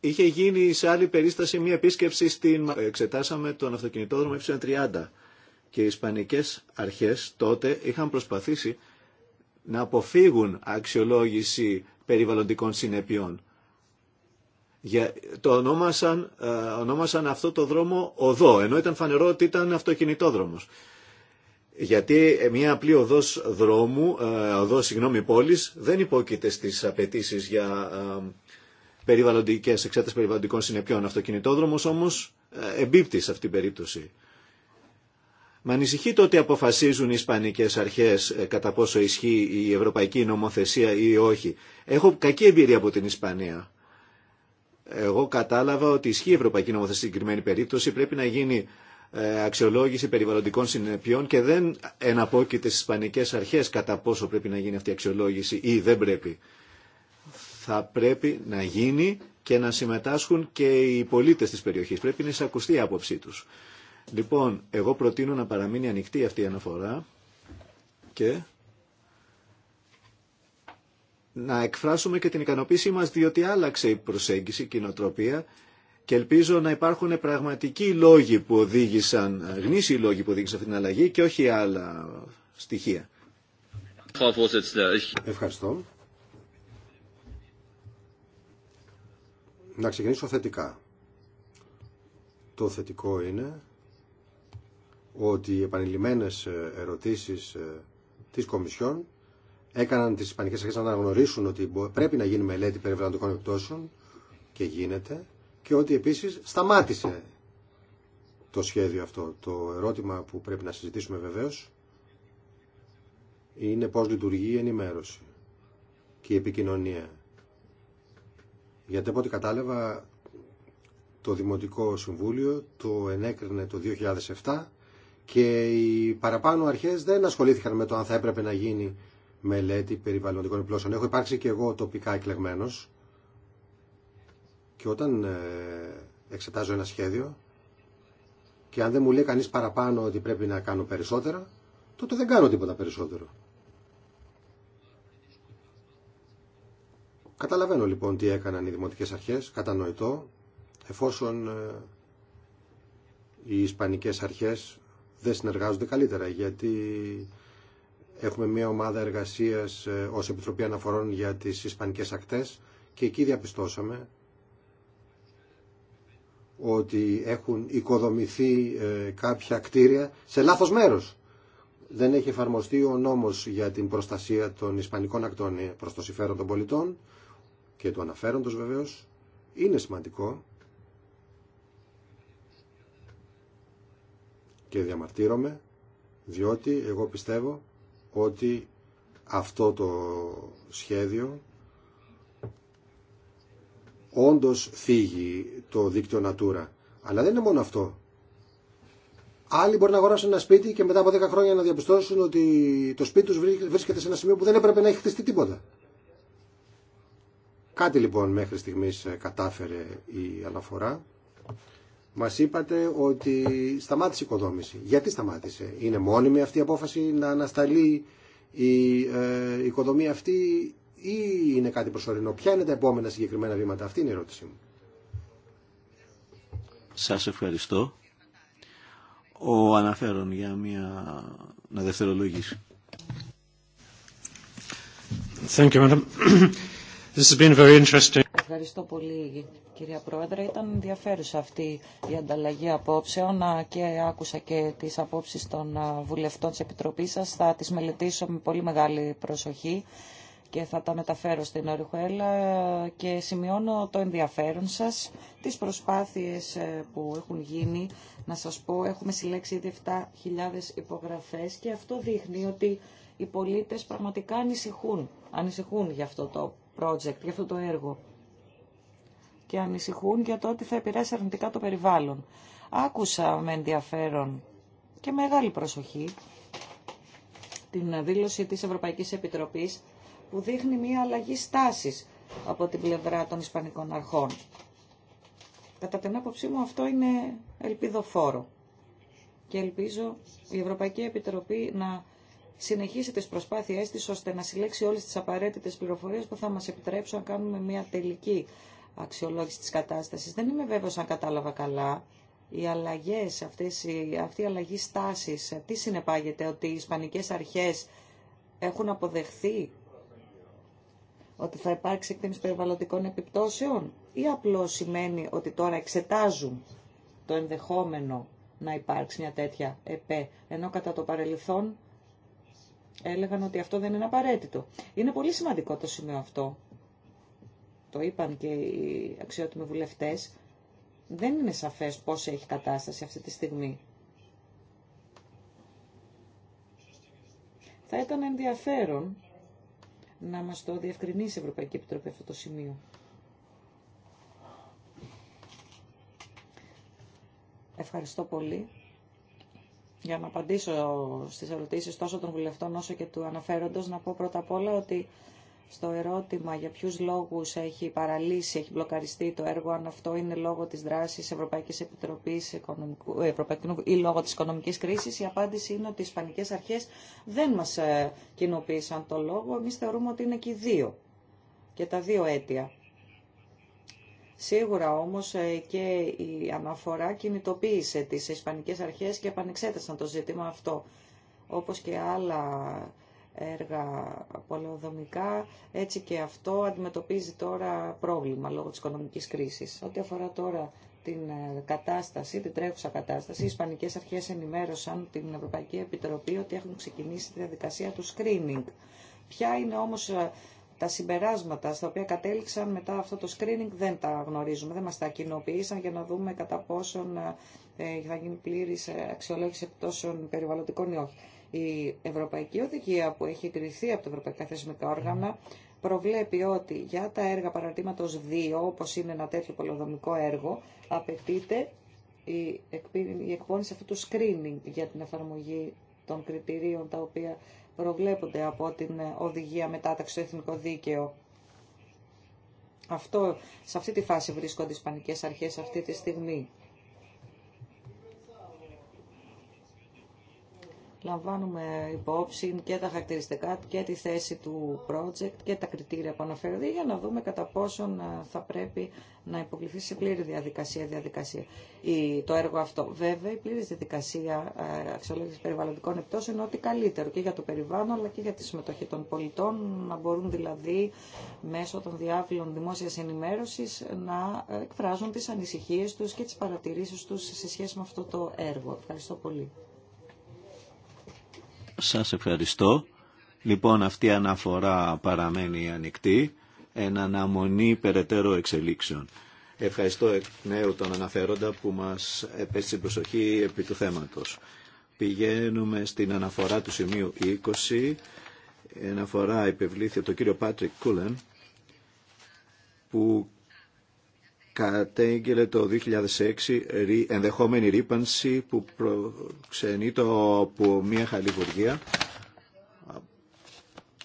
Είχε γίνει σε άλλη περίσταση μια επίσκεψη στην... Εξετάσαμε τον αυτοκινητόδρομο Y30 και οι Ισπανικές αρχές τότε είχαν προσπαθήσει να αποφύγουν αξιολόγηση περιβαλλοντικών συνεπειών. Για, το ονόμασαν, ε, αυτό το δρόμο οδό, ενώ ήταν φανερό ότι ήταν αυτοκινητόδρομος. Γιατί μια απλή οδός δρόμου, ε, οδός συγγνώμη πόλης, δεν υπόκειται στις απαιτήσει για ε, περιβαλλοντικές, περιβαλλοντικών συνεπειών. Αυτοκινητόδρομος όμως ε, εμπίπτει σε αυτήν την περίπτωση. Με ανησυχεί το ότι αποφασίζουν οι Ισπανικές αρχές ε, κατά πόσο ισχύει η ευρωπαϊκή νομοθεσία ή όχι. Έχω κακή εμπειρία από την Ισπανία. Εγώ κατάλαβα ότι ισχύει η ευρωπαϊκή νομοθεσία στην συγκεκριμένη περίπτωση. Πρέπει να γίνει ε, αξιολόγηση περιβαλλοντικών συνεπειών και δεν εναπόκειται στις Ισπανικές αρχές κατά πόσο πρέπει να γίνει αυτή η αξιολόγηση ή δεν πρέπει θα πρέπει να γίνει και να συμμετάσχουν και οι πολίτες της περιοχής. Πρέπει να εισακουστεί η άποψή τους. Λοιπόν, εγώ προτείνω να παραμείνει ανοιχτή αυτή η αναφορά και να εκφράσουμε και την ικανοποίησή μας διότι άλλαξε η προσέγγιση, η κοινοτροπία και ελπίζω να υπάρχουν πραγματικοί λόγοι που οδήγησαν, γνήσιοι λόγοι που οδήγησαν αυτή την αλλαγή και όχι άλλα στοιχεία. Ευχαριστώ. Να ξεκινήσω θετικά. Το θετικό είναι ότι οι επανειλημμένες ε, ερωτήσεις ε, της Κομισιόν έκαναν τις Ισπανικές Αρχές να αναγνωρίσουν ότι πρέπει να γίνει μελέτη περιβαλλοντικών εκτόσεων και γίνεται και ότι επίσης σταμάτησε το σχέδιο αυτό. Το ερώτημα που πρέπει να συζητήσουμε βεβαίως είναι πώς λειτουργεί η ενημέρωση και η επικοινωνία γιατί από ό,τι κατάλαβα το Δημοτικό Συμβούλιο το ενέκρινε το 2007 και οι παραπάνω αρχές δεν ασχολήθηκαν με το αν θα έπρεπε να γίνει μελέτη περιβαλλοντικών επιπλώσεων. Έχω υπάρξει και εγώ τοπικά εκλεγμένος και όταν ε, εξετάζω ένα σχέδιο και αν δεν μου λέει κανείς παραπάνω ότι πρέπει να κάνω περισσότερα, τότε δεν κάνω τίποτα περισσότερο. Καταλαβαίνω λοιπόν τι έκαναν οι δημοτικές αρχές, κατανοητό, εφόσον ε, οι ισπανικές αρχές δεν συνεργάζονται καλύτερα, γιατί έχουμε μια ομάδα εργασίας ε, ως Επιτροπή Αναφορών για τις ισπανικές ακτές και εκεί διαπιστώσαμε ότι έχουν οικοδομηθεί ε, κάποια κτίρια σε λάθος μέρος. Δεν έχει εφαρμοστεί ο νόμος για την προστασία των ισπανικών ακτών προς το συμφέρον των πολιτών και το αναφέροντος βεβαίως είναι σημαντικό και διαμαρτύρομαι διότι εγώ πιστεύω ότι αυτό το σχέδιο όντως φύγει το δίκτυο Natura. Αλλά δεν είναι μόνο αυτό. Άλλοι μπορεί να αγοράσουν ένα σπίτι και μετά από 10 χρόνια να διαπιστώσουν ότι το σπίτι τους βρίσκεται σε ένα σημείο που δεν έπρεπε να έχει χτιστεί τίποτα. Κάτι λοιπόν μέχρι στιγμής ε, κατάφερε η αναφορά. Μας είπατε ότι σταμάτησε η οικοδόμηση. Γιατί σταμάτησε. Είναι μόνιμη αυτή η απόφαση να ανασταλεί ε, η οικοδομή αυτή ή είναι κάτι προσωρινό. Ποια είναι τα επόμενα συγκεκριμένα βήματα. Αυτή είναι η ερώτησή μου. Σας ευχαριστώ. Ο αναφέρον για μια να δευτερολογήσει. Thank This has been very interesting. Ευχαριστώ πολύ κυρία Πρόεδρε. Ήταν ενδιαφέρουσα αυτή η ανταλλαγή απόψεων και άκουσα και τις απόψεις των βουλευτών της Επιτροπής σας. Θα τις μελετήσω με πολύ μεγάλη προσοχή και θα τα μεταφέρω στην Οριχουέλα και σημειώνω το ενδιαφέρον σας, τις προσπάθειες ε, που έχουν γίνει. Να σας πω, έχουμε συλλέξει ήδη 7.000 υπογραφές και αυτό δείχνει ότι οι πολίτες πραγματικά ανησυχούν, ανησυχούν για αυτό το project, για αυτό το έργο. Και ανησυχούν για το ότι θα επηρεάσει αρνητικά το περιβάλλον. Άκουσα με ενδιαφέρον και μεγάλη προσοχή την δήλωση της Ευρωπαϊκής Επιτροπής που δείχνει μια αλλαγή στάσης από την πλευρά των Ισπανικών αρχών. Κατά την άποψή μου αυτό είναι ελπιδοφόρο και ελπίζω η Ευρωπαϊκή Επιτροπή να συνεχίσει τις προσπάθειές της ώστε να συλλέξει όλες τις απαραίτητες πληροφορίες που θα μας επιτρέψουν να κάνουμε μια τελική αξιολόγηση της κατάστασης. Δεν είμαι βέβαιος αν κατάλαβα καλά. Οι αλλαγές, αυτή η αλλαγή στάσης, τι συνεπάγεται ότι οι Ισπανικές αρχές έχουν αποδεχθεί ότι θα υπάρξει εκτίμηση περιβαλλοντικών επιπτώσεων ή απλώς σημαίνει ότι τώρα εξετάζουν το ενδεχόμενο να υπάρξει μια τέτοια ΕΠΕ, ενώ κατά το παρελθόν έλεγαν ότι αυτό δεν είναι απαραίτητο. Είναι πολύ σημαντικό το σημείο αυτό. Το είπαν και οι αξιότιμοι βουλευτές. Δεν είναι σαφές πώς έχει κατάσταση αυτή τη στιγμή. Θα ήταν ενδιαφέρον να μας το διευκρινίσει η Ευρωπαϊκή Επιτροπή αυτό το σημείο. Ευχαριστώ πολύ για να απαντήσω στις ερωτήσεις τόσο των βουλευτών όσο και του αναφέροντος, να πω πρώτα απ' όλα ότι στο ερώτημα για ποιους λόγους έχει παραλύσει, έχει μπλοκαριστεί το έργο, αν αυτό είναι λόγω της δράσης Ευρωπαϊκής Επιτροπής Οικονομικού, ε, Ευρωπαϊκού, ή λόγω της η απάντηση είναι ότι οι Ισπανικές αρχές δεν μας ε, κοινοποίησαν το λόγο. Εμείς θεωρούμε ότι είναι και οι δύο και τα δύο αίτια. Σίγουρα όμως ε, και η αναφορά κινητοποίησε τις ισπανικές αρχές και επανεξέτασαν το ζήτημα αυτό, όπως και άλλα έργα πολεοδομικά, έτσι και αυτό αντιμετωπίζει τώρα πρόβλημα λόγω της οικονομικής κρίσης. Ό,τι αφορά τώρα την ε, κατάσταση, την τρέχουσα κατάσταση, οι Ισπανικές αρχές ενημέρωσαν την Ευρωπαϊκή Επιτροπή ότι έχουν ξεκινήσει τη διαδικασία του screening. Ποια είναι όμως ε, τα συμπεράσματα στα οποία κατέληξαν μετά αυτό το screening δεν τα γνωρίζουμε, δεν μας τα κοινοποίησαν για να δούμε κατά πόσον ε, θα γίνει πλήρης αξιολόγηση επιπτώσεων περιβαλλοντικών ή όχι. Η Ευρωπαϊκή Οδηγία που έχει εγκριθεί από τα Ευρωπαϊκά Θεσμικά Όργανα προβλέπει ότι για τα έργα παραρτήματος 2, όπως είναι ένα τέτοιο πολυοδομικό έργο, απαιτείται η εκπόνηση αυτού του screening για την εφαρμογή των κριτηρίων τα οποία προβλέπονται από την οδηγία μετάταξη στο εθνικό δίκαιο. Αυτό, σε αυτή τη φάση βρίσκονται οι Ισπανικές αρχές αυτή τη στιγμή. λαμβάνουμε υπόψη και τα χαρακτηριστικά και τη θέση του project και τα κριτήρια που αναφέρονται για να δούμε κατά πόσον ε, θα πρέπει να υποκληθεί σε πλήρη διαδικασία, διαδικασία το έργο αυτό. Βέβαια, η πλήρη διαδικασία ε, αξιολόγηση περιβαλλοντικών επιπτώσεων είναι ό,τι καλύτερο και για το περιβάλλον αλλά και για τη συμμετοχή των πολιτών, να μπορούν δηλαδή μέσω των διάβλων δημόσια ενημέρωση να εκφράζουν τι ανησυχίε του και τι παρατηρήσει του σε σχέση με αυτό το έργο. Ευχαριστώ πολύ. Σας ευχαριστώ. Λοιπόν, αυτή η αναφορά παραμένει ανοιχτή εν αναμονή περαιτέρω εξελίξεων. Ευχαριστώ εκ νέου τον αναφέροντα που μας επέστησε την προσοχή επί του θέματος. Πηγαίνουμε στην αναφορά του σημείου 20. Η αναφορά επιβλήθη από τον κύριο Πάτρικ Κούλεν που κατέγγειλε το 2006 ενδεχόμενη ρήπανση που προξενείται από μια χαλιβουργία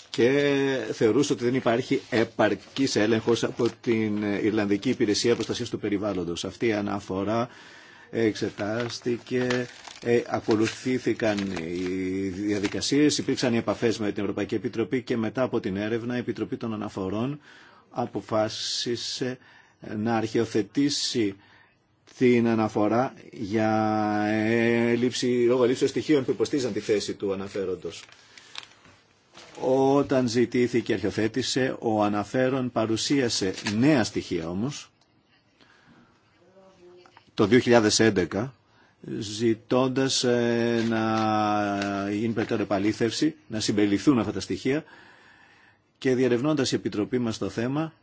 και θεωρούσε ότι δεν υπάρχει επαρκής έλεγχος από την Ιρλανδική Υπηρεσία Προστασίας του Περιβάλλοντος. Αυτή η αναφορά εξετάστηκε, ε, ακολουθήθηκαν οι διαδικασίες, υπήρξαν οι επαφές με την Ευρωπαϊκή Επιτροπή και μετά από την έρευνα η Επιτροπή των Αναφορών αποφάσισε να αρχιοθετήσει την αναφορά για έλλειψη, λόγω έλλειψης στοιχείων που υποστήριζαν τη θέση του αναφέροντος. Όταν ζητήθηκε και αρχιοθέτησε, ο αναφέρον παρουσίασε νέα στοιχεία όμως, το 2011, ζητώντας ε, να γίνει περαιτέρω επαλήθευση, να συμπεριληφθούν αυτά τα στοιχεία και διερευνώντας η Επιτροπή μας το θέμα,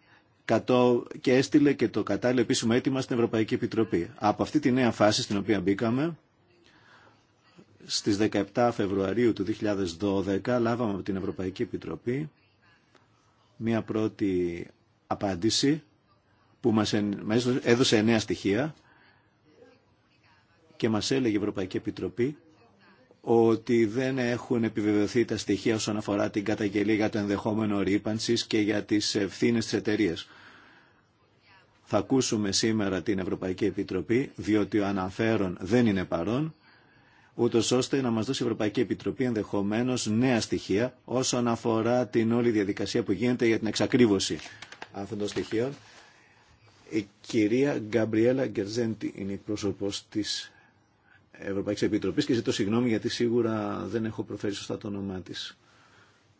και έστειλε και το κατάλληλο επίσημο αίτημα στην Ευρωπαϊκή Επιτροπή. Από αυτή τη νέα φάση στην οποία μπήκαμε, στις 17 Φεβρουαρίου του 2012 λάβαμε από την Ευρωπαϊκή Επιτροπή μία πρώτη απάντηση που μας έδωσε εννέα στοιχεία και μας έλεγε η Ευρωπαϊκή Επιτροπή ότι δεν έχουν επιβεβαιωθεί τα στοιχεία όσον αφορά την καταγγελία για το ενδεχόμενο ρήπανση και για τις ευθύνε τη εταιρεία. Θα ακούσουμε σήμερα την Ευρωπαϊκή Επιτροπή, διότι ο αναφέρον δεν είναι παρόν, ούτω ώστε να μα δώσει η Ευρωπαϊκή Επιτροπή ενδεχομένω νέα στοιχεία όσον αφορά την όλη διαδικασία που γίνεται για την εξακρίβωση αυτών των στοιχείων. Η κυρία Γκαμπριέλα Γκερζέντη είναι η πρόσωπος Ευρωπαϊκής Επιτροπής και ζητώ συγγνώμη γιατί σίγουρα δεν έχω προφέρει σωστά το όνομά της.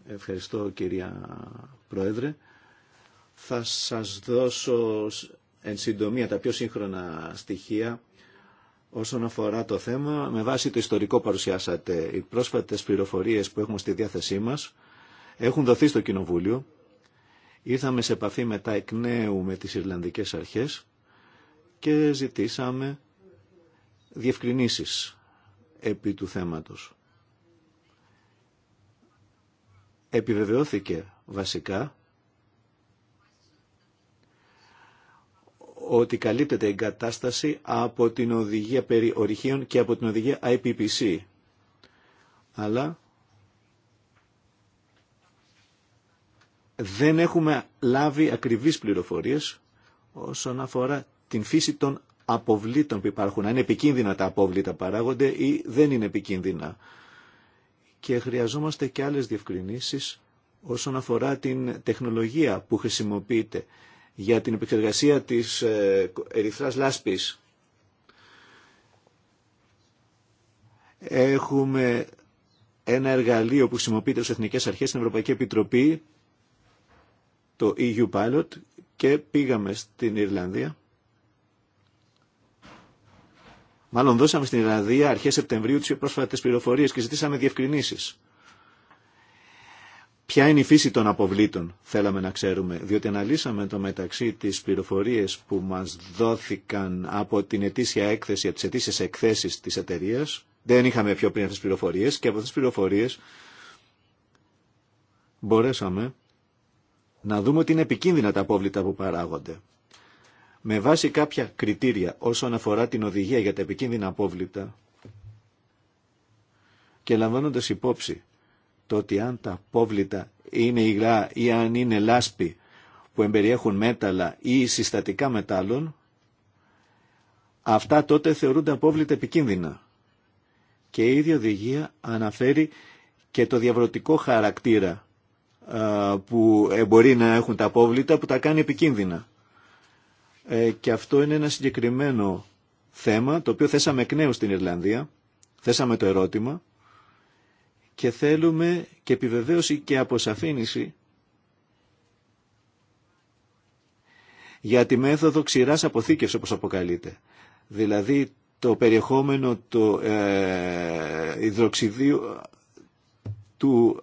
Ευχαριστώ κυρία Πρόεδρε. Θα σας δώσω εν συντομία τα πιο σύγχρονα στοιχεία όσον αφορά το θέμα. Με βάση το ιστορικό παρουσιάσατε, οι πρόσφατες πληροφορίες που έχουμε στη διάθεσή μας έχουν δοθεί στο Κοινοβούλιο. Ήρθαμε σε επαφή μετά εκ νέου με τις Ιρλανδικές Αρχές και ζητήσαμε διευκρινήσεις επί του θέματος. Επιβεβαιώθηκε βασικά ότι καλύπτεται η κατάσταση από την οδηγία περί και από την οδηγία IPPC. Αλλά δεν έχουμε λάβει ακριβείς πληροφορίες όσον αφορά την φύση των αποβλήτων που υπάρχουν, αν είναι επικίνδυνα τα αποβλήτα παράγονται ή δεν είναι επικίνδυνα. Και χρειαζόμαστε και άλλες διευκρινήσεις όσον αφορά την τεχνολογία που χρησιμοποιείται για την επεξεργασία της ε, ερυθράς λάσπης. Έχουμε ένα εργαλείο που χρησιμοποιείται στις Εθνικές Αρχές στην Ευρωπαϊκή Επιτροπή, το EU Pilot, και πήγαμε στην Ιρλανδία Μάλλον δώσαμε στην Ιρλανδία αρχές Σεπτεμβρίου τις πρόσφατες πληροφορίες και ζητήσαμε διευκρινήσεις. Ποια είναι η φύση των αποβλήτων, θέλαμε να ξέρουμε, διότι αναλύσαμε το μεταξύ τις πληροφορίες που μας δόθηκαν από την ετήσια έκθεση, από τις ετήσιες εκθέσεις της εταιρεία. Δεν είχαμε πιο πριν αυτές τις πληροφορίες και από αυτές τις πληροφορίες μπορέσαμε να δούμε ότι είναι επικίνδυνα τα απόβλητα που παράγονται με βάση κάποια κριτήρια όσον αφορά την οδηγία για τα επικίνδυνα απόβλητα και λαμβάνοντας υπόψη το ότι αν τα απόβλητα είναι υγρά ή αν είναι λάσπη που εμπεριέχουν μέταλλα ή συστατικά μετάλλων, αυτά τότε θεωρούνται απόβλητα επικίνδυνα. Και η ίδια οδηγία αναφέρει και το διαβροτικό χαρακτήρα που ε, μπορεί να έχουν τα απόβλητα που τα κάνει επικίνδυνα. Ε, και αυτό είναι ένα συγκεκριμένο θέμα το οποίο θέσαμε εκ νέου στην Ιρλανδία, θέσαμε το ερώτημα και θέλουμε και επιβεβαίωση και αποσαφήνιση για τη μέθοδο ξηράς αποθήκευση όπως αποκαλείται. Δηλαδή το περιεχόμενο ε, ε, του ε, υδροξιδίου του,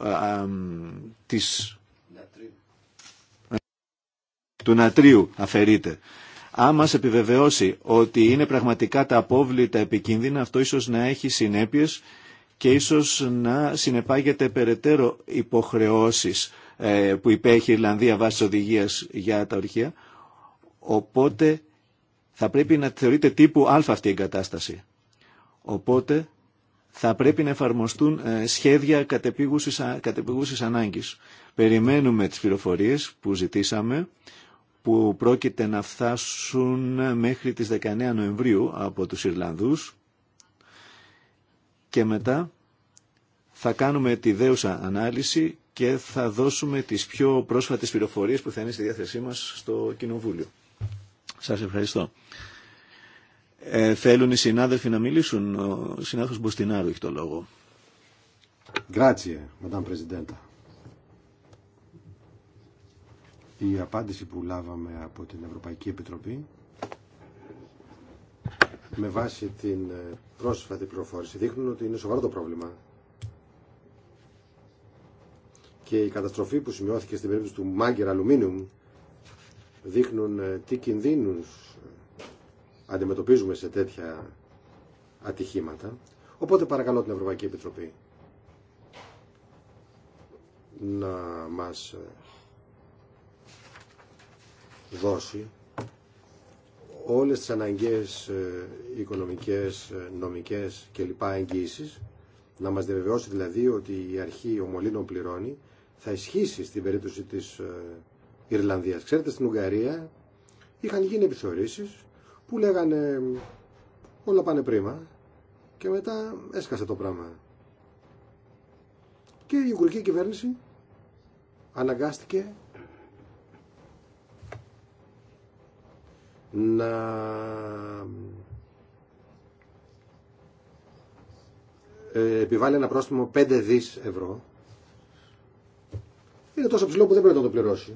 του νατρίου αφαιρείται. Αν μας επιβεβαιώσει ότι είναι πραγματικά τα απόβλητα επικίνδυνα, αυτό ίσως να έχει συνέπειες και ίσως να συνεπάγεται περαιτέρω υποχρεώσεις ε, που υπέχει η Ιρλανδία βάσει οδηγία για τα ορχεία. Οπότε θα πρέπει να θεωρείται τύπου α αυτή η εγκατάσταση. Οπότε θα πρέπει να εφαρμοστούν ε, σχέδια κατεπίγουσης, κατεπίγουσης ανάγκης. Περιμένουμε τις πληροφορίες που ζητήσαμε που πρόκειται να φτάσουν μέχρι τις 19 Νοεμβρίου από τους Ιρλανδούς και μετά θα κάνουμε τη δέουσα ανάλυση και θα δώσουμε τις πιο πρόσφατες πληροφορίες που θα είναι στη διάθεσή μας στο Κοινοβούλιο. Σας ευχαριστώ. Ε, θέλουν οι συνάδελφοι να μιλήσουν. Ο συνάδελφος Μποστινάρου έχει το λόγο. Grazie, Madame Presidenta. η απάντηση που λάβαμε από την Ευρωπαϊκή Επιτροπή με βάση την ε, πρόσφατη πληροφόρηση δείχνουν ότι είναι σοβαρό το πρόβλημα. Και η καταστροφή που σημειώθηκε στην περίπτωση του Μάγκερ Αλουμίνιουμ δείχνουν ε, τι κινδύνους ε, αντιμετωπίζουμε σε τέτοια ατυχήματα. Οπότε παρακαλώ την Ευρωπαϊκή Επιτροπή να μας δώσει όλες τις αναγκαίες ε, οικονομικές, ε, νομικές και λοιπά εγγύησεις, να μας διαβεβαιώσει δηλαδή ότι η αρχή ο Μολύνων πληρώνει, θα ισχύσει στην περίπτωση της ε, Ιρλανδίας. Ξέρετε, στην Ουγγαρία είχαν γίνει επιθεωρήσεις που λέγανε όλα πάνε πρίμα και μετά έσκασε το πράγμα. Και η Ουγγρική κυβέρνηση αναγκάστηκε να ε, επιβάλλει ένα πρόστιμο 5 δις ευρώ είναι τόσο ψηλό που δεν πρέπει να το πληρώσει.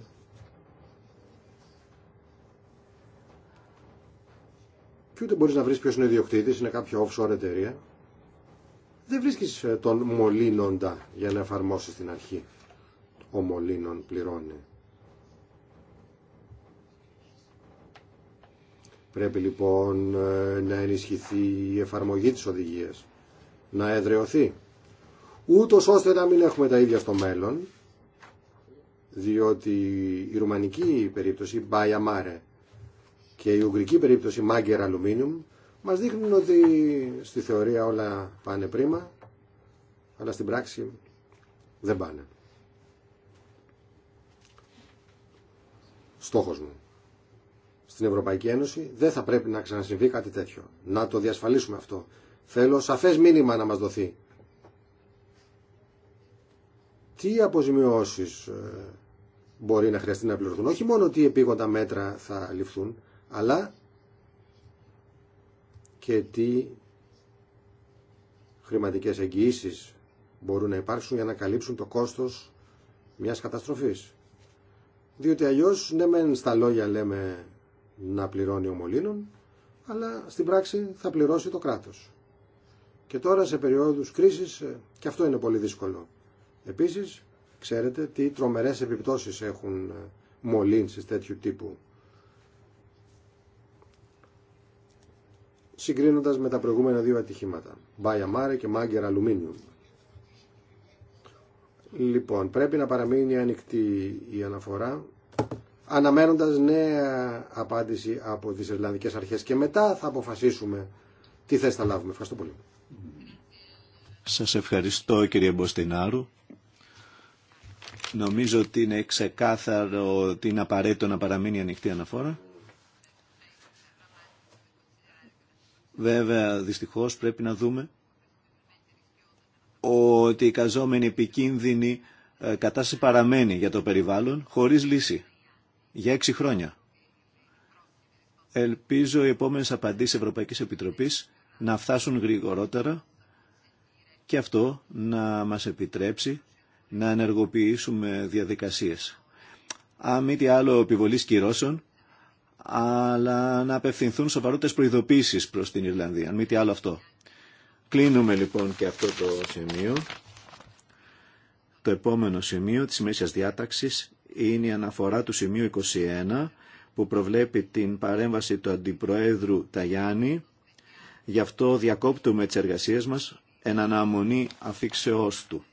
Και ούτε μπορείς να βρεις ποιος είναι ο ιδιοκτήτης, είναι κάποια offshore εταιρεία. Δεν βρίσκεις ε, τον μολύνοντα για να εφαρμόσεις την αρχή. Ο μολύνον πληρώνει. Πρέπει λοιπόν ε, να ενισχυθεί η εφαρμογή της οδηγίας, να εδρεωθεί, ούτως ώστε να μην έχουμε τα ίδια στο μέλλον, διότι η ρουμανική περίπτωση, Μπάια Μάρε, και η ουγγρική περίπτωση, Μάγκερ Αλουμίνιουμ, μας δείχνουν ότι στη θεωρία όλα πάνε πρίμα, αλλά στην πράξη δεν πάνε. Στόχος μου στην Ευρωπαϊκή Ένωση. Δεν θα πρέπει να ξανασυμβεί κάτι τέτοιο. Να το διασφαλίσουμε αυτό. Θέλω σαφέ μήνυμα να μας δοθεί. Τι αποζημιώσεις ε, μπορεί να χρειαστεί να πληρωθούν. Όχι μόνο τι επίγοντα μέτρα θα ληφθούν, αλλά και τι χρηματικές εγγυήσεις μπορούν να υπάρξουν για να καλύψουν το κόστος μιας καταστροφής. Διότι αλλιώς, ναι μεν στα λόγια λέμε να πληρώνει ο Μολύνων, αλλά στην πράξη θα πληρώσει το κράτος. Και τώρα σε περιόδους κρίσης ε, και αυτό είναι πολύ δύσκολο. Επίσης, ξέρετε τι τρομερές επιπτώσεις έχουν ε, μολύνσεις τέτοιου τύπου. Συγκρίνοντας με τα προηγούμενα δύο ατυχήματα, Μπάια Μάρε και Μάγκερ Αλουμίνιου. Λοιπόν, πρέπει να παραμείνει ανοιχτή η αναφορά αναμένοντας νέα απάντηση από τις Ιρλανδικές Αρχές και μετά θα αποφασίσουμε τι θέση θα λάβουμε. Ευχαριστώ πολύ. Σας ευχαριστώ κύριε Μποστινάρου. Νομίζω ότι είναι ξεκάθαρο ότι είναι απαραίτητο να παραμείνει ανοιχτή αναφορά. Βέβαια, δυστυχώς πρέπει να δούμε ότι η καζόμενη επικίνδυνη ε, κατάσταση παραμένει για το περιβάλλον χωρίς λύση για έξι χρόνια. Ελπίζω οι επόμενε απαντήσεις Ευρωπαϊκής Επιτροπής να φτάσουν γρηγορότερα και αυτό να μας επιτρέψει να ενεργοποιήσουμε διαδικασίες. Αν μη τι άλλο επιβολή κυρώσεων, αλλά να απευθυνθούν σοβαρότερες προειδοποίησεις προς την Ιρλανδία, αν μη τι άλλο αυτό. Κλείνουμε λοιπόν και αυτό το σημείο. Το επόμενο σημείο της μέσιας διάταξης είναι η αναφορά του σημείου 21 που προβλέπει την παρέμβαση του Αντιπροέδρου Ταγιάννη. Γι' αυτό διακόπτουμε τις εργασίες μας εν αναμονή αφήξεώς του.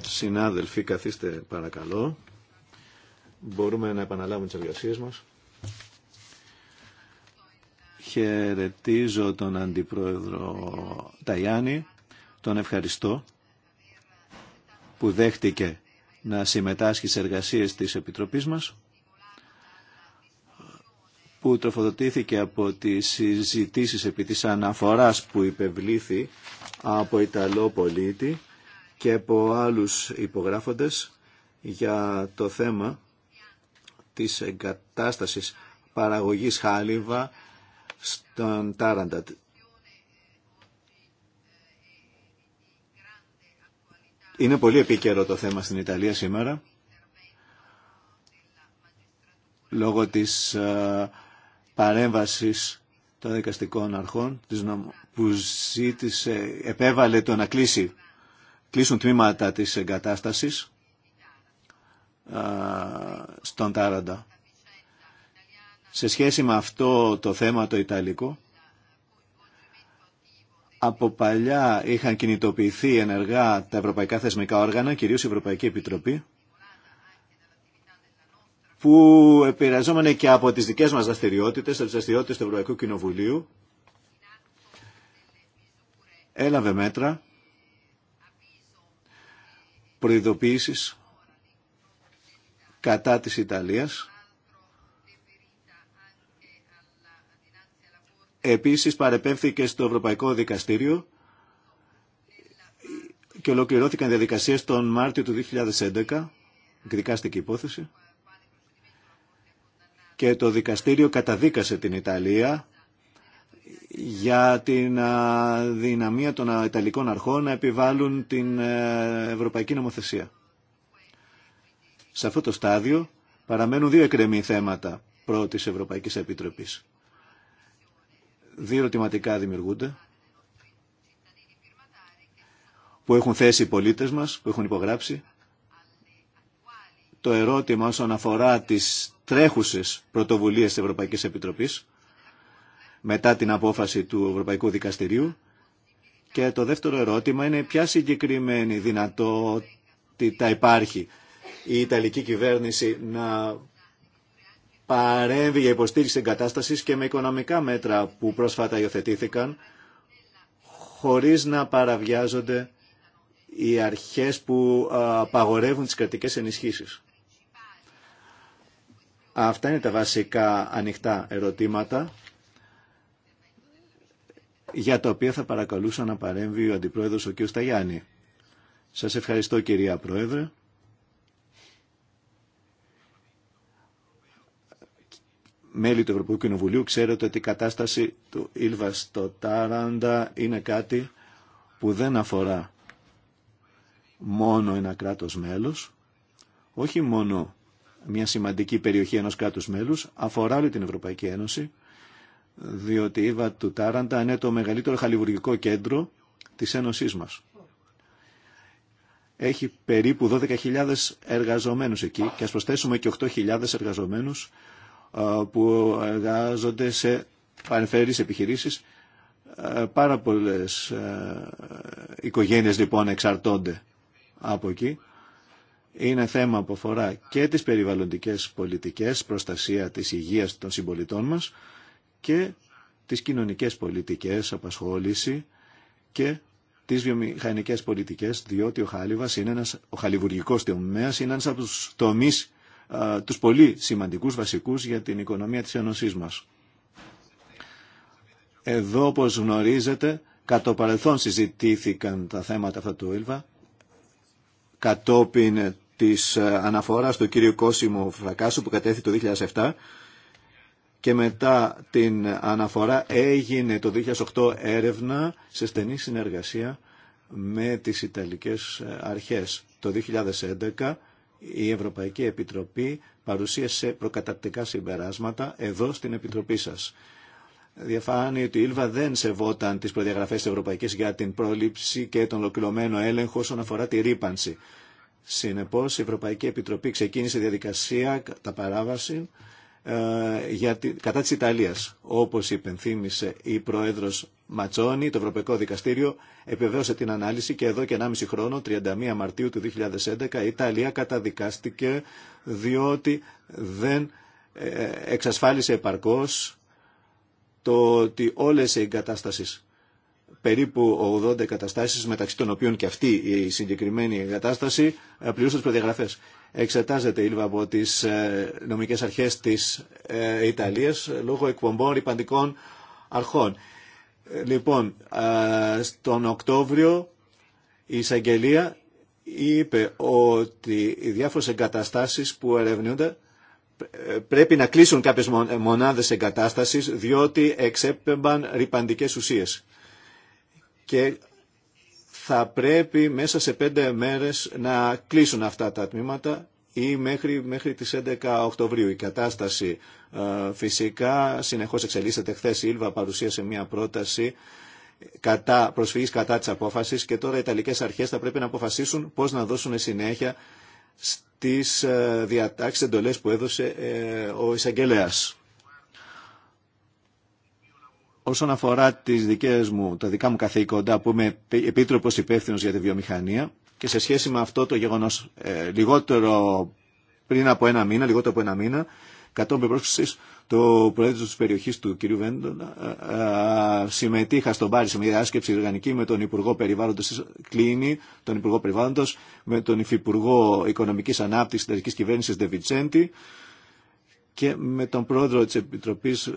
Συνάδελφοι, καθίστε παρακαλώ. Μπορούμε να επαναλάβουμε τις εργασίες μας. Χαιρετίζω τον Αντιπρόεδρο Ταγιάννη. Τον ευχαριστώ που δέχτηκε να συμμετάσχει σε εργασίες της Επιτροπής μας που τροφοδοτήθηκε από τις συζητήσεις επί της αναφοράς που υπευλήθη από Ιταλό πολίτη και από άλλους υπογράφοντες για το θέμα της εγκατάστασης παραγωγής χάλιβα στον Τάραντα. Είναι πολύ επίκαιρο το θέμα στην Ιταλία σήμερα λόγω της ε, παρέμβασης των δικαστικών αρχών που ζήτησε, επέβαλε το να κλείσουν τμήματα της εγκατάστασης στον Τάραντα. Σε σχέση με αυτό το θέμα το Ιταλικό, από παλιά είχαν κινητοποιηθεί ενεργά τα ευρωπαϊκά θεσμικά όργανα, κυρίως η Ευρωπαϊκή Επιτροπή, που επηρεαζόμενοι και από τις δικές μας δραστηριότητε, από τις δραστηριότητε του Ευρωπαϊκού Κοινοβουλίου, έλαβε μέτρα προειδοποίησης κατά της Ιταλίας. Επίσης παρεπέμφθηκε στο Ευρωπαϊκό Δικαστήριο και ολοκληρώθηκαν διαδικασίες τον Μάρτιο του 2011, εκδικάστηκε η υπόθεση και το δικαστήριο καταδίκασε την Ιταλία για την δυναμία των Ιταλικών αρχών να επιβάλλουν την ε, Ευρωπαϊκή Νομοθεσία. Σε αυτό το στάδιο παραμένουν δύο εκκρεμή θέματα πρώτης Ευρωπαϊκής Επιτροπής. Δύο ερωτηματικά δημιουργούνται που έχουν θέσει οι πολίτες μας, που έχουν υπογράψει το ερώτημα όσον αφορά τις τρέχουσες πρωτοβουλίες της Ευρωπαϊκής Επιτροπής μετά την απόφαση του Ευρωπαϊκού Δικαστηρίου και το δεύτερο ερώτημα είναι ποια συγκεκριμένη δυνατότητα υπάρχει η Ιταλική κυβέρνηση να παρέμβει για υποστήριξη εγκατάσταση και με οικονομικά μέτρα που πρόσφατα υιοθετήθηκαν χωρίς να παραβιάζονται οι αρχές που απαγορεύουν τις κρατικές ενισχύσεις. Αυτά είναι τα βασικά ανοιχτά ερωτήματα για τα οποία θα παρακαλούσα να παρέμβει ο Αντιπρόεδρος ο κ. Σταγιάννη. Σας ευχαριστώ κυρία Πρόεδρε. Μέλη του Ευρωπαϊκού Κοινοβουλίου ξέρετε ότι η κατάσταση του Ήλβα στο Τάραντα είναι κάτι που δεν αφορά μόνο ένα κράτος μέλος, όχι μόνο μια σημαντική περιοχή ενός κράτους μέλους, αφορά όλη την Ευρωπαϊκή Ένωση, διότι η Βα του Τάραντα είναι το μεγαλύτερο χαλιβουργικό κέντρο της Ένωσής μας. Έχει περίπου 12.000 εργαζομένους εκεί και ας προσθέσουμε και 8.000 εργαζομένους που εργάζονται σε πανεφέρειες επιχειρήσεις. Πάρα πολλές οικογένειες λοιπόν εξαρτώνται από εκεί είναι θέμα που αφορά και τις περιβαλλοντικές πολιτικές, προστασία της υγείας των συμπολιτών μας και τις κοινωνικές πολιτικές, απασχόληση και τις βιομηχανικές πολιτικές, διότι ο χάλιβας είναι ένας, ο χαλιβουργικός τομέας είναι ένας από τους τομείς τους πολύ σημαντικούς βασικούς για την οικονομία της Ένωσής μας. Εδώ, όπως γνωρίζετε, κατ' παρελθόν συζητήθηκαν τα θέματα αυτά του ΕΛΒΑ, κατόπιν της ε, αναφοράς του κύριου Κώσιμου Φρακάσου που κατέθη το 2007 και μετά την αναφορά έγινε το 2008 έρευνα σε στενή συνεργασία με τις Ιταλικές ε, αρχές. Το 2011 η Ευρωπαϊκή Επιτροπή παρουσίασε προκατακτικά συμπεράσματα εδώ στην Επιτροπή σας. Διαφάνει ότι η Ήλβα δεν σεβόταν τις προδιαγραφές της Ευρωπαϊκής για την πρόληψη και τον ολοκληρωμένο έλεγχο όσον αφορά τη ρήπανση. Συνεπώς, η Ευρωπαϊκή Επιτροπή ξεκίνησε διαδικασία κατά παράβαση ε, τη, κατά της Ιταλίας. Όπως υπενθύμησε η Πρόεδρος Ματσόνη, το Ευρωπαϊκό Δικαστήριο επιβεβαίωσε την ανάλυση και εδώ και 1,5 χρόνο, 31 Μαρτίου του 2011, η Ιταλία καταδικάστηκε διότι δεν ε, εξασφάλισε επαρκώς το ότι όλες οι εγκατάστασεις περίπου 80 εγκαταστάσεις μεταξύ των οποίων και αυτή η συγκεκριμένη εγκατάσταση ε, πληρούσε τις προδιαγραφές. Εξετάζεται η από τις ε, νομικές αρχές της ε, Ιταλίας λόγω εκπομπών ρηπαντικών αρχών. Λοιπόν, στον Οκτώβριο η εισαγγελία είπε ότι οι διάφορες εγκαταστάσεις που ερευνούνται πρέπει να κλείσουν κάποιες μονάδες εγκατάστασης διότι εξέπεμπαν ρηπαντικές ουσίες και θα πρέπει μέσα σε πέντε μέρες να κλείσουν αυτά τα τμήματα ή μέχρι, μέχρι τις 11 Οκτωβρίου. Η κατάσταση ε, φυσικά συνεχώς εξελίσσεται. Χθε η Ήλβα παρουσίασε μια πρόταση κατά, προσφυγής κατά της απόφασης και τώρα οι Ιταλικές αρχές θα πρέπει να αποφασίσουν πώς να δώσουν συνέχεια στις ε, διατάξεις εντολές που έδωσε ε, ο εισαγγελέας. Όσον αφορά τις δικές μου, τα δικά μου καθήκοντα που είμαι επίτροπος υπεύθυνο για τη βιομηχανία και σε σχέση με αυτό το γεγονός ε, λιγότερο πριν από ένα μήνα, λιγότερο από ένα μήνα, κατόπιν πρόσκληση το πρόεδρου τη περιοχή του κ. Βέντον ε, ε, συμμετείχα στον Πάρη σε μια διάσκεψη οργανική με τον Υπουργό περιβάλλοντο Κλίνη, τον Υπουργό περιβάλλοντο, με τον Υφυπουργό ανάπτυξη τη της κυβέρνηση Δεβιτσέντη, και με τον πρόεδρο της Επιτροπής,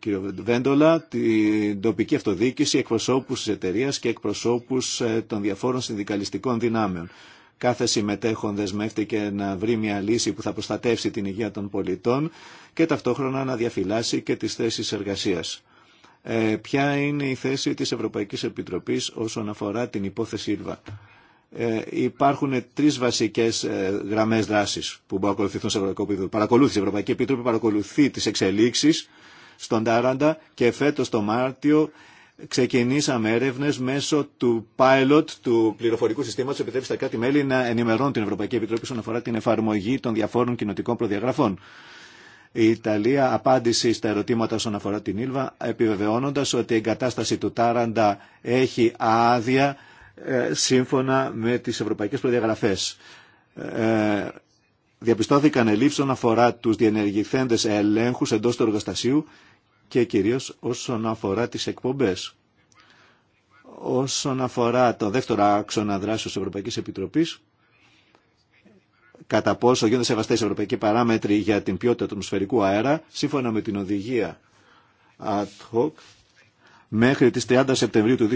κ. Βέντολα, την τοπική αυτοδιοίκηση, εκπροσώπους της εταιρεία και εκπροσώπους ε, των διαφόρων συνδικαλιστικών δυνάμεων. Κάθε συμμετέχον δεσμεύτηκε να βρει μια λύση που θα προστατεύσει την υγεία των πολιτών και ταυτόχρονα να διαφυλάσει και τις θέσεις εργασίας. Ε, ποια είναι η θέση της Ευρωπαϊκής Επιτροπής όσον αφορά την υπόθεση ΙΡΒΑ. Ε, υπάρχουν τρει βασικέ ε, γραμμέ δράση που μπορούν να ακολουθηθούν σε ευρωπαϊκό επίπεδο. Παρακολούθηση. Η Ευρωπαϊκή Επίτροπη παρακολουθεί τι εξελίξει στον Τάραντα και φέτο το Μάρτιο ξεκινήσαμε έρευνε μέσω του pilot του πληροφορικού συστήματο που επιτρέπει στα κράτη-μέλη να ενημερώνουν την Ευρωπαϊκή Επιτροπή όσον αφορά την εφαρμογή των διαφόρων κοινοτικών προδιαγραφών. Η Ιταλία απάντησε στα ερωτήματα όσον αφορά την Ήλβα, επιβεβαιώνοντα ότι η εγκατάσταση του Τάραντα έχει άδεια ε, σύμφωνα με τις ευρωπαϊκές προδιαγραφές. Ε, διαπιστώθηκαν ελλείψεις όσον αφορά τους διενεργηθέντες ελέγχους εντός του εργοστασίου και κυρίως όσον αφορά τις εκπομπές. Όσον αφορά το δεύτερο άξονα δράσεως της Ευρωπαϊκής Επιτροπής, κατά πόσο γίνονται σεβαστές ευρωπαϊκοί παράμετροι για την ποιότητα του ατμοσφαιρικού αέρα, σύμφωνα με την οδηγία ad hoc Μέχρι τις 30 Σεπτεμβρίου του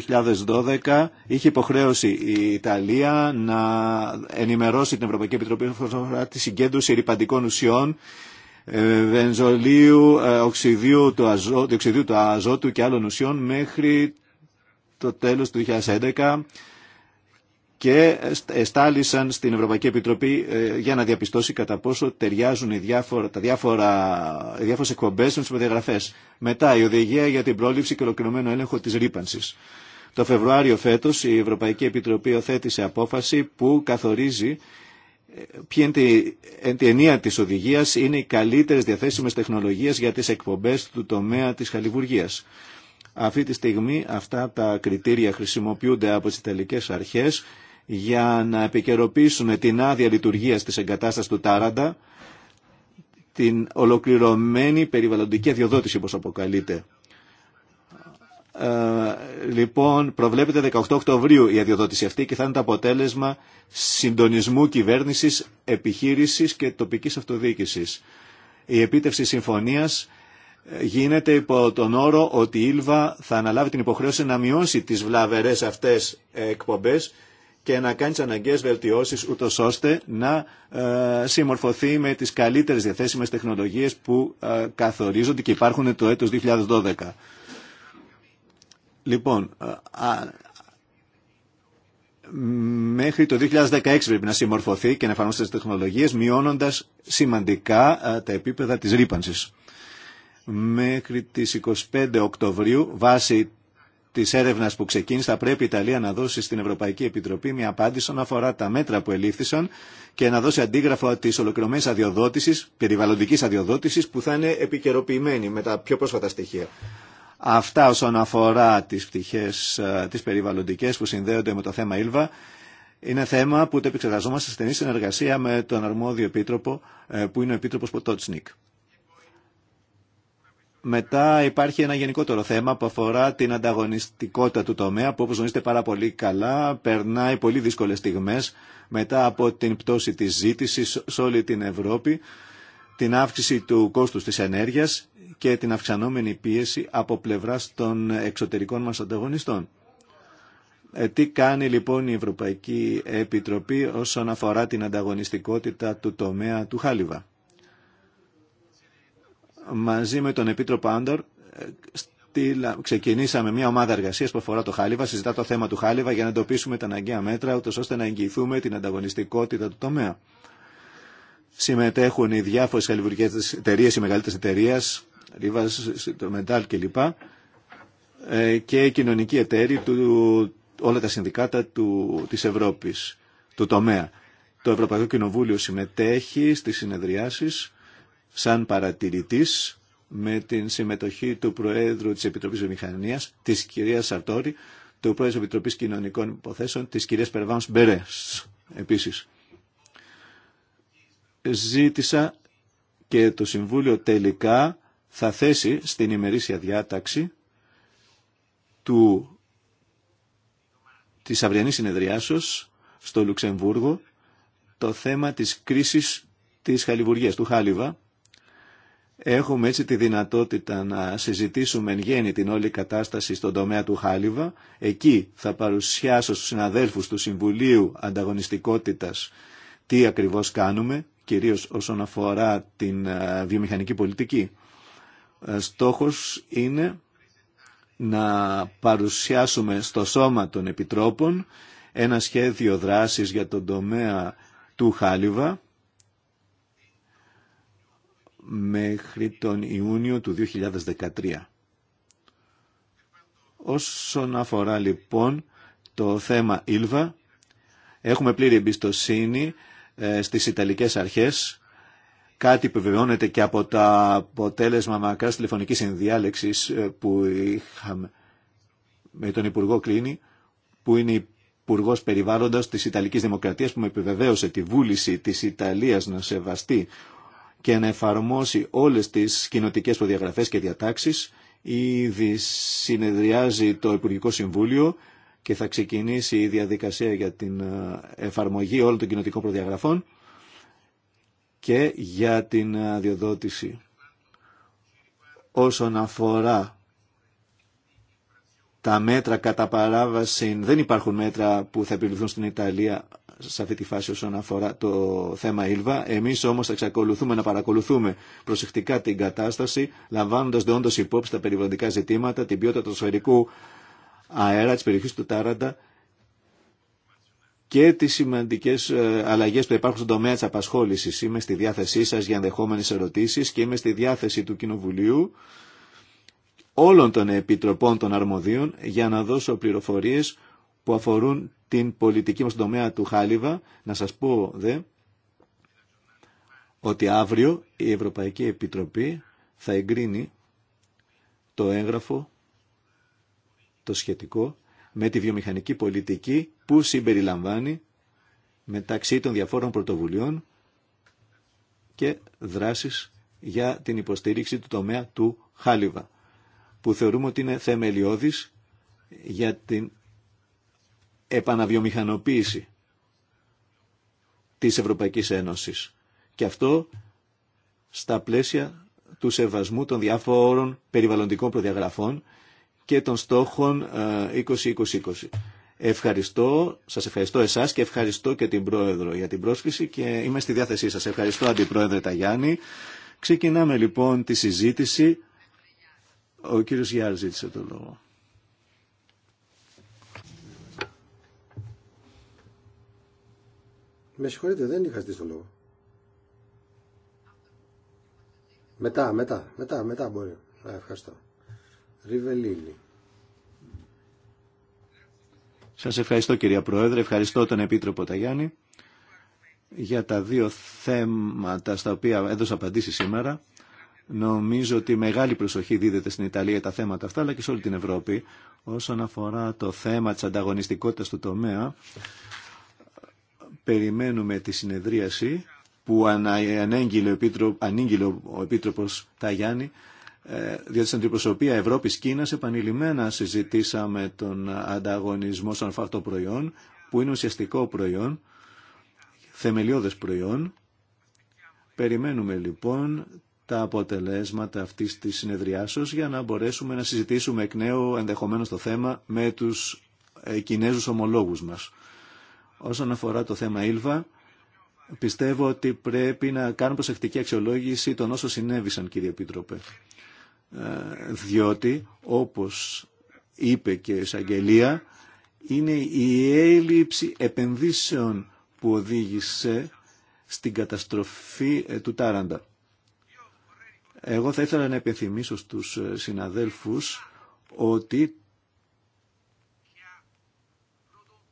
2012 είχε υποχρέωση η Ιταλία να ενημερώσει την Ευρωπαϊκή Επιτροπή για τη συγκέντρωση ρηπαντικών ουσιών ε, βενζολίου, ε, οξυδίου του, αζότου του αζώτου και άλλων ουσιών μέχρι το τέλος του 2011 και εστάλησαν στην Ευρωπαϊκή Επιτροπή ε, για να διαπιστώσει κατά πόσο ταιριάζουν οι διάφορα, τα διάφορα, οι διάφορες εκπομπές με τις προδιαγραφές. Μετά η οδηγία για την πρόληψη και ολοκληρωμένο έλεγχο της ρήπανσης. Το Φεβρουάριο φέτος η Ευρωπαϊκή Επιτροπή οθέτησε απόφαση που καθορίζει ε, ποια είναι η ενία της οδηγίας είναι οι καλύτερες διαθέσιμες τεχνολογίες για τις εκπομπές του τομέα της χαλιβουργίας. Αυτή τη στιγμή αυτά τα κριτήρια χρησιμοποιούνται από τι Ιταλικέ αρχέ για να επικαιροποιήσουν την άδεια λειτουργία της εγκατάσταση του Τάραντα, την ολοκληρωμένη περιβαλλοντική αδειοδότηση όπως αποκαλείται. Ε, λοιπόν, προβλέπεται 18 Οκτωβρίου η αδειοδότηση αυτή και θα είναι το αποτέλεσμα συντονισμού κυβέρνησης, επιχείρησης και τοπικής αυτοδιοίκησης. Η επίτευξη συμφωνίας γίνεται υπό τον όρο ότι η Ήλβα θα αναλάβει την υποχρέωση να μειώσει τις βλαβερές αυτές εκπομπές και να κάνει τι αναγκαίε βελτιώσει, ούτω ώστε να ε, συμμορφωθεί με τι καλύτερε διαθέσιμε τεχνολογίε που ε, καθορίζονται και υπάρχουν το έτο 2012. Λοιπόν, ε, μέχρι το 2016 πρέπει να συμμορφωθεί και να εφαρμόσει τι τεχνολογίες μειώνοντας σημαντικά τα επίπεδα της ρήπανση. Μέχρι τις 25 Οκτωβρίου βάσει τη έρευνα που ξεκίνησε, θα πρέπει η Ιταλία να δώσει στην Ευρωπαϊκή Επιτροπή μια απάντηση όσον αφορά τα μέτρα που ελήφθησαν και να δώσει αντίγραφο τη ολοκληρωμένη αδειοδότηση, περιβαλλοντική αδειοδότηση, που θα είναι επικαιροποιημένη με τα πιο πρόσφατα στοιχεία. Αυτά όσον αφορά τι πτυχέ ε, τι περιβαλλοντικέ που συνδέονται με το θέμα Ήλβα Είναι θέμα που το επεξεργαζόμαστε σε στενή συνεργασία με τον αρμόδιο επίτροπο, ε, που είναι ο επίτροπο Ποτότσνικ. Μετά υπάρχει ένα γενικότερο θέμα που αφορά την ανταγωνιστικότητα του τομέα που όπως γνωρίζετε πάρα πολύ καλά περνάει πολύ δύσκολες στιγμές μετά από την πτώση της ζήτησης σε όλη την Ευρώπη, την αύξηση του κόστους της ενέργειας και την αυξανόμενη πίεση από πλευράς των εξωτερικών μας ανταγωνιστών. Ε, τι κάνει λοιπόν η Ευρωπαϊκή Επιτροπή όσον αφορά την ανταγωνιστικότητα του τομέα του Χάλιβα μαζί με τον Επίτροπο Άντορ ε, ξεκινήσαμε μια ομάδα εργασία που αφορά το χάλιβα, συζητά το θέμα του χάλιβα για να εντοπίσουμε τα αναγκαία μέτρα, ώστε να εγγυηθούμε την ανταγωνιστικότητα του τομέα. Συμμετέχουν οι διάφορε χαλιβουργικέ εταιρείε, οι μεγαλύτερε εταιρείε, Ρίβα, το Μεντάλ κλπ. Ε, και οι κοινωνικοί εταίροι του, όλα τα συνδικάτα του, της Ευρώπης, του τομέα. Το Ευρωπαϊκό Κοινοβούλιο συμμετέχει στι συνεδριάσει σαν παρατηρητής με την συμμετοχή του Προέδρου της Επιτροπής Βιομηχανίας, της κυρίας Σαρτόρη, του Πρόεδρου της Επιτροπής Κοινωνικών Υποθέσεων, της κυρίας Περβάνς Μπερές επίσης. Ζήτησα και το Συμβούλιο τελικά θα θέσει στην ημερήσια διάταξη του, της αυριανής συνεδριάσεως στο Λουξεμβούργο το θέμα της κρίσης της χαλιβουργίας, του Χάλιβα, Έχουμε έτσι τη δυνατότητα να συζητήσουμε εν γέννη την όλη κατάσταση στον τομέα του Χάλιβα. Εκεί θα παρουσιάσω στους συναδέλφους του Συμβουλίου Ανταγωνιστικότητας τι ακριβώς κάνουμε, κυρίως όσον αφορά την ε, βιομηχανική πολιτική. Ε, στόχος είναι να παρουσιάσουμε στο σώμα των επιτρόπων ένα σχέδιο δράσης για τον τομέα του Χάλιβα μέχρι τον Ιούνιο του 2013. Όσον αφορά λοιπόν το θέμα Ήλβα, έχουμε πλήρη εμπιστοσύνη ε, στις Ιταλικές αρχές, κάτι που βεβαιώνεται και από τα αποτέλεσμα μακράς τηλεφωνικής συνδιάλεξης ε, που είχαμε με τον Υπουργό Κλίνη, που είναι Υπουργό Περιβάλλοντας της Ιταλικής Δημοκρατίας, που με επιβεβαίωσε τη βούληση της Ιταλίας να σεβαστεί και να εφαρμόσει όλες τις κοινοτικέ προδιαγραφές και διατάξεις. Ήδη συνεδριάζει το Υπουργικό Συμβούλιο και θα ξεκινήσει η διαδικασία για την ε, εφαρμογή όλων των κοινοτικών προδιαγραφών και για την ε, διοδότηση. Όσον αφορά τα μέτρα κατά παράβαση, δεν υπάρχουν μέτρα που θα επιβληθούν στην Ιταλία σε αυτή τη φάση όσον αφορά το θέμα Ήλβα. Εμεί όμω θα εξακολουθούμε να παρακολουθούμε προσεκτικά την κατάσταση, λαμβάνοντα όντω υπόψη τα περιβαλλοντικά ζητήματα, την ποιότητα του σφαιρικού αέρα τη περιοχή του Τάραντα και τι σημαντικέ ε, αλλαγέ που υπάρχουν στον τομέα τη απασχόληση. Είμαι στη διάθεσή σα για ενδεχόμενες ερωτήσει και είμαι στη διάθεση του Κοινοβουλίου όλων των επιτροπών των αρμοδίων για να δώσω πληροφορίες που αφορούν την πολιτική μας τομέα του Χάλιβα. Να σας πω, δε, ότι αύριο η Ευρωπαϊκή Επιτροπή θα εγκρίνει το έγγραφο, το σχετικό, με τη βιομηχανική πολιτική που συμπεριλαμβάνει μεταξύ των διαφόρων πρωτοβουλειών και δράσεις για την υποστήριξη του τομέα του Χάλιβα, που θεωρούμε ότι είναι θεμελιώδης για την επαναβιομηχανοποίηση της Ευρωπαϊκής Ένωσης. Και αυτό στα πλαίσια του σεβασμού των διάφορων περιβαλλοντικών προδιαγραφών και των στόχων 2020-2020. Ε, ευχαριστώ, σας ευχαριστώ εσάς και ευχαριστώ και την Πρόεδρο για την πρόσκληση και είμαι στη διάθεσή σας. Ευχαριστώ Αντιπρόεδρε Ταγιάννη. Ξεκινάμε λοιπόν τη συζήτηση. Ο κύριος Γιάρ ζήτησε το λόγο. Με συγχωρείτε, δεν είχα στήσει το λόγο. Μετά, μετά, μετά, μετά μπορεί. Α, ευχαριστώ. Ριβελίνη. Σας ευχαριστώ κυρία Πρόεδρε, ευχαριστώ τον Επίτροπο Ταγιάννη για τα δύο θέματα στα οποία έδωσα απαντήσει σήμερα. Νομίζω ότι μεγάλη προσοχή δίδεται στην Ιταλία τα θέματα αυτά, αλλά και σε όλη την Ευρώπη. Όσον αφορά το θέμα της ανταγωνιστικότητας του τομέα, Περιμένουμε τη συνεδρίαση που ανήγγειλε ο, Επίτρο, ο Επίτροπος Ταγιάννη ε, διότι στην αντιπροσωπεία Ευρώπης-Κίνας επανειλημμένα συζητήσαμε τον ανταγωνισμό σαν προϊόν που είναι ουσιαστικό προϊόν, θεμελιώδες προϊόν. Περιμένουμε λοιπόν τα αποτελέσματα αυτής της συνεδριάσεως για να μπορέσουμε να συζητήσουμε εκ νέου ενδεχομένως το θέμα με τους ε, Κινέζους ομολόγους μας. Όσον αφορά το θέμα Ήλβα, πιστεύω ότι πρέπει να κάνουμε προσεκτική αξιολόγηση των όσων συνέβησαν, κύριε Επίτροπε. Ε, διότι, όπως είπε και η εισαγγελία, είναι η έλλειψη επενδύσεων που οδήγησε στην καταστροφή ε, του Τάραντα. Εγώ θα ήθελα να επιθυμίσω στους συναδέλφους ότι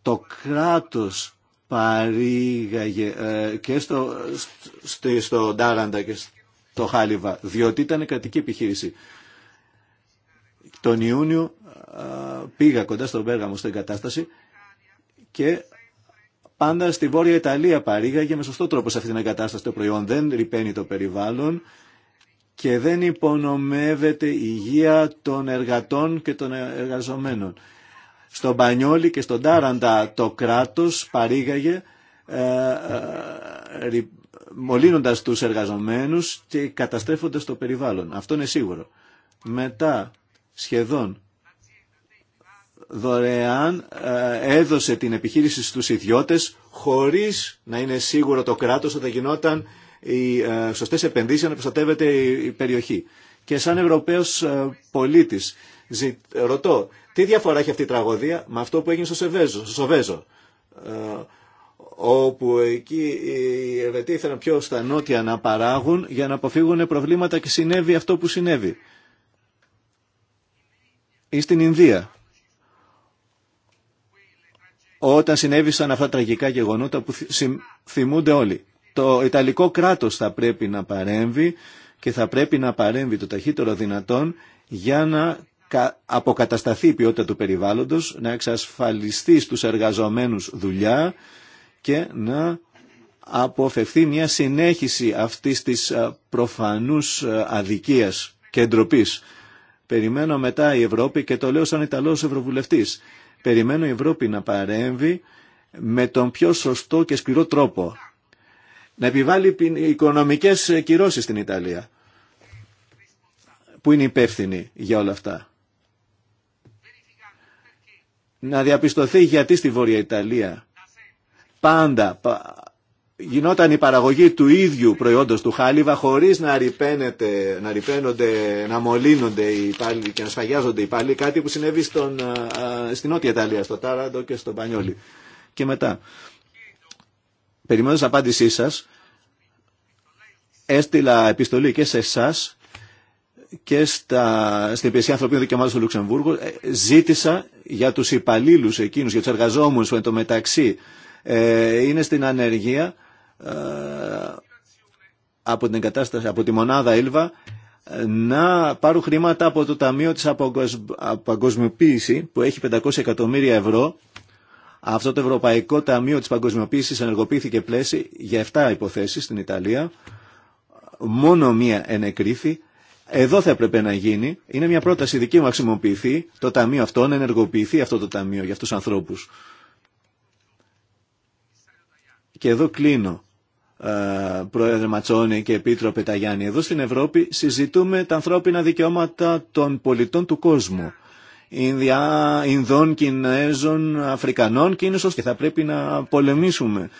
το κράτος παρήγαγε ε, και στο, στο, στο Ντάραντα και στο Χάλιβα, διότι ήταν κρατική επιχείρηση. Τον Ιούνιο ε, πήγα κοντά στον Πέργαμο στην κατάσταση και πάντα στη Βόρεια Ιταλία παρήγαγε με σωστό τρόπο σε αυτή την εγκατάσταση το προϊόν. Δεν ρηπαίνει το περιβάλλον και δεν υπονομεύεται η υγεία των εργατών και των εργαζομένων. Στον Πανιόλι και στον Τάραντα το κράτος παρήγαγε ε, ε, μολύνοντας τους εργαζομένους και καταστρέφοντας το περιβάλλον. Αυτό είναι σίγουρο. Μετά σχεδόν δωρεάν ε, έδωσε την επιχείρηση στους ιδιώτες χωρίς να είναι σίγουρο το κράτος ότι γινόταν οι ε, σωστές επενδύσεις να προστατεύεται η, περιοχή. Και σαν Ευρωπαίος ε, πολίτης ρωτώ, τι διαφορά έχει αυτή η τραγωδία με αυτό που έγινε στο Σεβέζο, στο Σοβέζο, ε, όπου εκεί οι Ελβετοί ήθελαν πιο στα νότια να παράγουν για να αποφύγουν προβλήματα και συνέβη αυτό που συνέβη. Ή στην Ινδία, όταν συνέβησαν αυτά τα τραγικά γεγονότα που θυμούνται όλοι. Το Ιταλικό κράτος θα πρέπει να παρέμβει και θα πρέπει να παρέμβει το ταχύτερο δυνατόν για να αποκατασταθεί η ποιότητα του περιβάλλοντος, να εξασφαλιστεί στους εργαζομένους δουλειά και να αποφευθεί μια συνέχιση αυτής της προφανούς αδικίας και ντροπή. Περιμένω μετά η Ευρώπη και το λέω σαν Ιταλός Ευρωβουλευτής. Περιμένω η Ευρώπη να παρέμβει με τον πιο σωστό και σκληρό τρόπο. Να επιβάλλει οικονομικές κυρώσεις στην Ιταλία που είναι υπεύθυνη για όλα αυτά να διαπιστωθεί γιατί στη Βόρεια Ιταλία πάντα γινόταν η παραγωγή του ίδιου προϊόντος του χάλιβα χωρίς να, να ρηπαίνονται, να μολύνονται οι πάλι και να σφαγιάζονται οι πάλι κάτι που συνέβη στον, στην Νότια Ιταλία, στο Τάραντο και στο Πανιόλι. Και μετά, την απάντησή σας, έστειλα επιστολή και σε εσάς και στα, στην Υπηρεσία Ανθρωπίνων Δικαιωμάτων στο Λουξεμβούργο ε, ζήτησα για τους υπαλλήλου εκείνους, για τους εργαζόμενους που εντωμεταξύ μεταξύ ε, είναι στην ανεργία ε, από, την κατάσταση, από τη μονάδα Ήλβα ε, να πάρουν χρήματα από το Ταμείο της Παγκοσμιοποίηση που έχει 500 εκατομμύρια ευρώ αυτό το Ευρωπαϊκό Ταμείο της Παγκοσμιοποίησης ενεργοποιήθηκε πλέση για 7 υποθέσεις στην Ιταλία μόνο μία ενεκρίθη εδώ θα έπρεπε να γίνει. Είναι μια πρόταση δική μου να χρησιμοποιηθεί το ταμείο αυτό, να ενεργοποιηθεί αυτό το ταμείο για αυτούς τους ανθρώπους. Και εδώ κλείνω, ε, Πρόεδρε Ματσόνη και Επίτροπε Ταγιάννη. Εδώ στην Ευρώπη συζητούμε τα ανθρώπινα δικαιώματα των πολιτών του κόσμου. Ινδιά, Ινδών, Κινέζων, Αφρικανών και είναι Και θα πρέπει να πολεμήσουμε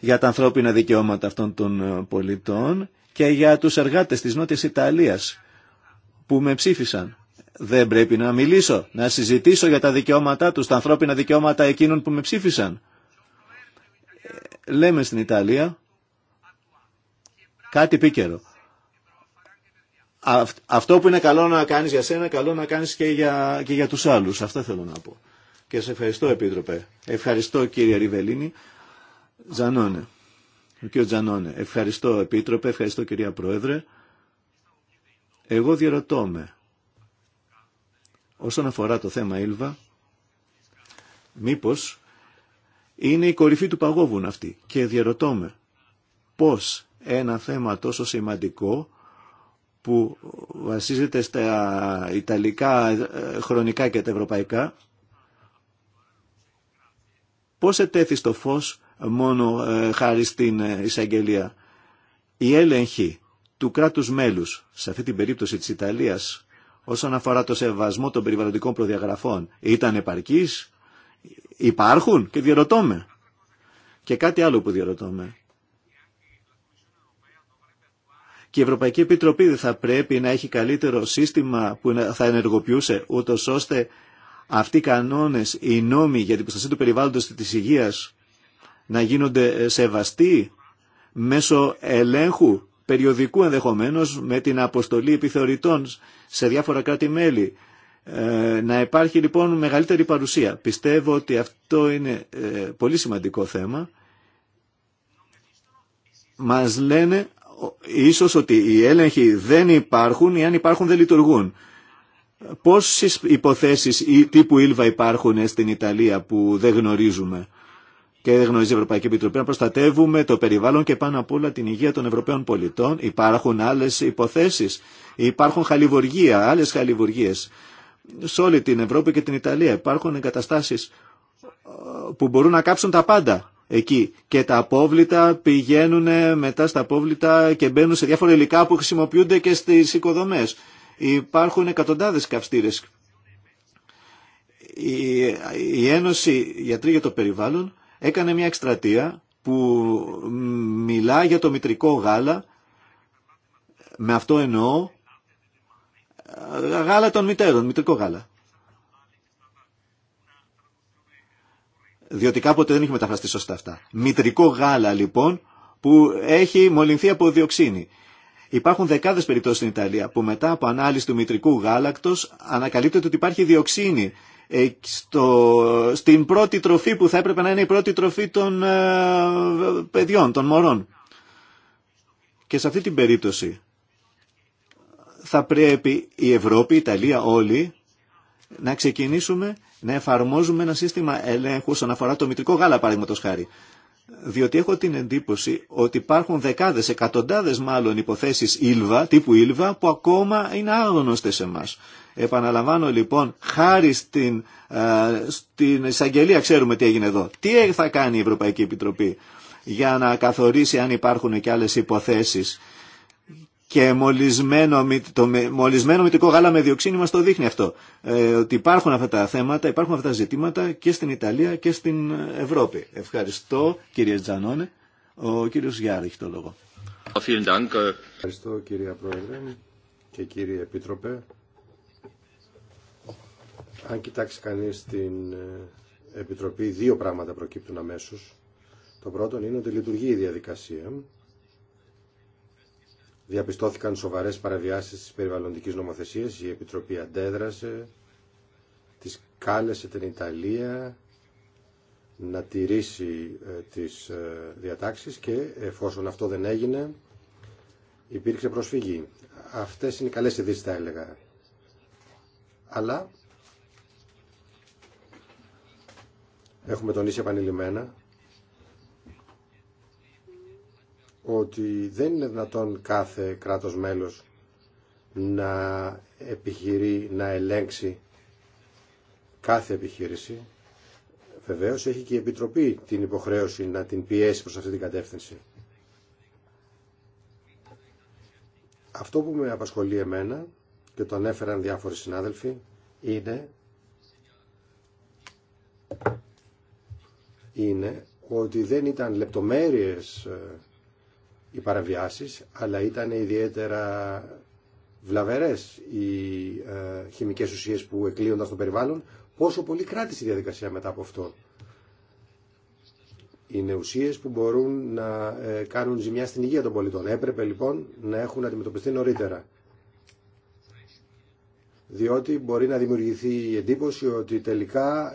για τα ανθρώπινα δικαιώματα αυτών των ε, πολιτών και για τους εργάτες της Νότιας Ιταλίας που με ψήφισαν. Δεν πρέπει να μιλήσω, να συζητήσω για τα δικαιώματά τους, τα ανθρώπινα δικαιώματα εκείνων που με ψήφισαν. Ε, λέμε στην Ιταλία κάτι επίκαιρο. Αυτό που είναι καλό να κάνεις για σένα, καλό να κάνεις και για, και για τους άλλους. Αυτό θέλω να πω. Και σε ευχαριστώ, Επίτροπε. Ευχαριστώ, κύριε Ριβελίνη. Ζανώνε. Ο κύριο Ευχαριστώ, Επίτροπε. Ευχαριστώ, κυρία Πρόεδρε. Εγώ διαρωτώ με, όσον αφορά το θέμα Ήλβα, μήπως είναι η κορυφή του παγόβουν αυτή και διαρωτώ με πώς ένα θέμα τόσο σημαντικό που βασίζεται στα Ιταλικά ε, χρονικά και τα Ευρωπαϊκά πώς ετέθη στο φως μόνο ε, χάρη στην ε, εισαγγελία. Η έλεγχη του κράτους μέλους, σε αυτή την περίπτωση της Ιταλίας, όσον αφορά το σεβασμό των περιβαλλοντικών προδιαγραφών, ήταν επαρκής, υπάρχουν και διαρωτώμε Και κάτι άλλο που διαρωτώμε Και η Ευρωπαϊκή Επιτροπή δεν θα πρέπει να έχει καλύτερο σύστημα που θα ενεργοποιούσε ούτω ώστε αυτοί οι κανόνες, οι νόμοι για την προστασία του περιβάλλοντος και της υγείας να γίνονται σεβαστοί μέσω ελέγχου περιοδικού ενδεχομένως με την αποστολή επιθεωρητών σε διάφορα κράτη-μέλη. Ε, να υπάρχει λοιπόν μεγαλύτερη παρουσία. Πιστεύω ότι αυτό είναι ε, πολύ σημαντικό θέμα. Μας λένε ίσως ότι οι έλεγχοι δεν υπάρχουν ή αν υπάρχουν δεν λειτουργούν. Πόσες υποθέσεις ή τύπου Ήλβα υπάρχουν στην Ιταλία που δεν γνωρίζουμε και δεν γνωρίζει η Ευρωπαϊκή Επιτροπή να προστατεύουμε το περιβάλλον και πάνω απ' όλα την υγεία των Ευρωπαίων πολιτών. Υπάρχουν άλλε υποθέσει. Υπάρχουν χαλιβουργία, άλλε χαλιβουργίε. Σε όλη την Ευρώπη και την Ιταλία υπάρχουν εγκαταστάσει ε, που μπορούν να κάψουν τα πάντα εκεί. Και τα απόβλητα πηγαίνουν μετά στα απόβλητα και μπαίνουν σε διάφορα υλικά που χρησιμοποιούνται και στι οικοδομέ. Υπάρχουν εκατοντάδε καυστήρε. Η, Ένωση Γιατροί για το Περιβάλλον έκανε μια εκστρατεία που μιλά για το μητρικό γάλα, με αυτό εννοώ ε, γάλα των μητέρων, μητρικό γάλα. Διότι κάποτε δεν έχει μεταφραστεί σωστά αυτά. Μητρικό γάλα λοιπόν που έχει μολυνθεί από διοξίνη. Υπάρχουν δεκάδε περιπτώσει στην Ιταλία που μετά από ανάλυση του μητρικού γάλακτο ανακαλύπτεται ότι υπάρχει διοξίνη ε, στο, στην πρώτη τροφή που θα έπρεπε να είναι η πρώτη τροφή των ε, παιδιών, των μωρών. Και σε αυτή την περίπτωση θα πρέπει η Ευρώπη, η Ιταλία, όλοι να ξεκινήσουμε να εφαρμόζουμε ένα σύστημα ελέγχου όσον αφορά το μητρικό γάλα, παραδείγματο χάρη. Διότι έχω την εντύπωση ότι υπάρχουν δεκάδε, εκατοντάδε μάλλον υποθέσει ήλβα, τύπου ήλβα, που ακόμα είναι άγνωστε σε εμά. Επαναλαμβάνω λοιπόν, χάρη στην, ε, στην εισαγγελία ξέρουμε τι έγινε εδώ. Τι θα κάνει η Ευρωπαϊκή Επιτροπή για να καθορίσει αν υπάρχουν και άλλες υποθέσεις και μολυσμένο, το μολυσμένο μυτικό γάλα με διοξίνη μας το δείχνει αυτό. Ε, ότι υπάρχουν αυτά τα θέματα, υπάρχουν αυτά τα ζητήματα και στην Ιταλία και στην Ευρώπη. Ευχαριστώ κύριε Τζανόνε. Ο κύριος Γιάρη έχει το λόγο. Ευχαριστώ κύριε Πρόεδρε και κύριε Επίτροπε. Αν κοιτάξει κανείς την ε, Επιτροπή, δύο πράγματα προκύπτουν αμέσως. Το πρώτο είναι ότι λειτουργεί η διαδικασία. Διαπιστώθηκαν σοβαρές παραβιάσεις της περιβαλλοντικής νομοθεσίας. Η Επιτροπή αντέδρασε, της κάλεσε την Ιταλία να τηρήσει ε, τις ε, διατάξεις και εφόσον αυτό δεν έγινε υπήρξε προσφυγή. Αυτές είναι οι καλές ειδήσεις θα έλεγα. Αλλά Έχουμε τονίσει επανειλημμένα ότι δεν είναι δυνατόν κάθε κράτος μέλος να επιχειρεί να ελέγξει κάθε επιχείρηση. Βεβαίως έχει και η Επιτροπή την υποχρέωση να την πιέσει προς αυτή την κατεύθυνση. Αυτό που με απασχολεί εμένα και το ανέφεραν διάφοροι συνάδελφοι είναι είναι ότι δεν ήταν λεπτομέρειες ε, οι παραβιάσεις, αλλά ήταν ιδιαίτερα βλαβερές οι ε, χημικές ουσίες που εκλείονταν στο περιβάλλον, πόσο πολύ κράτησε η διαδικασία μετά από αυτό. Είναι ουσίες που μπορούν να ε, κάνουν ζημιά στην υγεία των πολιτών. Έπρεπε λοιπόν να έχουν αντιμετωπιστεί νωρίτερα διότι μπορεί να δημιουργηθεί η εντύπωση ότι τελικά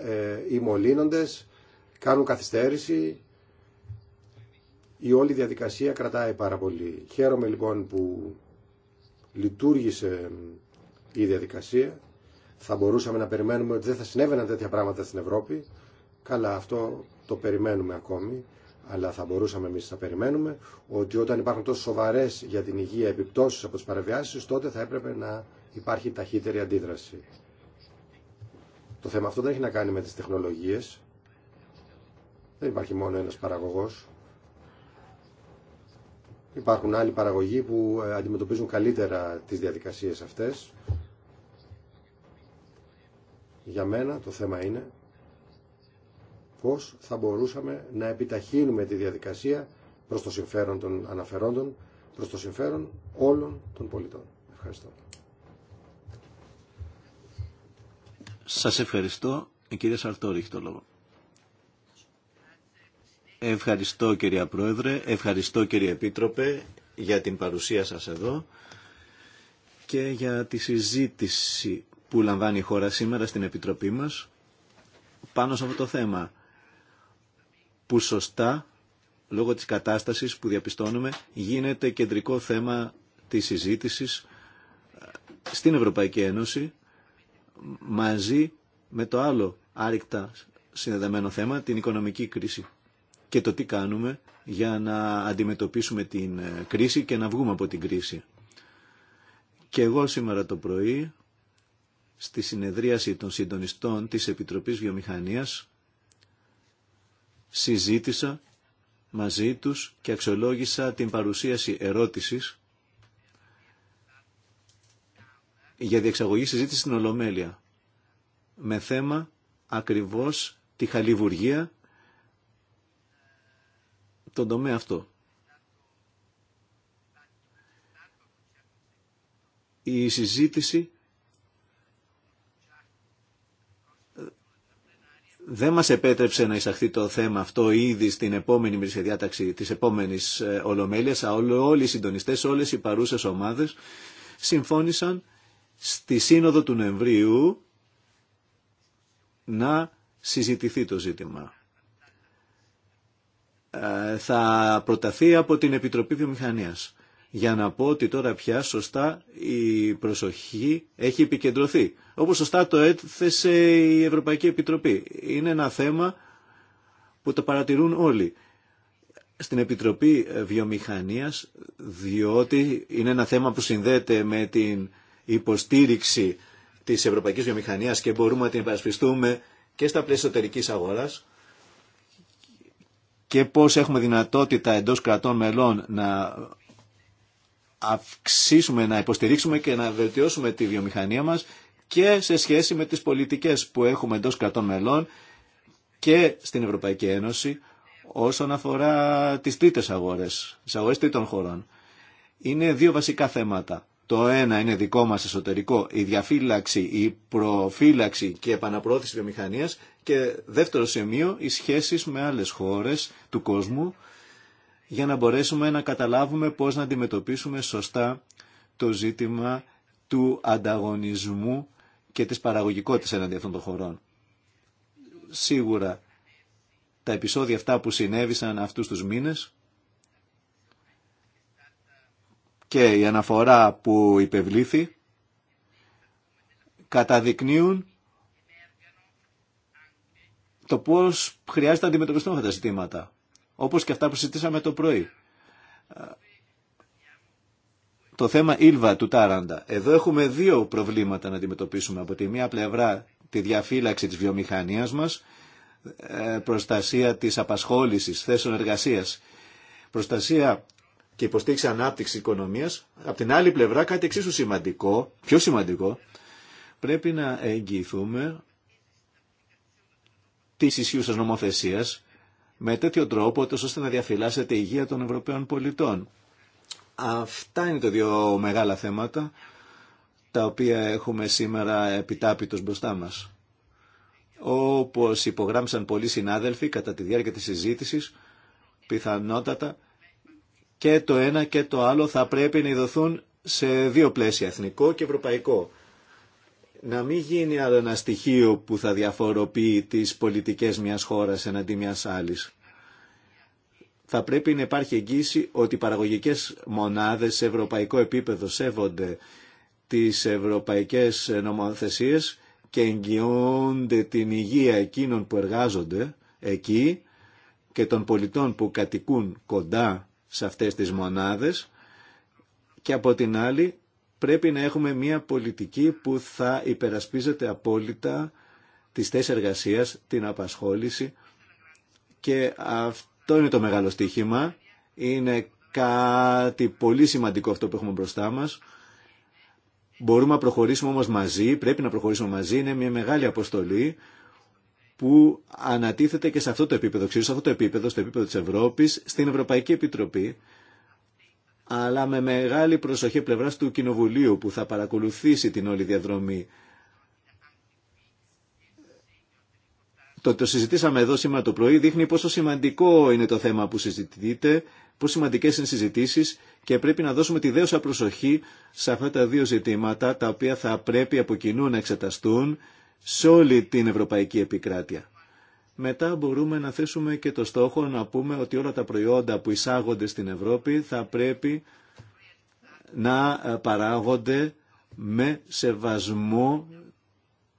οι μολύνοντες κάνουν καθυστέρηση. Η όλη διαδικασία κρατάει πάρα πολύ. Χαίρομαι λοιπόν που λειτουργήσε η διαδικασία. Θα μπορούσαμε να περιμένουμε ότι δεν θα συνέβαιναν τέτοια πράγματα στην Ευρώπη. Καλά, αυτό το περιμένουμε ακόμη. Αλλά θα μπορούσαμε εμεί να περιμένουμε ότι όταν υπάρχουν τόσο σοβαρέ για την υγεία επιπτώσει από τι παραβιάσει, τότε θα έπρεπε να υπάρχει ταχύτερη αντίδραση. Το θέμα αυτό δεν έχει να κάνει με τι τεχνολογίε. Δεν υπάρχει μόνο ένας παραγωγός. Υπάρχουν άλλοι παραγωγοί που ε, αντιμετωπίζουν καλύτερα τις διαδικασίες αυτές. Για μένα το θέμα είναι πώς θα μπορούσαμε να επιταχύνουμε τη διαδικασία προς το συμφέρον των αναφερόντων, προς το συμφέρον όλων των πολιτών. Ευχαριστώ. Σας ευχαριστώ. Η κυρία Σαρτόρη έχει το λόγο. Ευχαριστώ κυρία Πρόεδρε, ευχαριστώ κύριε Επίτροπε για την παρουσία σας εδώ και για τη συζήτηση που λαμβάνει η χώρα σήμερα στην Επιτροπή μας πάνω σε αυτό το θέμα που σωστά λόγω της κατάστασης που διαπιστώνουμε γίνεται κεντρικό θέμα της συζήτησης ε, στην Ευρωπαϊκή Ένωση μαζί με το άλλο άρρηκτα συνδεδεμένο θέμα, την οικονομική κρίση και το τι κάνουμε για να αντιμετωπίσουμε την ε, κρίση και να βγούμε από την κρίση. Και εγώ σήμερα το πρωί στη συνεδρίαση των συντονιστών της Επιτροπής Βιομηχανίας συζήτησα μαζί τους και αξιολόγησα την παρουσίαση ερώτησης για διεξαγωγή συζήτηση στην Ολομέλεια με θέμα ακριβώς τη χαλιβουργία τον τομέα αυτό. Η συζήτηση δεν μας επέτρεψε να εισαχθεί το θέμα αυτό ήδη στην επόμενη μυρίσια διάταξη της επόμενης ε, Ολομέλειας. Όλοι οι συντονιστές, όλες οι παρούσες ομάδες συμφώνησαν στη Σύνοδο του Νοεμβρίου να συζητηθεί το ζήτημα. Ε, θα προταθεί από την Επιτροπή Βιομηχανίας. Για να πω ότι τώρα πια σωστά η προσοχή έχει επικεντρωθεί. Όπως σωστά το έθεσε η Ευρωπαϊκή Επιτροπή. Είναι ένα θέμα που το παρατηρούν όλοι στην Επιτροπή Βιομηχανίας διότι είναι ένα θέμα που συνδέεται με την υποστήριξη της Ευρωπαϊκής Βιομηχανίας και μπορούμε να την υπερασπιστούμε και στα πλαίσια εσωτερικής και πώς έχουμε δυνατότητα εντός κρατών μελών να αυξήσουμε, να υποστηρίξουμε και να βελτιώσουμε τη βιομηχανία μας και σε σχέση με τις πολιτικές που έχουμε εντός κρατών μελών και στην Ευρωπαϊκή Ένωση όσον αφορά τις τρίτες αγορές, τις αγορές τρίτων χωρών. Είναι δύο βασικά θέματα. Το ένα είναι δικό μας εσωτερικό, η διαφύλαξη, η προφύλαξη και επαναπροώθηση βιομηχανία και δεύτερο σημείο, οι σχέσεις με άλλες χώρες του κόσμου για να μπορέσουμε να καταλάβουμε πώς να αντιμετωπίσουμε σωστά το ζήτημα του ανταγωνισμού και της παραγωγικότητας εναντί αυτών των χωρών. Σίγουρα τα επεισόδια αυτά που συνέβησαν αυτούς τους μήνες και η αναφορά που υπευλήθη καταδεικνύουν το πώς χρειάζεται να αντιμετωπιστούν αυτά τα ζητήματα. Όπως και αυτά που συζητήσαμε το πρωί. Το θέμα Ήλβα του Τάραντα. Εδώ έχουμε δύο προβλήματα να αντιμετωπίσουμε. Από τη μία πλευρά τη διαφύλαξη της βιομηχανίας μας, ε, προστασία της απασχόλησης, θέσεων εργασίας, προστασία και υποστήριξη ανάπτυξη οικονομίας. Από την άλλη πλευρά κάτι εξίσου σημαντικό, πιο σημαντικό, πρέπει να εγγυηθούμε τη ισχύουσα νομοθεσία με τέτοιο τρόπο ώστε να διαφυλάσσεται η υγεία των Ευρωπαίων πολιτών. Αυτά είναι τα δύο μεγάλα θέματα τα οποία έχουμε σήμερα επιτάπητος μπροστά μας. Όπως υπογράμμισαν πολλοί συνάδελφοι κατά τη διάρκεια της συζήτησης, πιθανότατα και το ένα και το άλλο θα πρέπει να ειδωθούν σε δύο πλαίσια, εθνικό και ευρωπαϊκό. Να μην γίνει άλλο ένα στοιχείο που θα διαφοροποιεί τις πολιτικές μιας χώρας εναντί μιας άλλης. Θα πρέπει να υπάρχει εγγύηση ότι οι παραγωγικές μονάδες σε ευρωπαϊκό επίπεδο σέβονται τις ευρωπαϊκές νομοθεσίες και εγγυώνται την υγεία εκείνων που εργάζονται εκεί και των πολιτών που κατοικούν κοντά σε αυτές τις μονάδες και από την άλλη πρέπει να έχουμε μια πολιτική που θα υπερασπίζεται απόλυτα τις θέσεις εργασίας, την απασχόληση και αυτό είναι το μεγάλο στοίχημα. Είναι κάτι πολύ σημαντικό αυτό που έχουμε μπροστά μας. Μπορούμε να προχωρήσουμε όμως μαζί, πρέπει να προχωρήσουμε μαζί, είναι μια μεγάλη αποστολή που ανατίθεται και σε αυτό το επίπεδο, ξέρω, σε αυτό το επίπεδο, στο επίπεδο της Ευρώπης, στην Ευρωπαϊκή Επιτροπή, αλλά με μεγάλη προσοχή πλευράς του Κοινοβουλίου που θα παρακολουθήσει την όλη διαδρομή. Το το συζητήσαμε εδώ σήμερα το πρωί δείχνει πόσο σημαντικό είναι το θέμα που συζητείτε, πόσο σημαντικές είναι οι συζητήσεις και πρέπει να δώσουμε τη δέουσα προσοχή σε αυτά τα δύο ζητήματα τα οποία θα πρέπει από κοινού να εξεταστούν σε όλη την ευρωπαϊκή επικράτεια. Μετά μπορούμε να θέσουμε και το στόχο να πούμε ότι όλα τα προϊόντα που εισάγονται στην Ευρώπη θα πρέπει να ε, παράγονται με σεβασμό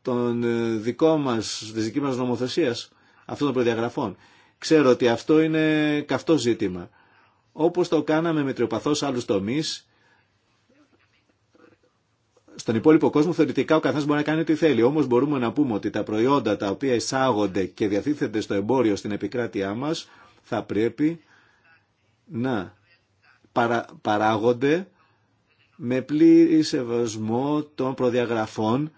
των ε, δικό μας, της δικής μας νομοθεσίας αυτών των προδιαγραφών. Ξέρω ότι αυτό είναι καυτό ζήτημα. Όπως το κάναμε με τριοπαθώς άλλους τομείς, στον υπόλοιπο κόσμο θεωρητικά ο καθένα μπορεί να κάνει ό,τι θέλει. Όμω μπορούμε να πούμε ότι τα προϊόντα τα οποία εισάγονται και διαθήκονται στο εμπόριο στην επικράτειά μα θα πρέπει να παράγονται με πλήρη σεβασμό των προδιαγραφών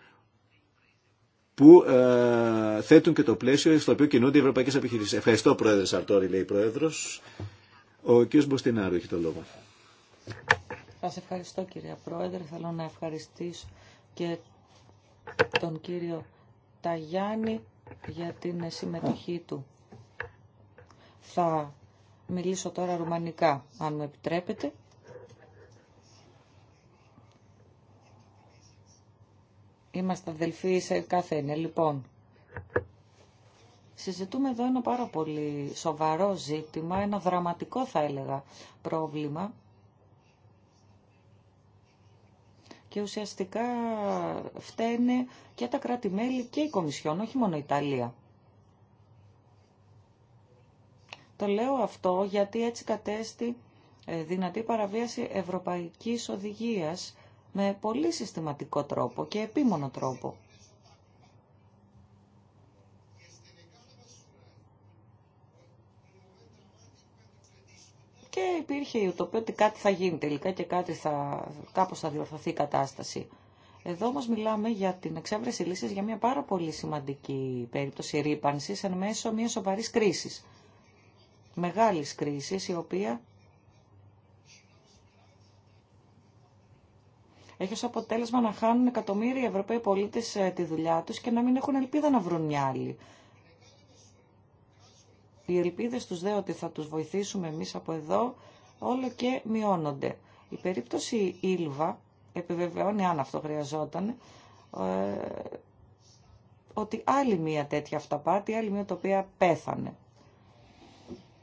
που ε, θέτουν και το πλαίσιο στο οποίο κινούνται οι ευρωπαϊκέ επιχειρήσει. Ευχαριστώ, Πρόεδρε Σαρτόρη, λέει η Πρόεδρο. Ο κ. Μποστινάρου έχει το λόγο. Σας ευχαριστώ κυρία Πρόεδρε. Θέλω να ευχαριστήσω και τον κύριο Ταγιάννη για την συμμετοχή του. Θα μιλήσω τώρα ρουμανικά, αν μου επιτρέπετε. Είμαστε αδελφοί σε κάθε έννοια. Λοιπόν, συζητούμε εδώ ένα πάρα πολύ σοβαρό ζήτημα, ένα δραματικό θα έλεγα πρόβλημα Και ουσιαστικά φταίνε και τα κράτη-μέλη και η Κομισιόν, όχι μόνο η Ιταλία. Το λέω αυτό γιατί έτσι κατέστη ε, δυνατή παραβίαση ευρωπαϊκής οδηγίας με πολύ συστηματικό τρόπο και επίμονο τρόπο. και υπήρχε η ουτοπία ότι κάτι θα γίνει τελικά και κάτι θα, κάπως θα διορθωθεί η κατάσταση. Εδώ όμως μιλάμε για την εξέβρεση λύσης για μια πάρα πολύ σημαντική περίπτωση ρήπανσης εν μέσω μία σοβαρής κρίσης. Μεγάλης κρίσης η οποία έχει ως αποτέλεσμα να χάνουν εκατομμύρια Ευρωπαίοι πολίτες ε, τη δουλειά τους και να μην έχουν ελπίδα να βρουν μια άλλη. Οι ελπίδες τους δε ότι θα τους βοηθήσουμε εμείς από εδώ όλο και μειώνονται. Η περίπτωση Ήλβα επιβεβαιώνει αν αυτό χρειαζόταν ε, ότι άλλη μία τέτοια αυταπάτη, άλλη μία το οποία πέθανε.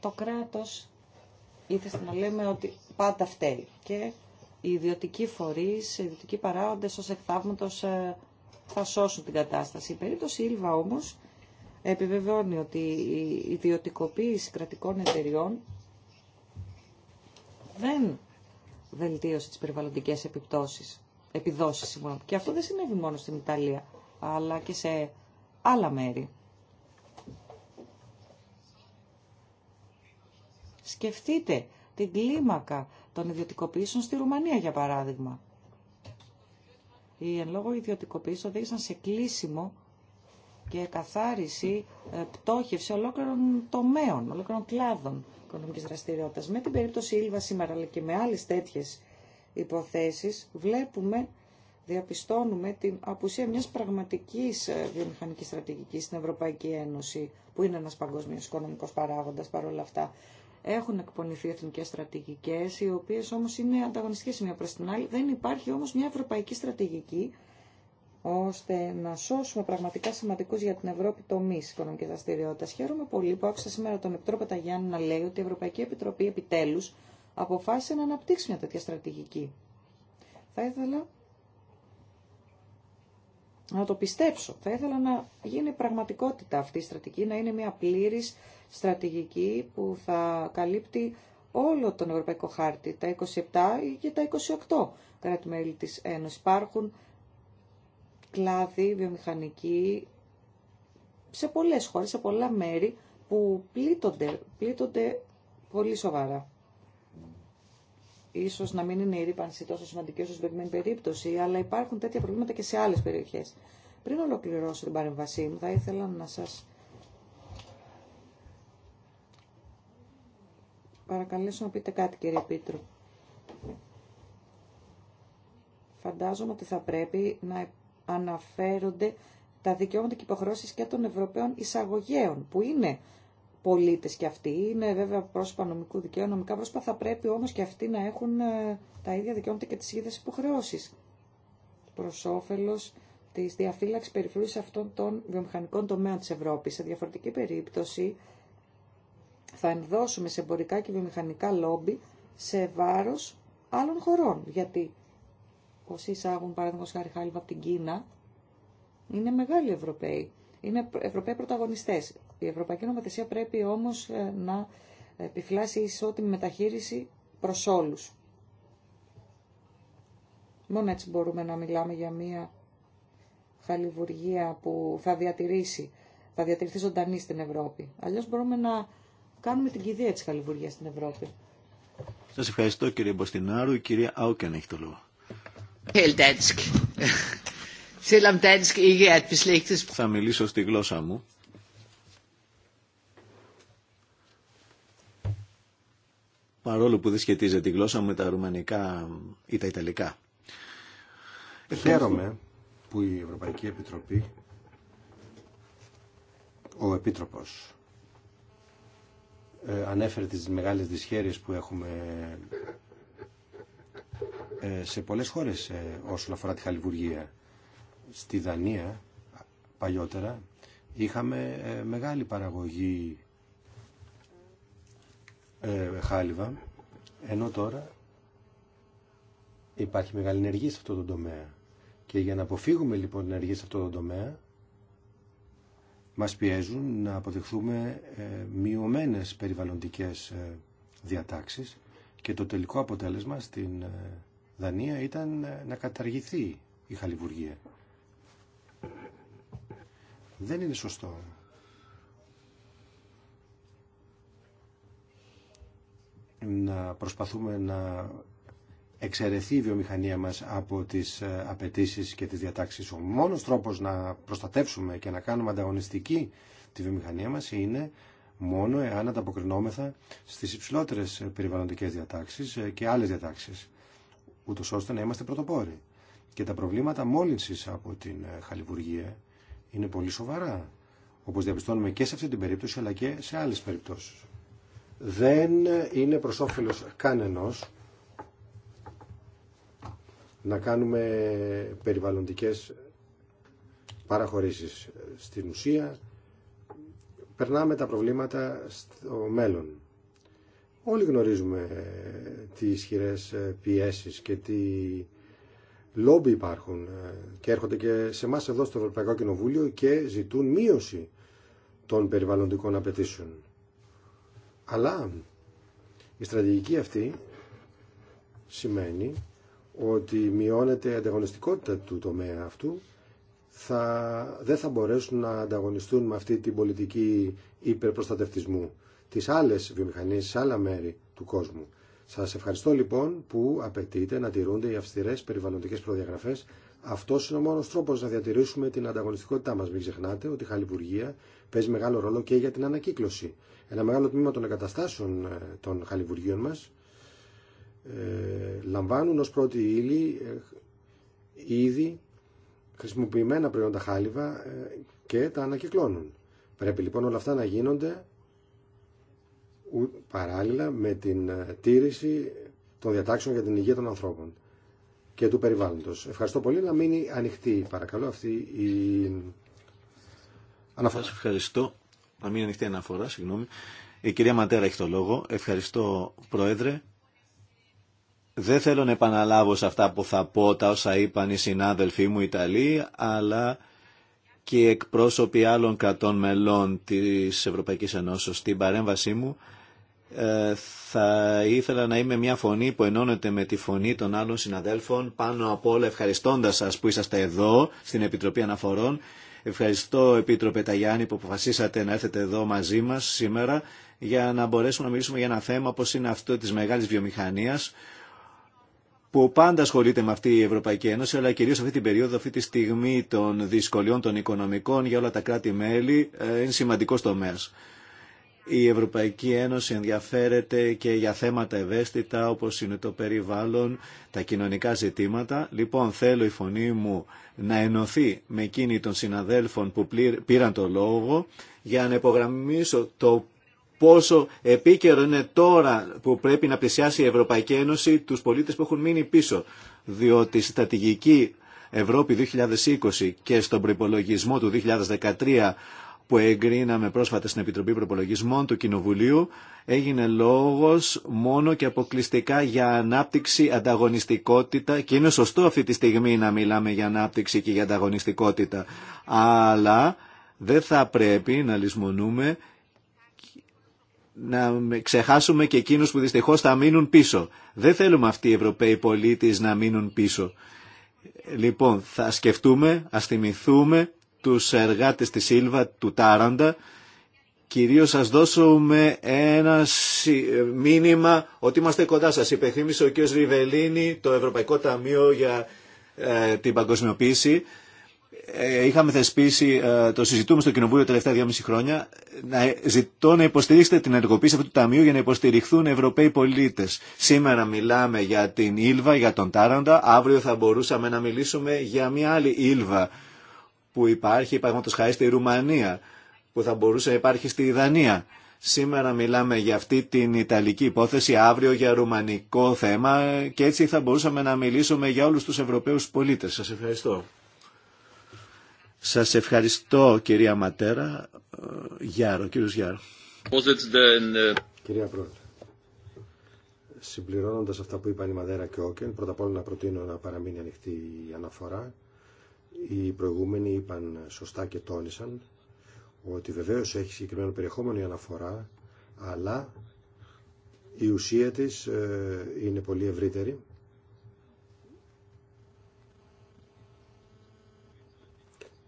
Το κράτος ήθεσε να λέμε ότι πάντα φταίει και οι ιδιωτικοί φορείς, οι ιδιωτικοί παράγοντες ως εκτάβματος ε, θα σώσουν την κατάσταση. Η περίπτωση Ήλβα όμως επιβεβαιώνει ότι η ιδιωτικοποίηση κρατικών εταιριών δεν βελτίωσε τις περιβαλλοντικές επιπτώσεις, επιδόσεις. Και αυτό δεν συνέβη μόνο στην Ιταλία, αλλά και σε άλλα μέρη. Σκεφτείτε την κλίμακα των ιδιωτικοποιήσεων στη Ρουμανία, για παράδειγμα. Οι εν λόγω ιδιωτικοποιήσεις οδήγησαν σε κλείσιμο και καθάριση, ε, πτώχευση ολόκληρων τομέων, ολόκληρων κλάδων οικονομικής δραστηριότητας. Με την περίπτωση Ήλβα σήμερα αλλά και με άλλες τέτοιες υποθέσεις βλέπουμε, διαπιστώνουμε την απουσία μιας πραγματικής ε, βιομηχανικής στρατηγικής στην Ευρωπαϊκή Ένωση που είναι ένας παγκόσμιος οικονομικός παράγοντας παρόλα αυτά. Έχουν εκπονηθεί εθνικές στρατηγικές, οι οποίες όμως είναι ανταγωνιστικές μία προς την άλλη. Δεν υπάρχει όμως μια ευρωπαϊκή στρατηγική ώστε να σώσουμε πραγματικά σημαντικού για την Ευρώπη τομεί οικονομική δραστηριότητα. Χαίρομαι πολύ που άκουσα σήμερα τον Επιτρόπο Ταγιάννη να λέει ότι η Ευρωπαϊκή Επιτροπή επιτέλου αποφάσισε να αναπτύξει μια τέτοια στρατηγική. Θα ήθελα να το πιστέψω. Θα ήθελα να γίνει πραγματικότητα αυτή η στρατηγική, να είναι μια πλήρης στρατηγική που θα καλύπτει όλο τον Ευρωπαϊκό Χάρτη, τα 27 και τα 28 κράτη-μέλη της Ένωσης. Υπάρχουν κλάδη, βιομηχανική σε πολλές χώρες, σε πολλά μέρη που πλήττονται, πλήττονται πολύ σοβαρά. Ίσως να μην είναι η ρήπανση τόσο σημαντική όσο στην περίπτωση, αλλά υπάρχουν τέτοια προβλήματα και σε άλλες περιοχές. Πριν ολοκληρώσω την παρεμβασή μου, θα ήθελα να σας παρακαλέσω να πείτε κάτι κύριε Πίτρο. Φαντάζομαι ότι θα πρέπει να αναφέρονται τα δικαιώματα και υποχρεώσει και των Ευρωπαίων εισαγωγέων, που είναι πολίτε και αυτοί. Είναι βέβαια πρόσωπα νομικού δικαίου, νομικά πρόσωπα. Θα πρέπει όμω και αυτοί να έχουν ε, τα ίδια δικαιώματα και τι ίδιε υποχρεώσει. Προ όφελο τη διαφύλαξη περιφρούρηση αυτών των βιομηχανικών τομέων τη Ευρώπη. Σε διαφορετική περίπτωση, θα ενδώσουμε σε εμπορικά και βιομηχανικά λόμπι σε βάρο άλλων χωρών. Γιατί όσοι εισάγουν παράδειγμα χάρη χάλιβα από την Κίνα, είναι μεγάλοι Ευρωπαίοι. Είναι Ευρωπαίοι πρωταγωνιστέ. Η Ευρωπαϊκή Νομοθεσία πρέπει όμω ε, να επιφυλάσσει ισότιμη μεταχείριση προ όλου. Μόνο έτσι μπορούμε να μιλάμε για μια χαλιβουργία που θα διατηρήσει, θα διατηρηθεί ζωντανή στην Ευρώπη. Αλλιώ μπορούμε να κάνουμε την κηδεία τη χαλιβουργία στην Ευρώπη. Σα ευχαριστώ κύριε Μποστινάρου. Η κυρία Άουκεν έχει το λόγο. Er Θα μιλήσω στη γλώσσα μου. Παρόλο που δεν σχετίζεται η γλώσσα μου με τα ρουμανικά ή τα ιταλικά. Χαίρομαι που η Ευρωπαϊκή Επιτροπή, ο Επίτροπος, ε, ανέφερε τις μεγάλες δυσχέρειες που έχουμε ε, σε πολλές χώρες ε, όσον αφορά τη χαλιβουργία. Στη Δανία παλιότερα είχαμε ε, μεγάλη παραγωγή χάλιβα ενώ τώρα υπάρχει μεγάλη ενεργή σε αυτό το τομέα. Και για να αποφύγουμε λοιπόν ενεργή σε αυτό το τομέα μας πιέζουν να αποδεχθούμε μειωμένες περιβαλλοντικές διατάξεις και το τελικό αποτέλεσμα στην ε, Δανία ήταν ε, να καταργηθεί η χαλιβουργία. Δεν είναι σωστό. να προσπαθούμε να εξαιρεθεί η βιομηχανία μας από τις ε, απαιτήσεις και τις διατάξεις. Ο μόνος τρόπος να προστατεύσουμε και να κάνουμε ανταγωνιστική τη βιομηχανία μας είναι μόνο εάν ανταποκρινόμεθα στις υψηλότερες περιβαλλοντικές διατάξεις ε, και άλλες διατάξεις, ούτως ώστε να είμαστε πρωτοπόροι. Και τα προβλήματα μόλυνσης από την ε, χαλιβουργία είναι πολύ σοβαρά, όπως διαπιστώνουμε και σε αυτή την περίπτωση αλλά και σε άλλες περιπτώσεις. Δεν ε, είναι προς όφελος κανενός να κάνουμε περιβαλλοντικές παραχωρήσεις. Στην ουσία περνάμε τα προβλήματα στο μέλλον. Όλοι γνωρίζουμε τι ισχυρές ε, πιέσεις και τι λόμπι υπάρχουν ε, και έρχονται και σε εμά εδώ στο Ευρωπαϊκό Κοινοβούλιο και ζητούν μείωση των περιβαλλοντικών απαιτήσεων. Αλλά η στρατηγική αυτή σημαίνει ότι μειώνεται η ανταγωνιστικότητα του τομέα αυτού θα, δεν θα μπορέσουν να ανταγωνιστούν με αυτή την πολιτική υπερπροστατευτισμού τις άλλες βιομηχανίες σε άλλα μέρη του κόσμου. Σας ευχαριστώ λοιπόν που απαιτείτε να τηρούνται οι αυστηρές περιβαλλοντικές προδιαγραφές. Αυτό είναι ο μόνος τρόπος να διατηρήσουμε την ανταγωνιστικότητά μας. Μην ξεχνάτε ότι η χαλιβουργία παίζει μεγάλο ρόλο και για την ανακύκλωση. Ένα μεγάλο τμήμα των εγκαταστάσεων ε, των χαλιβουργίων μας ε, λαμβάνουν ως πρώτη ύλη ε, ήδη χρησιμοποιημένα προϊόντα χάλιβα ε, και τα ανακυκλώνουν. Πρέπει λοιπόν όλα αυτά να γίνονται παράλληλα με την ε, τήρηση των διατάξεων για την υγεία των ανθρώπων και του περιβάλλοντος. Ευχαριστώ πολύ να μείνει ανοιχτή παρακαλώ αυτή η αναφορά. ευχαριστώ. Να μείνει ανοιχτή αναφορά, συγγνώμη. Η κυρία Ματέρα έχει το λόγο. Ευχαριστώ Πρόεδρε. Δεν θέλω να επαναλάβω σε αυτά που θα πω τα όσα είπαν οι συνάδελφοί μου Ιταλοί, αλλά και οι εκπρόσωποι άλλων κρατών μελών της Ευρωπαϊκής Ενώσεως. Στην παρέμβασή μου ε, θα ήθελα να είμαι μια φωνή που ενώνεται με τη φωνή των άλλων συναδέλφων. Πάνω απ' όλα ευχαριστώντας σας που είσαστε εδώ στην Επιτροπή Αναφορών. Ευχαριστώ Επίτροπε Ταγιάννη που αποφασίσατε να έρθετε εδώ μαζί μας σήμερα για να μπορέσουμε να μιλήσουμε για ένα θέμα όπως είναι αυτό της μεγάλης βιομηχανίας που πάντα ασχολείται με αυτή η Ευρωπαϊκή Ένωση, αλλά κυρίω αυτή την περίοδο, αυτή τη στιγμή των δυσκολιών των οικονομικών για όλα τα κράτη-μέλη, ε, είναι σημαντικό τομέα. Η Ευρωπαϊκή Ένωση ενδιαφέρεται και για θέματα ευαίσθητα όπως είναι το περιβάλλον, τα κοινωνικά ζητήματα. Λοιπόν, θέλω η φωνή μου να ενωθεί με εκείνη των συναδέλφων που πήραν το λόγο για να υπογραμμίσω το πόσο επίκαιρο είναι τώρα που πρέπει να πλησιάσει η Ευρωπαϊκή Ένωση τους πολίτες που έχουν μείνει πίσω. Διότι η στρατηγική Ευρώπη 2020 και στον προπολογισμό του 2013 που εγκρίναμε πρόσφατα στην Επιτροπή Προπολογισμών του Κοινοβουλίου έγινε λόγος μόνο και αποκλειστικά για ανάπτυξη, ανταγωνιστικότητα και είναι σωστό αυτή τη στιγμή να μιλάμε για ανάπτυξη και για ανταγωνιστικότητα αλλά δεν θα πρέπει να λησμονούμε να ξεχάσουμε και εκείνους που δυστυχώς θα μείνουν πίσω. Δεν θέλουμε αυτοί οι Ευρωπαίοι πολίτες να μείνουν πίσω. Λοιπόν, θα σκεφτούμε, α θυμηθούμε τους εργάτες της Σίλβα, του Τάραντα, κυρίως σας δώσουμε ένα μήνυμα ότι είμαστε κοντά σας. Υπενθύμησε ο κ. Ριβελίνη το Ευρωπαϊκό Ταμείο για ε, την παγκοσμιοποίηση ε, είχαμε θεσπίσει, ε, το συζητούμε στο Κοινοβούλιο τελευταία δυόμιση χρόνια, να ζητώ να υποστηρίξετε την ενεργοποίηση αυτού του ταμείου για να υποστηριχθούν Ευρωπαίοι πολίτε. Σήμερα μιλάμε για την Ήλβα, για τον Τάραντα. Αύριο θα μπορούσαμε να μιλήσουμε για μια άλλη Ήλβα που υπάρχει, παραδείγματο χάρη στη Ρουμανία, που θα μπορούσε να υπάρχει στη Δανία. Σήμερα μιλάμε για αυτή την Ιταλική υπόθεση, αύριο για ρουμανικό θέμα και έτσι θα μπορούσαμε να μιλήσουμε για όλους τους Ευρωπαίους πολίτες. Σας ευχαριστώ. Σας ευχαριστώ κυρία Ματέρα. Ε, Γιάρο, κύριος Γιάρο. Κυρία Πρόεδρε, συμπληρώνοντας αυτά που είπαν η Ματέρα και ο Όκεν, πρώτα απ' όλα να προτείνω να παραμείνει ανοιχτή η αναφορά. Οι προηγούμενοι είπαν σωστά και τόνισαν ότι βεβαίως έχει συγκεκριμένο περιεχόμενο η αναφορά, αλλά η ουσία της ε, είναι πολύ ευρύτερη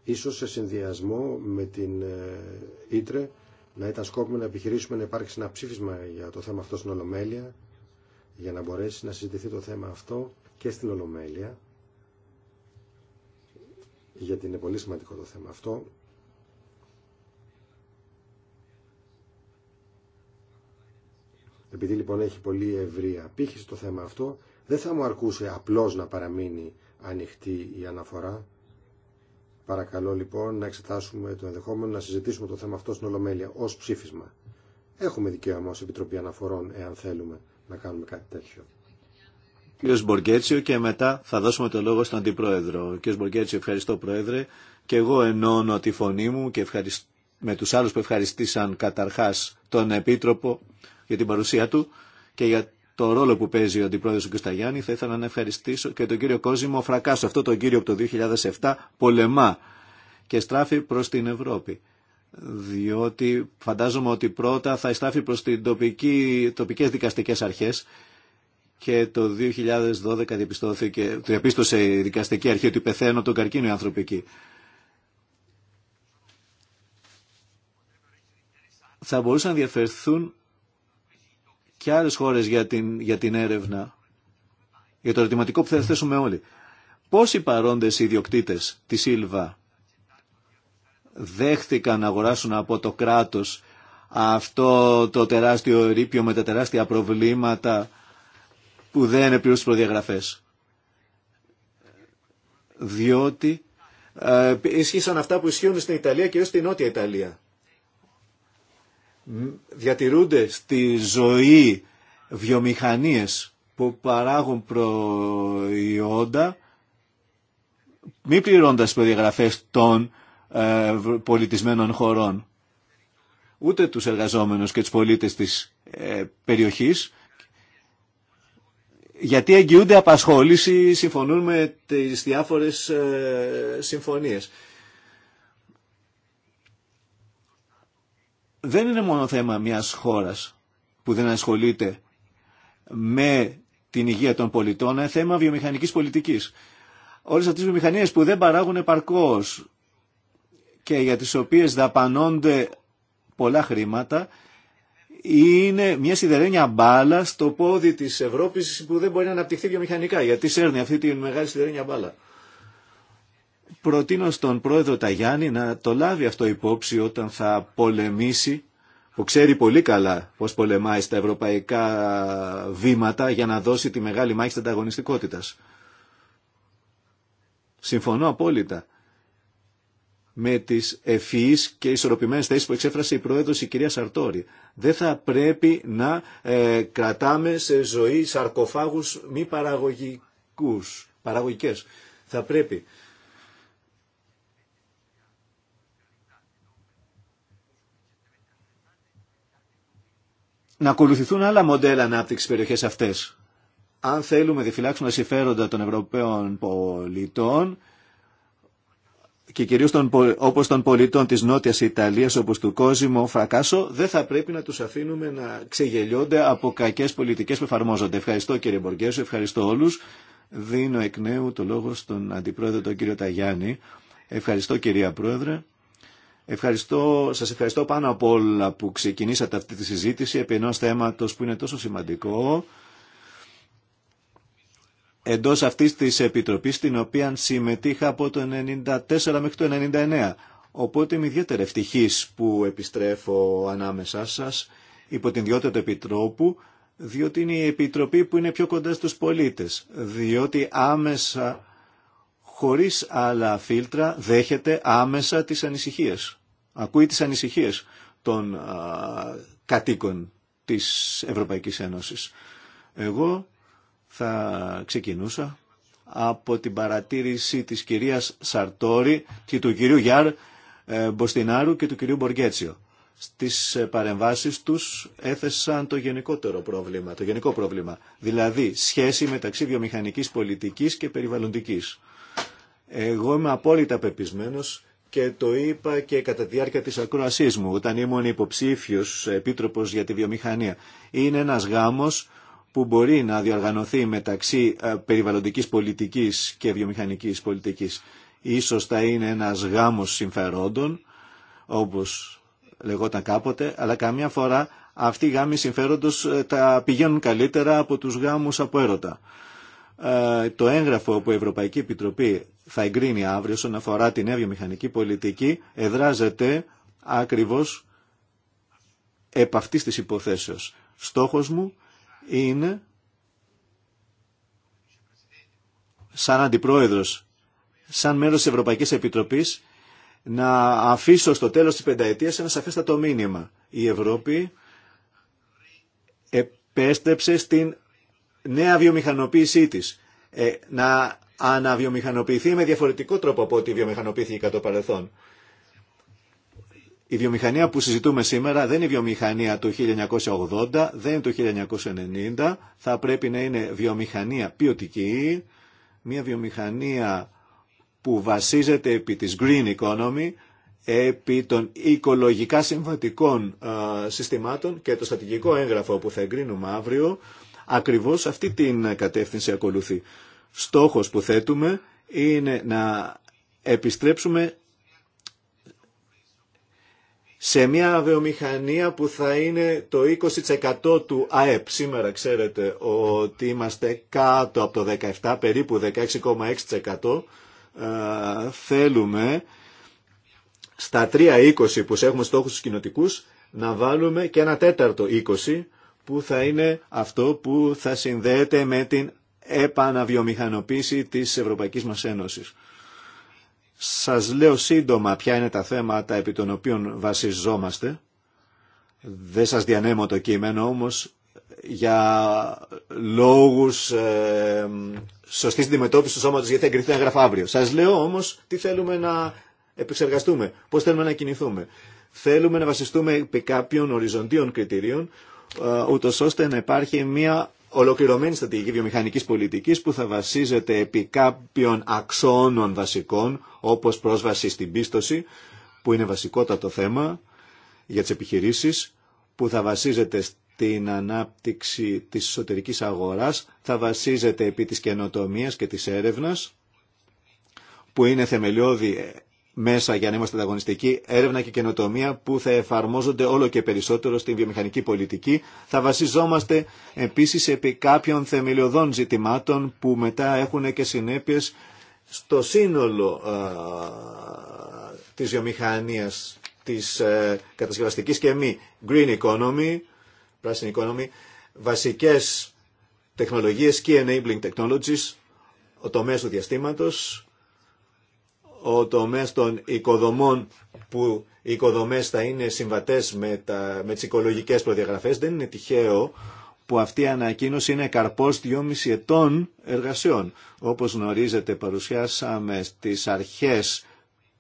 Ίσως σε συνδυασμό με την ε, Ήτρε να ήταν σκόπιμο να επιχειρήσουμε να υπάρξει ένα ψήφισμα για το θέμα αυτό στην Ολομέλεια για να μπορέσει να συζητηθεί το θέμα αυτό και στην Ολομέλεια γιατί είναι πολύ σημαντικό το θέμα αυτό επειδή λοιπόν έχει πολύ ευρία πύχηση το θέμα αυτό δεν θα μου αρκούσε απλώς να παραμείνει ανοιχτή η αναφορά Παρακαλώ λοιπόν να εξετάσουμε το ενδεχόμενο να συζητήσουμε το θέμα αυτό στην Ολομέλεια ω ψήφισμα. Έχουμε δικαίωμα ω Επιτροπή Αναφορών, εάν θέλουμε να κάνουμε κάτι τέτοιο. Κύριος Μπορκέτσιο, και μετά θα δώσουμε το λόγο στον Αντιπρόεδρο. Κύριος Μπορκέτσιο, ευχαριστώ Πρόεδρε και εγώ ενώνω τη φωνή μου και με τους άλλους που ευχαριστήσαν καταρχάς τον Επίτροπο για την παρουσία του και για το ρόλο που παίζει ο αντιπρόεδρος του Κουσταγιάννη Θα ήθελα να ευχαριστήσω και τον κύριο Κόζημο Φρακάσο, αυτό τον κύριο από το 2007 πολεμά και στράφει προς την Ευρώπη. Διότι φαντάζομαι ότι πρώτα θα στράφει προς την τοπική, τοπικές δικαστικές αρχές και το 2012 διαπιστώθηκε, διαπίστωσε η δικαστική αρχή ότι πεθαίνω τον καρκίνο ανθρωπική. Θα μπορούσαν να διαφερθούν και άλλε χώρες για την, για την έρευνα, για το ερωτηματικό που θα θέσουμε όλοι. Πόσοι παρόντες ιδιοκτήτες τη ΣΥΛΒΑ δέχτηκαν να αγοράσουν από το κράτος αυτό το τεράστιο ερείπιο με τα τεράστια προβλήματα που δεν επηρεούν τις προδιαγραφές. Διότι ε, ισχύσαν αυτά που ισχύουν στην Ιταλία και στην Νότια Ιταλία διατηρούνται στη ζωή βιομηχανίες που παράγουν προϊόντα μη πληρώντας περιγραφές των ε, πολιτισμένων χωρών ούτε τους εργαζόμενους και τους πολίτες της ε, περιοχής γιατί εγγυούνται απασχόληση συμφωνούν με τις διάφορες ε, συμφωνίες. δεν είναι μόνο θέμα μιας χώρας που δεν ασχολείται με την υγεία των πολιτών, είναι θέμα βιομηχανικής πολιτικής. Όλες αυτές οι βιομηχανίες που δεν παράγουν επαρκώς και για τις οποίες δαπανώνται πολλά χρήματα, είναι μια σιδερένια μπάλα στο πόδι της Ευρώπης που δεν μπορεί να αναπτυχθεί βιομηχανικά, γιατί σέρνει αυτή τη μεγάλη σιδερένια μπάλα. Προτείνω στον πρόεδρο Ταγιάννη να το λάβει αυτό υπόψη όταν θα πολεμήσει, που ξέρει πολύ καλά πώς πολεμάει στα ευρωπαϊκά βήματα για να δώσει τη μεγάλη μάχη της ανταγωνιστικότητας. Συμφωνώ απόλυτα με τις ευφυείς και ισορροπημένες θέσεις που εξέφρασε η Πρόεδρος η κυρία Σαρτόρη. Δεν θα πρέπει να ε, κρατάμε σε ζωή σαρκοφάγους μη παραγωγικούς, παραγωγικές. Θα πρέπει να ακολουθηθούν άλλα μοντέλα ανάπτυξης περιοχές αυτές. Αν θέλουμε να διαφυλάξουμε συμφέροντα των Ευρωπαίων πολιτών και κυρίως των, όπως των πολιτών της Νότιας Ιταλίας όπως του Κόσμου Φρακάσο δεν θα πρέπει να τους αφήνουμε να ξεγελιώνται από κακές πολιτικές που εφαρμόζονται. Ευχαριστώ κύριε Μποργέσου, ευχαριστώ όλους. Δίνω εκ νέου το λόγο στον Αντιπρόεδρο τον κύριο Ταγιάννη. Ευχαριστώ κυρία Πρόεδρε. Ευχαριστώ, σας ευχαριστώ πάνω από όλα που ξεκινήσατε αυτή τη συζήτηση επί ενός θέματος που είναι τόσο σημαντικό εντός αυτής της επιτροπής στην οποία συμμετείχα από το 1994 μέχρι το 1999. Οπότε είμαι ιδιαίτερα ευτυχής που επιστρέφω ανάμεσά σας υπό την ιδιότητα του Επιτρόπου διότι είναι η Επιτροπή που είναι πιο κοντά στους πολίτες, διότι άμεσα χωρίς άλλα φίλτρα δέχεται άμεσα τις ανησυχίες. Ακούει τις ανησυχίες των κατοίκων της Ευρωπαϊκής Ένωσης. Εγώ θα ξεκινούσα από την παρατήρηση της κυρίας Σαρτόρη και του κυρίου Γιάρ ε, Μποστινάρου και του κυρίου Μποργέτσιο. Στις ε, παρεμβάσεις τους έθεσαν το γενικότερο πρόβλημα, το γενικό πρόβλημα, δηλαδή σχέση μεταξύ βιομηχανικής πολιτικής και περιβαλλοντικής. Εγώ είμαι απόλυτα πεπισμένο και το είπα και κατά τη διάρκεια τη ακρόασή μου όταν ήμουν υποψήφιος επίτροπο για τη βιομηχανία. Είναι ένα γάμος που μπορεί να διοργανωθεί μεταξύ ε, περιβαλλοντική πολιτική και βιομηχανική πολιτική. Ίσως θα είναι ένα γάμος συμφερόντων, όπως λεγόταν κάποτε, αλλά καμιά φορά αυτοί οι γάμοι συμφέροντος ε, τα πηγαίνουν καλύτερα από τους γάμους από έρωτα. Ε, το έγγραφο που η Ευρωπαϊκή Επιτροπή θα εγκρίνει αύριο όσον αφορά τη νέα βιομηχανική πολιτική εδράζεται ακριβώς επ' αυτής της υποθέσεως. Στόχος μου είναι σαν αντιπρόεδρος, σαν μέλος της Ευρωπαϊκής Επιτροπής να αφήσω στο τέλος της πενταετίας ένα σαφέστατο μήνυμα. Η Ευρώπη επέστρεψε στην νέα βιομηχανοποίησή της. Ε, να αναβιομηχανοποιηθεί με διαφορετικό τρόπο από ό,τι βιομηχανοποιήθηκε κατά το παρελθόν. Η βιομηχανία που συζητούμε σήμερα δεν είναι η βιομηχανία του 1980, δεν είναι του 1990. Θα πρέπει να είναι βιομηχανία ποιοτική, μια βιομηχανία που βασίζεται επί της green economy, επί των οικολογικά συμβατικών ε, συστημάτων και το στατηγικό έγγραφο που θα εγκρίνουμε αύριο, ακριβώς αυτή την κατεύθυνση ακολουθεί στόχος που θέτουμε είναι να επιστρέψουμε σε μια βιομηχανία που θα είναι το 20% του ΑΕΠ. Σήμερα ξέρετε ότι είμαστε κάτω από το 17, περίπου 16,6%. Ε, θέλουμε στα 3,20 που έχουμε στόχους στους κοινοτικούς να βάλουμε και ένα τέταρτο 20 που θα είναι αυτό που θα συνδέεται με την επαναβιομηχανοποίηση της Ευρωπαϊκής μας Ένωσης. Σας λέω σύντομα ποια είναι τα θέματα επί των οποίων βασιζόμαστε. Δεν σας διανέμω το κείμενο όμως για λόγους ε, σωστής αντιμετώπισης του σώματος γιατί θα εγκριθεί ένα γράφω αύριο. Σας λέω όμως τι θέλουμε να επεξεργαστούμε, πώς θέλουμε να κινηθούμε. Θέλουμε να βασιστούμε επί κάποιων οριζοντίων κριτηρίων ε, ούτως ώστε να υπάρχει μια ολοκληρωμένη στρατηγική βιομηχανικής πολιτικής που θα βασίζεται επί κάποιων αξώνων βασικών όπως πρόσβαση στην πίστοση που είναι βασικότατο θέμα για τις επιχειρήσεις που θα βασίζεται στην ανάπτυξη της εσωτερική αγορά, θα βασίζεται επί της καινοτομίας και της έρευνας που είναι θεμελιώδη μέσα για να είμαστε ανταγωνιστικοί, έρευνα και καινοτομία που θα εφαρμόζονται όλο και περισσότερο στην βιομηχανική πολιτική. Θα βασιζόμαστε επίσης επί κάποιων θεμελιωδών ζητημάτων που μετά έχουν και συνέπειες στο σύνολο της βιομηχανίας της ε, κατασκευαστικής και μη green economy, πράσινη economy, βασικές τεχνολογίες και enabling technologies, το μέσο του διαστήματος, ο τομέας των οικοδομών που οι οικοδομές θα είναι συμβατές με, τα, με τις οικολογικές προδιαγραφές. Δεν είναι τυχαίο που αυτή η ανακοίνωση είναι καρπός 2,5 ετών εργασιών. Όπως γνωρίζετε παρουσιάσαμε στις αρχές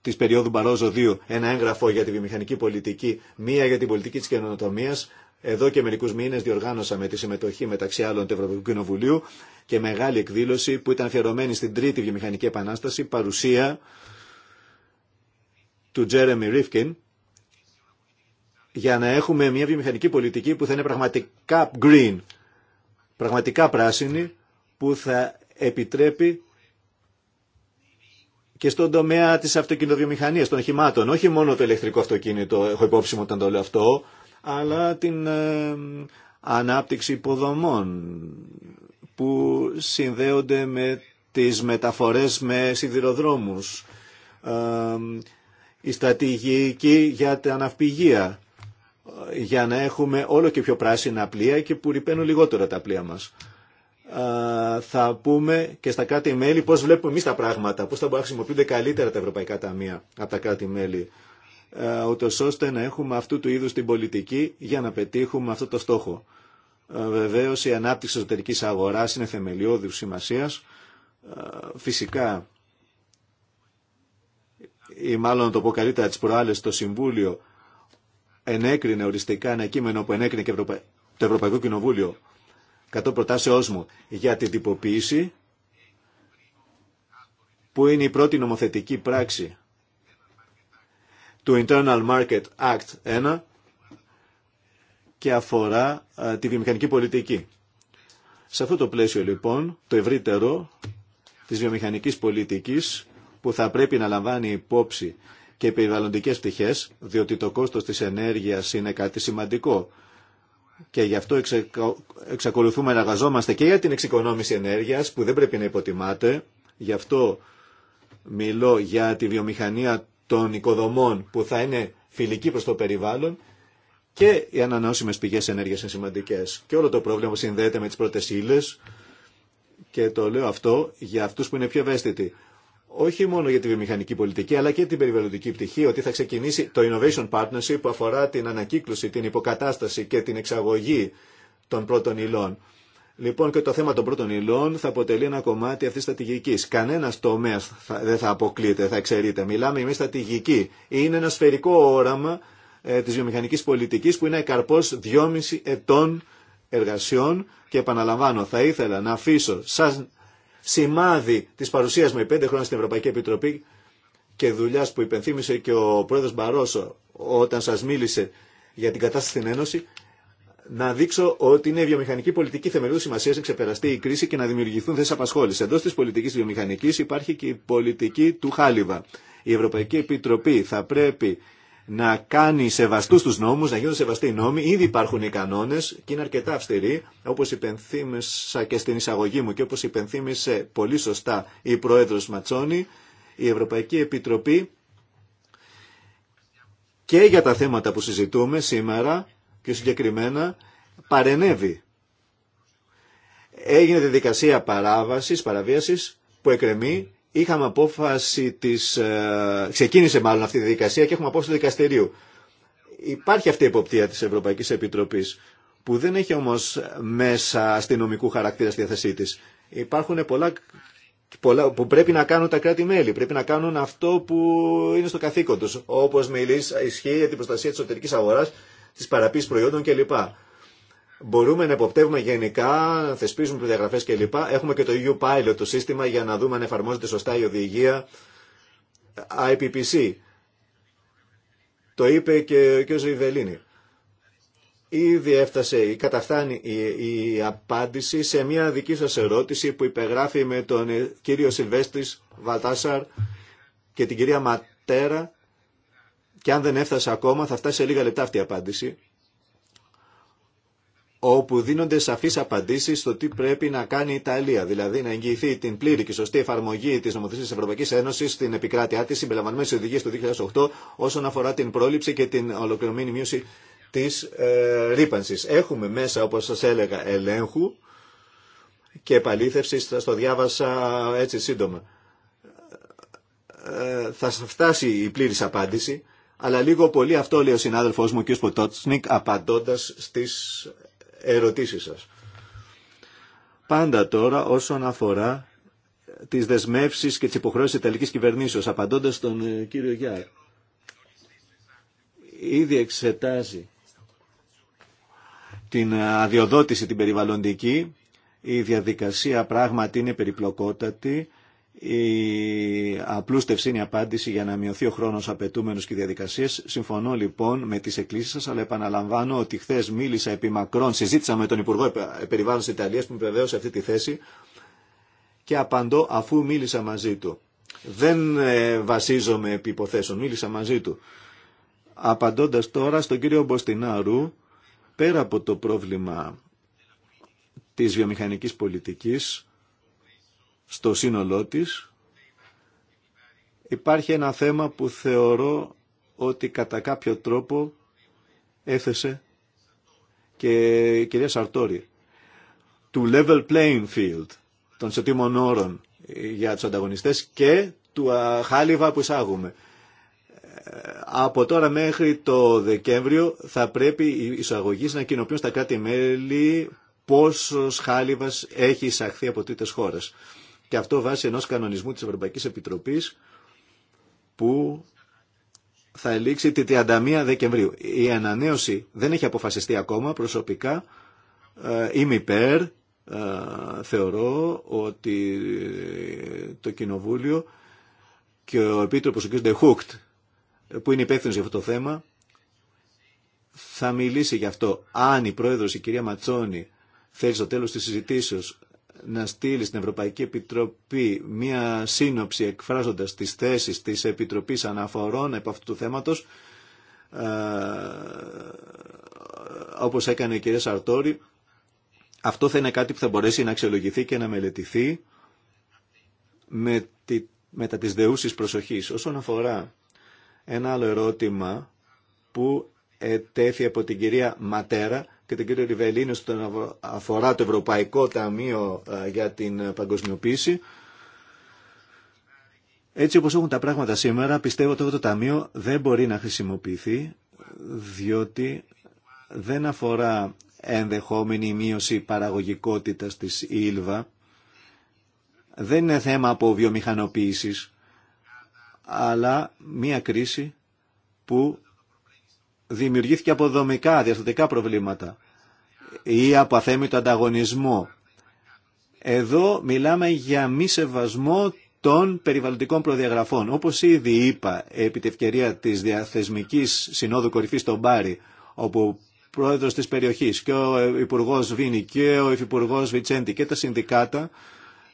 της περίοδου Μπαρόζο 2 ένα έγγραφο για τη βιομηχανική πολιτική, μία για την πολιτική της καινοτομίας, εδώ και μερικού μήνε διοργάνωσαμε τη συμμετοχή μεταξύ άλλων του Ευρωπαϊκού Κοινοβουλίου και μεγάλη εκδήλωση που ήταν αφιερωμένη στην Τρίτη Βιομηχανική Επανάσταση, παρουσία του Τζέρεμι Ρίφκιν για να έχουμε μια βιομηχανική πολιτική που θα είναι πραγματικά green, πραγματικά πράσινη, που θα επιτρέπει και στον τομέα της αυτοκινητοβιομηχανίας, των οχημάτων, όχι μόνο το ηλεκτρικό αυτοκίνητο, έχω υπόψη μου όταν το λέω αυτό, αλλά την ε, ανάπτυξη υποδομών που συνδέονται με τις μεταφορές με σιδηροδρόμους, ε, η στρατηγική για τα ναυπηγεία για να έχουμε όλο και πιο πράσινα πλοία και που ρηπαίνουν λιγότερα τα πλοία μας. Θα πούμε και στα κράτη-μέλη πώς βλέπουμε εμείς τα πράγματα, πώς θα μπορούν να χρησιμοποιούνται καλύτερα τα ευρωπαϊκά ταμεία από τα κράτη-μέλη, ούτως ώστε να έχουμε αυτού του είδους την πολιτική για να πετύχουμε αυτό το στόχο. Βεβαίως η ανάπτυξη εσωτερικής αγοράς είναι θεμελιώδης σημασίας. Φυσικά ή μάλλον να το πω καλύτερα τις προάλλες το Συμβούλιο ενέκρινε οριστικά ένα κείμενο που ενέκρινε και το Ευρωπαϊκό Κοινοβούλιο κατ' προτάσεώς μου για την τυποποίηση που είναι η πρώτη νομοθετική πράξη του Internal Market Act 1 και αφορά τη βιομηχανική πολιτική. Σε αυτό το πλαίσιο λοιπόν, το ευρύτερο της βιομηχανικής πολιτικής που θα πρέπει να λαμβάνει υπόψη και περιβαλλοντικές πτυχές, διότι το κόστος της ενέργειας είναι κάτι σημαντικό. Και γι' αυτό εξακολουθούμε να εργαζόμαστε και για την εξοικονόμηση ενέργειας, που δεν πρέπει να υποτιμάται. Γι' αυτό μιλώ για τη βιομηχανία των οικοδομών που θα είναι φιλική προς το περιβάλλον και οι ανανεώσιμες πηγές ενέργειας είναι σημαντικές. Και όλο το πρόβλημα συνδέεται με τις πρώτες ύλες και το λέω αυτό για αυτούς που είναι πιο ευαίσθητοι όχι μόνο για τη βιομηχανική πολιτική, αλλά και την περιβαλλοντική πτυχή, ότι θα ξεκινήσει το Innovation Partnership που αφορά την ανακύκλωση, την υποκατάσταση και την εξαγωγή των πρώτων υλών. Λοιπόν, και το θέμα των πρώτων υλών θα αποτελεί ένα κομμάτι αυτή τη στρατηγική. Κανένα τομέα δεν θα αποκλείεται, θα εξαιρείται. Μιλάμε μια στρατηγική. Είναι ένα σφαιρικό όραμα ε, τη βιομηχανική πολιτική που είναι καρπό 2,5 ετών εργασιών και επαναλαμβάνω, θα ήθελα να αφήσω σαν σημάδι της παρουσίας μου οι πέντε χρόνια στην Ευρωπαϊκή Επιτροπή και δουλειά που υπενθύμησε και ο πρόεδρος Μπαρόσο όταν σας μίλησε για την κατάσταση στην Ένωση, να δείξω ότι είναι η βιομηχανική πολιτική θεμελιώδη σημασία να ξεπεραστεί η κρίση και να δημιουργηθούν θέσει απασχόληση. Εντό τη πολιτική βιομηχανική υπάρχει και η πολιτική του Χάλιβα. Η Ευρωπαϊκή Επιτροπή θα πρέπει να κάνει σεβαστού του νόμου, να γίνουν σεβαστοί οι νόμοι. Ήδη υπάρχουν οι κανόνε και είναι αρκετά αυστηροί, όπω υπενθύμησα και στην εισαγωγή μου και όπω υπενθύμησε πολύ σωστά η Πρόεδρο Ματσόνη, η Ευρωπαϊκή Επιτροπή και για τα θέματα που συζητούμε σήμερα, και συγκεκριμένα, παρενεύει. Έγινε διαδικασία παράβασης, παραβίασης που εκκρεμεί Είχαμε απόφαση της... Ε, ξεκίνησε μάλλον αυτή η διαδικασία και έχουμε απόφαση του δικαστηρίου. Υπάρχει αυτή η εποπτεία της Ευρωπαϊκής Επιτροπής που δεν έχει όμως μέσα αστυνομικού χαρακτήρα στη διάθεσή της. Υπάρχουν πολλά, πολλά που πρέπει να κάνουν τα κράτη-μέλη, πρέπει να κάνουν αυτό που είναι στο καθήκον τους, όπως μιλείς, ισχύει για την προστασία της εσωτερικής αγοράς, της παραποίησης προϊόντων κλπ. Μπορούμε να εποπτεύουμε γενικά, θεσπίζουμε προδιαγραφέ κλπ. Έχουμε και το EU Pilot, το σύστημα για να δούμε αν εφαρμόζεται σωστά η οδηγία IPPC. Το είπε και, ο κ. Ζεϊβελίνη. Ήδη έφτασε ή καταφτάνει η, απάντηση σε μια δική σας ερώτηση που υπεγράφει με τον ε, κύριο Σιλβέστης Βαλτάσαρ και την κυρία Ματέρα και αν δεν έφτασε ακόμα θα φτάσει σε λίγα λεπτά αυτή η απάντηση όπου δίνονται σαφεί απαντήσει στο τι πρέπει να κάνει η Ιταλία, δηλαδή να εγγυηθεί την πλήρη και σωστή εφαρμογή τη νομοθεσία τη Ευρωπαϊκή Ένωση στην επικράτειά της, στι οδηγίε του 2008 όσον αφορά την πρόληψη και την ολοκληρωμένη μείωση τη ε, Έχουμε μέσα, όπω σα έλεγα, ελέγχου και επαλήθευση, θα το διάβασα έτσι σύντομα. Ε, θα φτάσει η πλήρη απάντηση, αλλά λίγο πολύ αυτό λέει ο συνάδελφός μου, ο κ. Ποτότσνικ, απαντώντας στις ερωτήσεις σας. Πάντα τώρα όσον αφορά τις δεσμεύσεις και τις υποχρεώσεις της Ιταλικής κυβερνήσεως, απαντώντας τον ε, κύριο Γιάρ, ήδη εξετάζει την αδειοδότηση την περιβαλλοντική, η διαδικασία πράγματι είναι περιπλοκότατη η απλούστευση είναι η απάντηση για να μειωθεί ο χρόνο απαιτούμενο και διαδικασίε. Συμφωνώ λοιπόν με τι εκκλήσει σα, αλλά επαναλαμβάνω ότι χθε μίλησα επί μακρόν, συζήτησα με τον Υπουργό Περιβάλλον Ιταλία που μου βεβαίωσε αυτή τη θέση και απαντώ αφού μίλησα μαζί του. Δεν ε, βασίζομαι επί υποθέσεων, μίλησα μαζί του. Απαντώντα τώρα στον κύριο Μποστινάρου, πέρα από το πρόβλημα τη βιομηχανική πολιτική, στο σύνολό της, υπάρχει ένα θέμα που θεωρώ ότι κατά κάποιο τρόπο έθεσε και η κυρία Σαρτόρη του level playing field των σωτήμων όρων ε, για τους ανταγωνιστές και του χάλιβα που εισάγουμε. Ε, από τώρα μέχρι το Δεκέμβριο θα πρέπει οι εισαγωγείς να κοινοποιούν στα κράτη-μέλη πόσος χάλιβας έχει εισαχθεί από τρίτες χώρες και αυτό βάσει ενός κανονισμού της Ευρωπαϊκής Επιτροπής που θα ελήξει τη 31 Δεκεμβρίου. Η ανανέωση δεν έχει αποφασιστεί ακόμα προσωπικά. Ε, είμαι υπέρ. Ε, θεωρώ ότι το Κοινοβούλιο και ο Επίτροπος ο κ. Ντεχούκτ που είναι υπεύθυνο για αυτό το θέμα θα μιλήσει γι' αυτό. Αν η πρόεδρος η κυρία Ματσόνη θέλει στο τέλος της συζητήσεως να στείλει στην Ευρωπαϊκή Επιτροπή μία σύνοψη εκφράζοντας τις θέσεις της Επιτροπής Αναφορών από αυτού του θέματος, όπως έκανε η κυρία Σαρτόρη, αυτό θα είναι κάτι που θα μπορέσει να αξιολογηθεί και να μελετηθεί με τη, μετά τις δεούσεις προσοχής. Όσον αφορά ένα άλλο ερώτημα που ετέθη από την κυρία Ματέρα και τον κύριο Ριβελίνο στον αφορά το Ευρωπαϊκό Ταμείο ε, για την Παγκοσμιοποίηση. Έτσι όπως έχουν τα πράγματα σήμερα, πιστεύω ότι αυτό το ταμείο δεν μπορεί να χρησιμοποιηθεί, διότι δεν αφορά ενδεχόμενη μείωση παραγωγικότητας της ήλβα, Δεν είναι θέμα από βιομηχανοποίησης, αλλά μία κρίση που δημιουργήθηκε από δομικά διαστατικά προβλήματα ή από αθέμητο ανταγωνισμό. Εδώ μιλάμε για μη σεβασμό των περιβαλλοντικών προδιαγραφών. Όπως ήδη είπα επί τη ευκαιρία της διαθεσμικής συνόδου κορυφής στον Μπάρι, όπου ο πρόεδρος της περιοχής και ο Υπουργός Βίνη και ο Υφυπουργός Βιτσέντη και τα συνδικάτα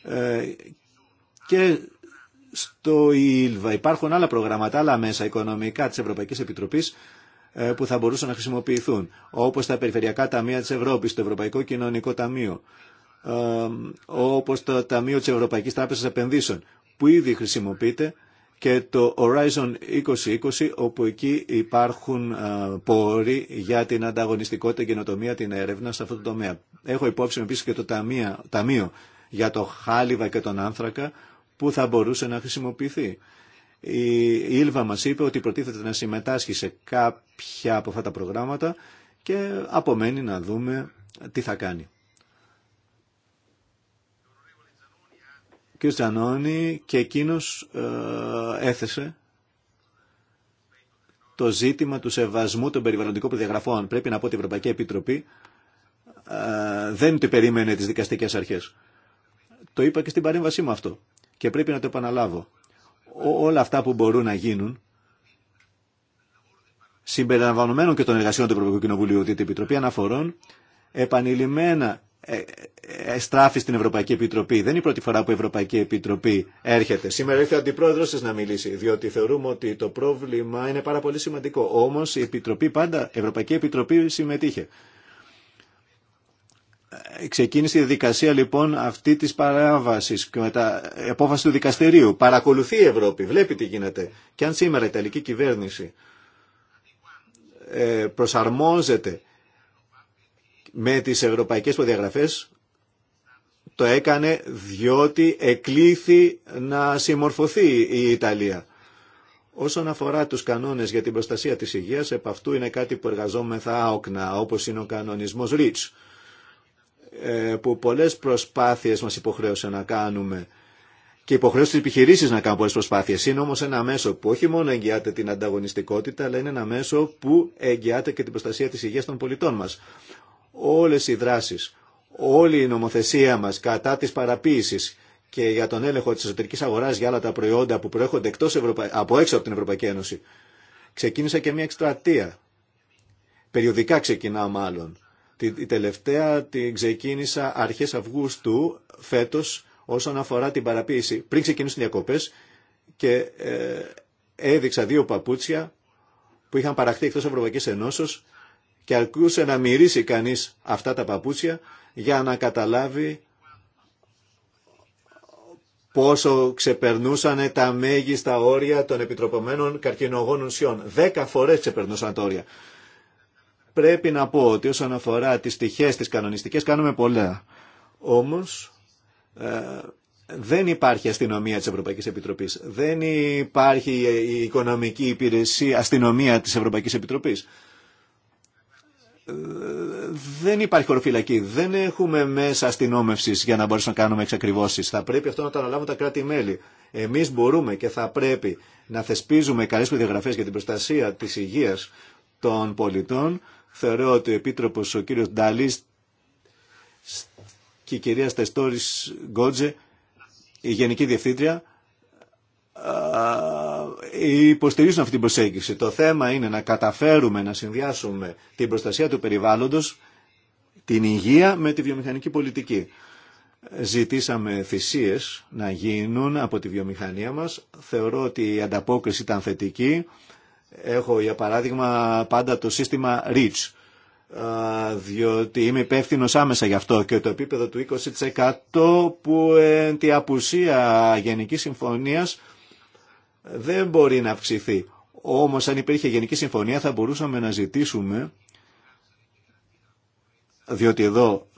ε, και στο ΙΛΒΑ υπάρχουν άλλα προγράμματα, άλλα μέσα οικονομικά της Ευρωπαϊκής Επιτροπής ε, που θα μπορούσαν να χρησιμοποιηθούν, όπως τα περιφερειακά ταμεία της Ευρώπης, το Ευρωπαϊκό Κοινωνικό Ταμείο, ε, όπως το Ταμείο της Ευρωπαϊκής Τράπεζας Επενδύσεων, που ήδη χρησιμοποιείται, και το Horizon 2020, όπου εκεί υπάρχουν ε, πόροι για την ανταγωνιστικότητα, την καινοτομία, την έρευνα σε αυτό το τομέα. Έχω υπόψη επίσης και το ταμείο για το χάλιβα και τον άνθρακα, που θα μπορούσε να χρησιμοποιηθεί η Ήλβα μας είπε ότι προτίθεται να συμμετάσχει σε κάποια από αυτά τα προγράμματα και απομένει να δούμε τι θα κάνει. κ. Τζανόνι και εκείνος ε, έθεσε το ζήτημα του σεβασμού των περιβαλλοντικών προδιαγραφών. Πρέπει να πω ότι η Ευρωπαϊκή Επιτροπή ε, δεν το περίμενε τις δικαστικές αρχές. Το είπα και στην παρέμβασή μου αυτό και πρέπει να το επαναλάβω όλα αυτά που μπορούν να γίνουν συμπεριλαμβανομένων και των εργασιών του Ευρωπαϊκού Κοινοβουλίου ότι η Επιτροπή Αναφορών επανειλημμένα ε, ε, στράφει στην Ευρωπαϊκή Επιτροπή. Δεν είναι η πρώτη φορά που η Ευρωπαϊκή Επιτροπή έρχεται. Σήμερα ήρθε ο αντιπρόεδρο της να μιλήσει, διότι θεωρούμε ότι το πρόβλημα είναι πάρα πολύ σημαντικό. Όμως η Επιτροπή πάντα, η Ευρωπαϊκή Επιτροπή συμμετείχε. Ε, ξεκίνησε η δικασία, λοιπόν αυτή της παράβασης και μετά ε, απόφαση του δικαστηρίου. Παρακολουθεί η Ευρώπη, βλέπει τι γίνεται. Και αν σήμερα η Ιταλική κυβέρνηση ε, προσαρμόζεται με τις ευρωπαϊκές προδιαγραφές, το έκανε διότι εκλήθη να συμμορφωθεί η Ιταλία. Όσον αφορά τους κανόνες για την προστασία της υγείας, επ' αυτού είναι κάτι που εργαζόμεθα άοκνα, όπως είναι ο κανονισμός REACH ε, που πολλές προσπάθειες μας υποχρέωσε να κάνουμε και υποχρέωσε τι επιχειρήσει να κάνουν πολλέ προσπάθειε. Είναι όμω ένα μέσο που όχι μόνο εγγυάται την ανταγωνιστικότητα, αλλά είναι ένα μέσο που εγγυάται και την προστασία τη υγεία των πολιτών μα. Όλε οι δράσει, όλη η νομοθεσία μα κατά τη παραποίηση και για τον έλεγχο τη εσωτερική αγορά για άλλα τα προϊόντα που προέρχονται εκτός Ευρωπα... από έξω από την Ευρωπαϊκή Ένωση. Ξεκίνησα και μια εκστρατεία. Περιοδικά ξεκινά μάλλον την τελευταία την ξεκίνησα αρχές Αυγούστου φέτος όσον αφορά την παραποίηση. Πριν ξεκινήσουν οι διακοπές και ε, έδειξα δύο παπούτσια που είχαν παραχθεί εκτός Ευρωπαϊκής Ενώσεως και αρκούσε να μυρίσει κανείς αυτά τα παπούτσια για να καταλάβει πόσο ξεπερνούσαν τα μέγιστα όρια των επιτροπωμένων καρκινογόνων σιών. Δέκα φορές ξεπερνούσαν τα όρια. Πρέπει να πω ότι όσον αφορά τις στοιχές, τις κανονιστικές, κάνουμε πολλά. Όμως ε, δεν υπάρχει αστυνομία της Ευρωπαϊκής Επιτροπής. Δεν υπάρχει η οικονομική υπηρεσία αστυνομία της Ευρωπαϊκής Επιτροπής. δεν υπάρχει χωροφυλακή. Δεν έχουμε μέσα αστυνόμευση για να μπορέσουμε να κάνουμε εξακριβώσει. Θα πρέπει αυτό να το αναλάβουν τα κράτη-μέλη. Εμεί μπορούμε και θα πρέπει να θεσπίζουμε καλέ προδιαγραφέ για την προστασία τη υγεία των πολιτών Θεωρώ ότι ο Επίτροπος ο κύριος Νταλής και η κυρία Στεστόρης Γκότζε, η Γενική Διευθύντρια, υποστηρίζουν αυτή την προσέγγιση. Το θέμα είναι να καταφέρουμε να συνδυάσουμε την προστασία του περιβάλλοντος, την υγεία με τη βιομηχανική πολιτική. Ζητήσαμε θυσίες να γίνουν από τη βιομηχανία μας. Θεωρώ ότι η ανταπόκριση ήταν θετική. Έχω για παράδειγμα πάντα το σύστημα REACH διότι είμαι υπεύθυνο άμεσα γι' αυτό και το επίπεδο του 20% που εν τη απουσία γενική συμφωνίας δεν μπορεί να αυξηθεί. Όμως αν υπήρχε γενική συμφωνία θα μπορούσαμε να ζητήσουμε διότι εδώ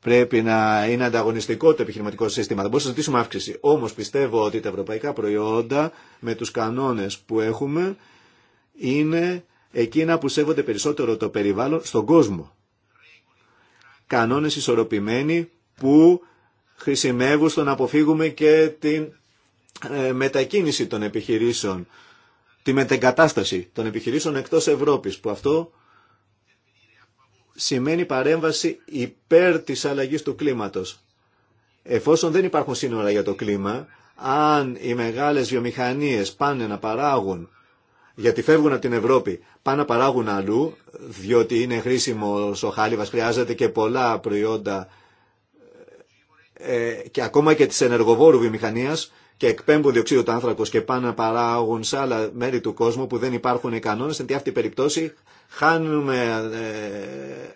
πρέπει να είναι ανταγωνιστικό το επιχειρηματικό σύστημα. Θα μπορούσαμε να ζητήσουμε αύξηση. Όμως πιστεύω ότι τα ευρωπαϊκά προϊόντα με τους κανόνες που έχουμε είναι εκείνα που σέβονται περισσότερο το περιβάλλον στον κόσμο. Κανόνες ισορροπημένοι που χρησιμεύουν στο να αποφύγουμε και την ε, μετακίνηση των επιχειρήσεων, τη μετεγκατάσταση των επιχειρήσεων εκτός Ευρώπης, που αυτό σημαίνει παρέμβαση υπέρ της αλλαγής του κλίματος. Εφόσον δεν υπάρχουν σύνορα για το κλίμα, αν οι μεγάλες βιομηχανίες πάνε να παράγουν γιατί φεύγουν από την Ευρώπη, πάνε να παράγουν αλλού, διότι είναι χρήσιμο ο χάλιβας, χρειάζεται και πολλά προϊόντα ε, και ακόμα και της ενεργοβόρου βιομηχανίας και εκπέμπουν διοξείδιο του άνθρακος και πάνε να παράγουν σε άλλα μέρη του κόσμου που δεν υπάρχουν οι κανόνες, σε αυτή την περιπτώση χάνουμε ε,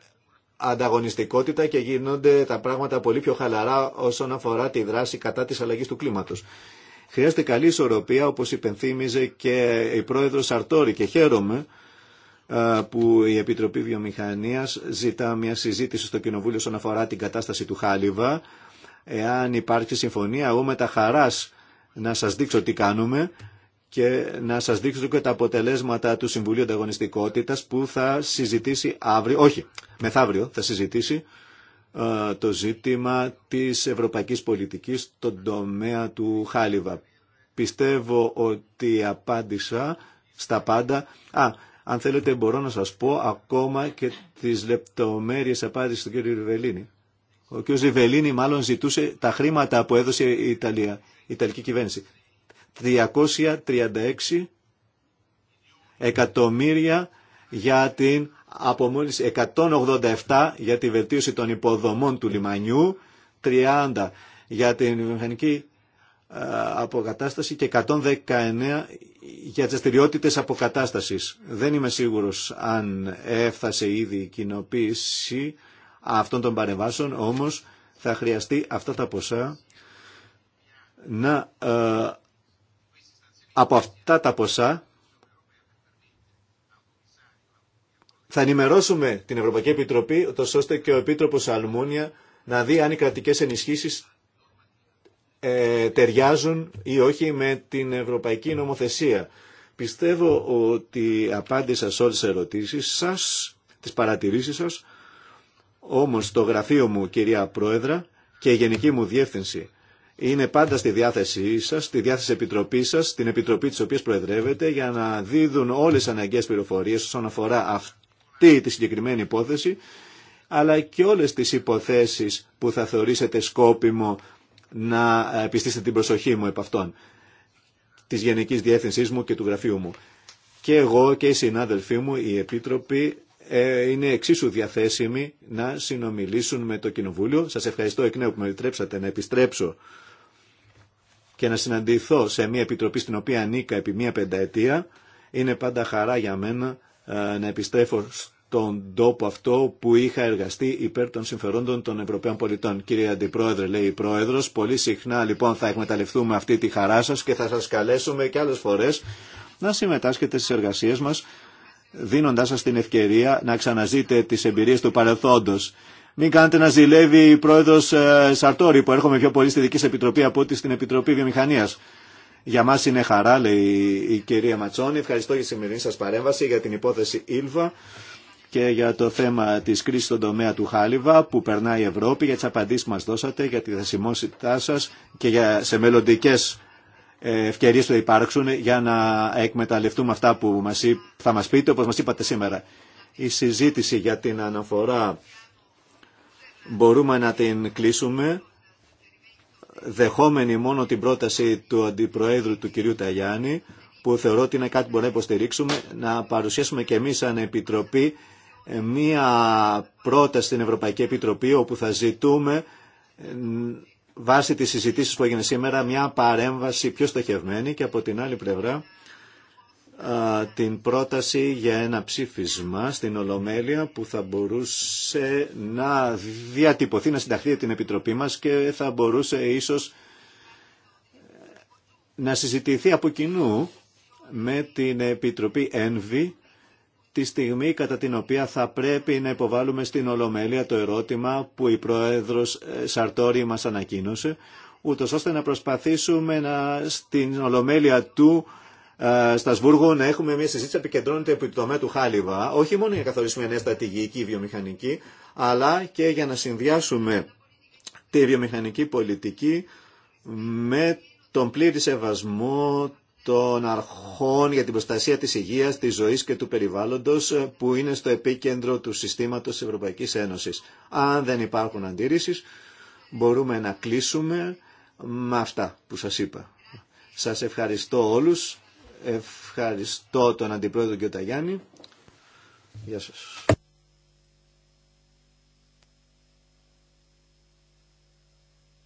ανταγωνιστικότητα και γίνονται τα πράγματα πολύ πιο χαλαρά όσον αφορά τη δράση κατά της αλλαγής του κλίματος. Χρειάζεται καλή ισορροπία, όπως υπενθύμιζε και η πρόεδρος Σαρτόρη και χαίρομαι που η Επιτροπή Βιομηχανίας ζητά μια συζήτηση στο Κοινοβούλιο όσον αφορά την κατάσταση του Χάλιβα. Εάν υπάρχει συμφωνία, εγώ με τα χαράς να σας δείξω τι κάνουμε και να σας δείξω και τα αποτελέσματα του Συμβουλίου Ανταγωνιστικότητας που θα συζητήσει αύριο, όχι, μεθαύριο θα συζητήσει ε, το ζήτημα της ευρωπαϊκής πολιτικής στον τομέα του Χάλιβα. Πιστεύω ότι απάντησα στα πάντα. Α, αν θέλετε μπορώ να σας πω ακόμα και τις λεπτομέρειες απάντησης του κ. Ριβελίνη. Ο κ. Ριβελίνη μάλλον ζητούσε τα χρήματα που έδωσε η Ιταλία, η Ιταλική κυβέρνηση. 336 εκατομμύρια για την από μόλις 187 για τη βελτίωση των υποδομών του λιμανιού, 30 για την μηχανική ε, αποκατάσταση και 119 για τις δραστηριότητε αποκατάστασης. Δεν είμαι σίγουρος αν έφτασε ήδη η κοινοποίηση αυτών των παρεμβάσεων, όμως θα χρειαστεί αυτά τα ποσά να ε, από αυτά τα ποσά Θα ενημερώσουμε την Ευρωπαϊκή Επιτροπή, ώστε και ο Επίτροπος Αλμούνια να δει αν οι κρατικές ενισχύσεις ε, ταιριάζουν ή όχι με την Ευρωπαϊκή Νομοθεσία. Πιστεύω ότι απάντησα σε όλες τις ερωτήσεις σας, τις παρατηρήσεις σας, όμως το γραφείο μου κυρία Πρόεδρα και η γενική μου διεύθυνση είναι πάντα στη διάθεσή σας, στη διάθεση επιτροπής σας, την επιτροπή της οποίας προεδρεύετε για να δίδουν όλες τις αναγκαίες πληροφορίες όσον αφορά αυτή τη συγκεκριμένη υπόθεση, αλλά και όλες τις υποθέσεις που θα θεωρήσετε σκόπιμο να επιστήσετε την προσοχή μου επ' αυτών, της Γενικής Διεύθυνσής μου και του Γραφείου μου. Και εγώ και οι συνάδελφοί μου, οι Επίτροποι, ε, είναι εξίσου διαθέσιμοι να συνομιλήσουν με το Κοινοβούλιο. Σας ευχαριστώ εκ νέου που με επιτρέψατε να επιστρέψω και να συναντηθώ σε μια επιτροπή στην οποία ανήκα επί μια πενταετία. Είναι πάντα χαρά για μένα ε, να επιστρέφω στον τόπο αυτό που είχα εργαστεί υπέρ των συμφερόντων των Ευρωπαίων πολιτών. Κύριε Αντιπρόεδρε, λέει η Πρόεδρο, πολύ συχνά λοιπόν θα εκμεταλλευτούμε αυτή τη χαρά σα και θα σα καλέσουμε και άλλε φορέ να συμμετάσχετε στι εργασίε μα, δίνοντά σα την ευκαιρία να ξαναζείτε τι εμπειρίε του παρελθόντο. Μην κάνετε να ζηλεύει η πρόεδρο ε, Σαρτόρη, που έρχομαι πιο πολύ στη δική επιτροπή από ότι στην Επιτροπή Βιομηχανία. Για μας είναι χαρά, λέει η κυρία Ματσόνη. Ευχαριστώ για τη σημερινή σας παρέμβαση, για την υπόθεση Ήλβα και για το θέμα της κρίσης στον τομέα του Χάλιβα που περνάει η Ευρώπη, για τις απαντήσεις που μας δώσατε, για τη δεσιμότητά σας και για, σε μελλοντικέ ε, ευκαιρίε που υπάρξουν για να εκμεταλλευτούμε αυτά που θα μας πείτε, όπως μας είπατε σήμερα. Η συζήτηση για την αναφορά μπορούμε να την κλείσουμε Δεχόμενη μόνο την πρόταση του Αντιπροέδρου του κυρίου Ταγιάννη, που θεωρώ ότι είναι κάτι που μπορεί να υποστηρίξουμε, να παρουσιάσουμε και εμείς σαν Επιτροπή ε, μία πρόταση στην Ευρωπαϊκή Επιτροπή όπου θα ζητούμε ε, βάσει τις συζητήσεις που έγινε σήμερα μια παρέμβαση πιο στοχευμένη και από την άλλη πλευρά την πρόταση για ένα ψήφισμα στην Ολομέλεια που θα μπορούσε να διατυπωθεί, να συνταχθεί την Επιτροπή μας και θα μπορούσε ίσως ε, να συζητηθεί από κοινού με την Επιτροπή ΕΝΒΗ τη στιγμή κατά την οποία θα πρέπει να υποβάλουμε στην Ολομέλεια το ερώτημα που η Πρόεδρος ε, Σαρτόρη μας ανακοίνωσε, ούτως ώστε να προσπαθήσουμε στην Ολομέλεια του ε, Στασβούργο να έχουμε μια συζήτηση επικεντρώνεται επί του τομέα του Χάλιβα, όχι μόνο για να καθορίσουμε μια νέα στρατηγική βιομηχανική, αλλά και για να συνδυάσουμε τη βιομηχανική πολιτική με τον πλήρη σεβασμό των αρχών για την προστασία της υγείας, της ζωής και του περιβάλλοντος ε, που είναι στο επίκεντρο του συστήματος της Ευρωπαϊκής Ένωσης. Αν δεν υπάρχουν αντίρρησεις, μπορούμε να κλείσουμε με αυτά που σας είπα. Σας ευχαριστώ όλους Ευχαριστώ τον Αντιπρόεδρο Γκιωταγιάννη. Γεια σας.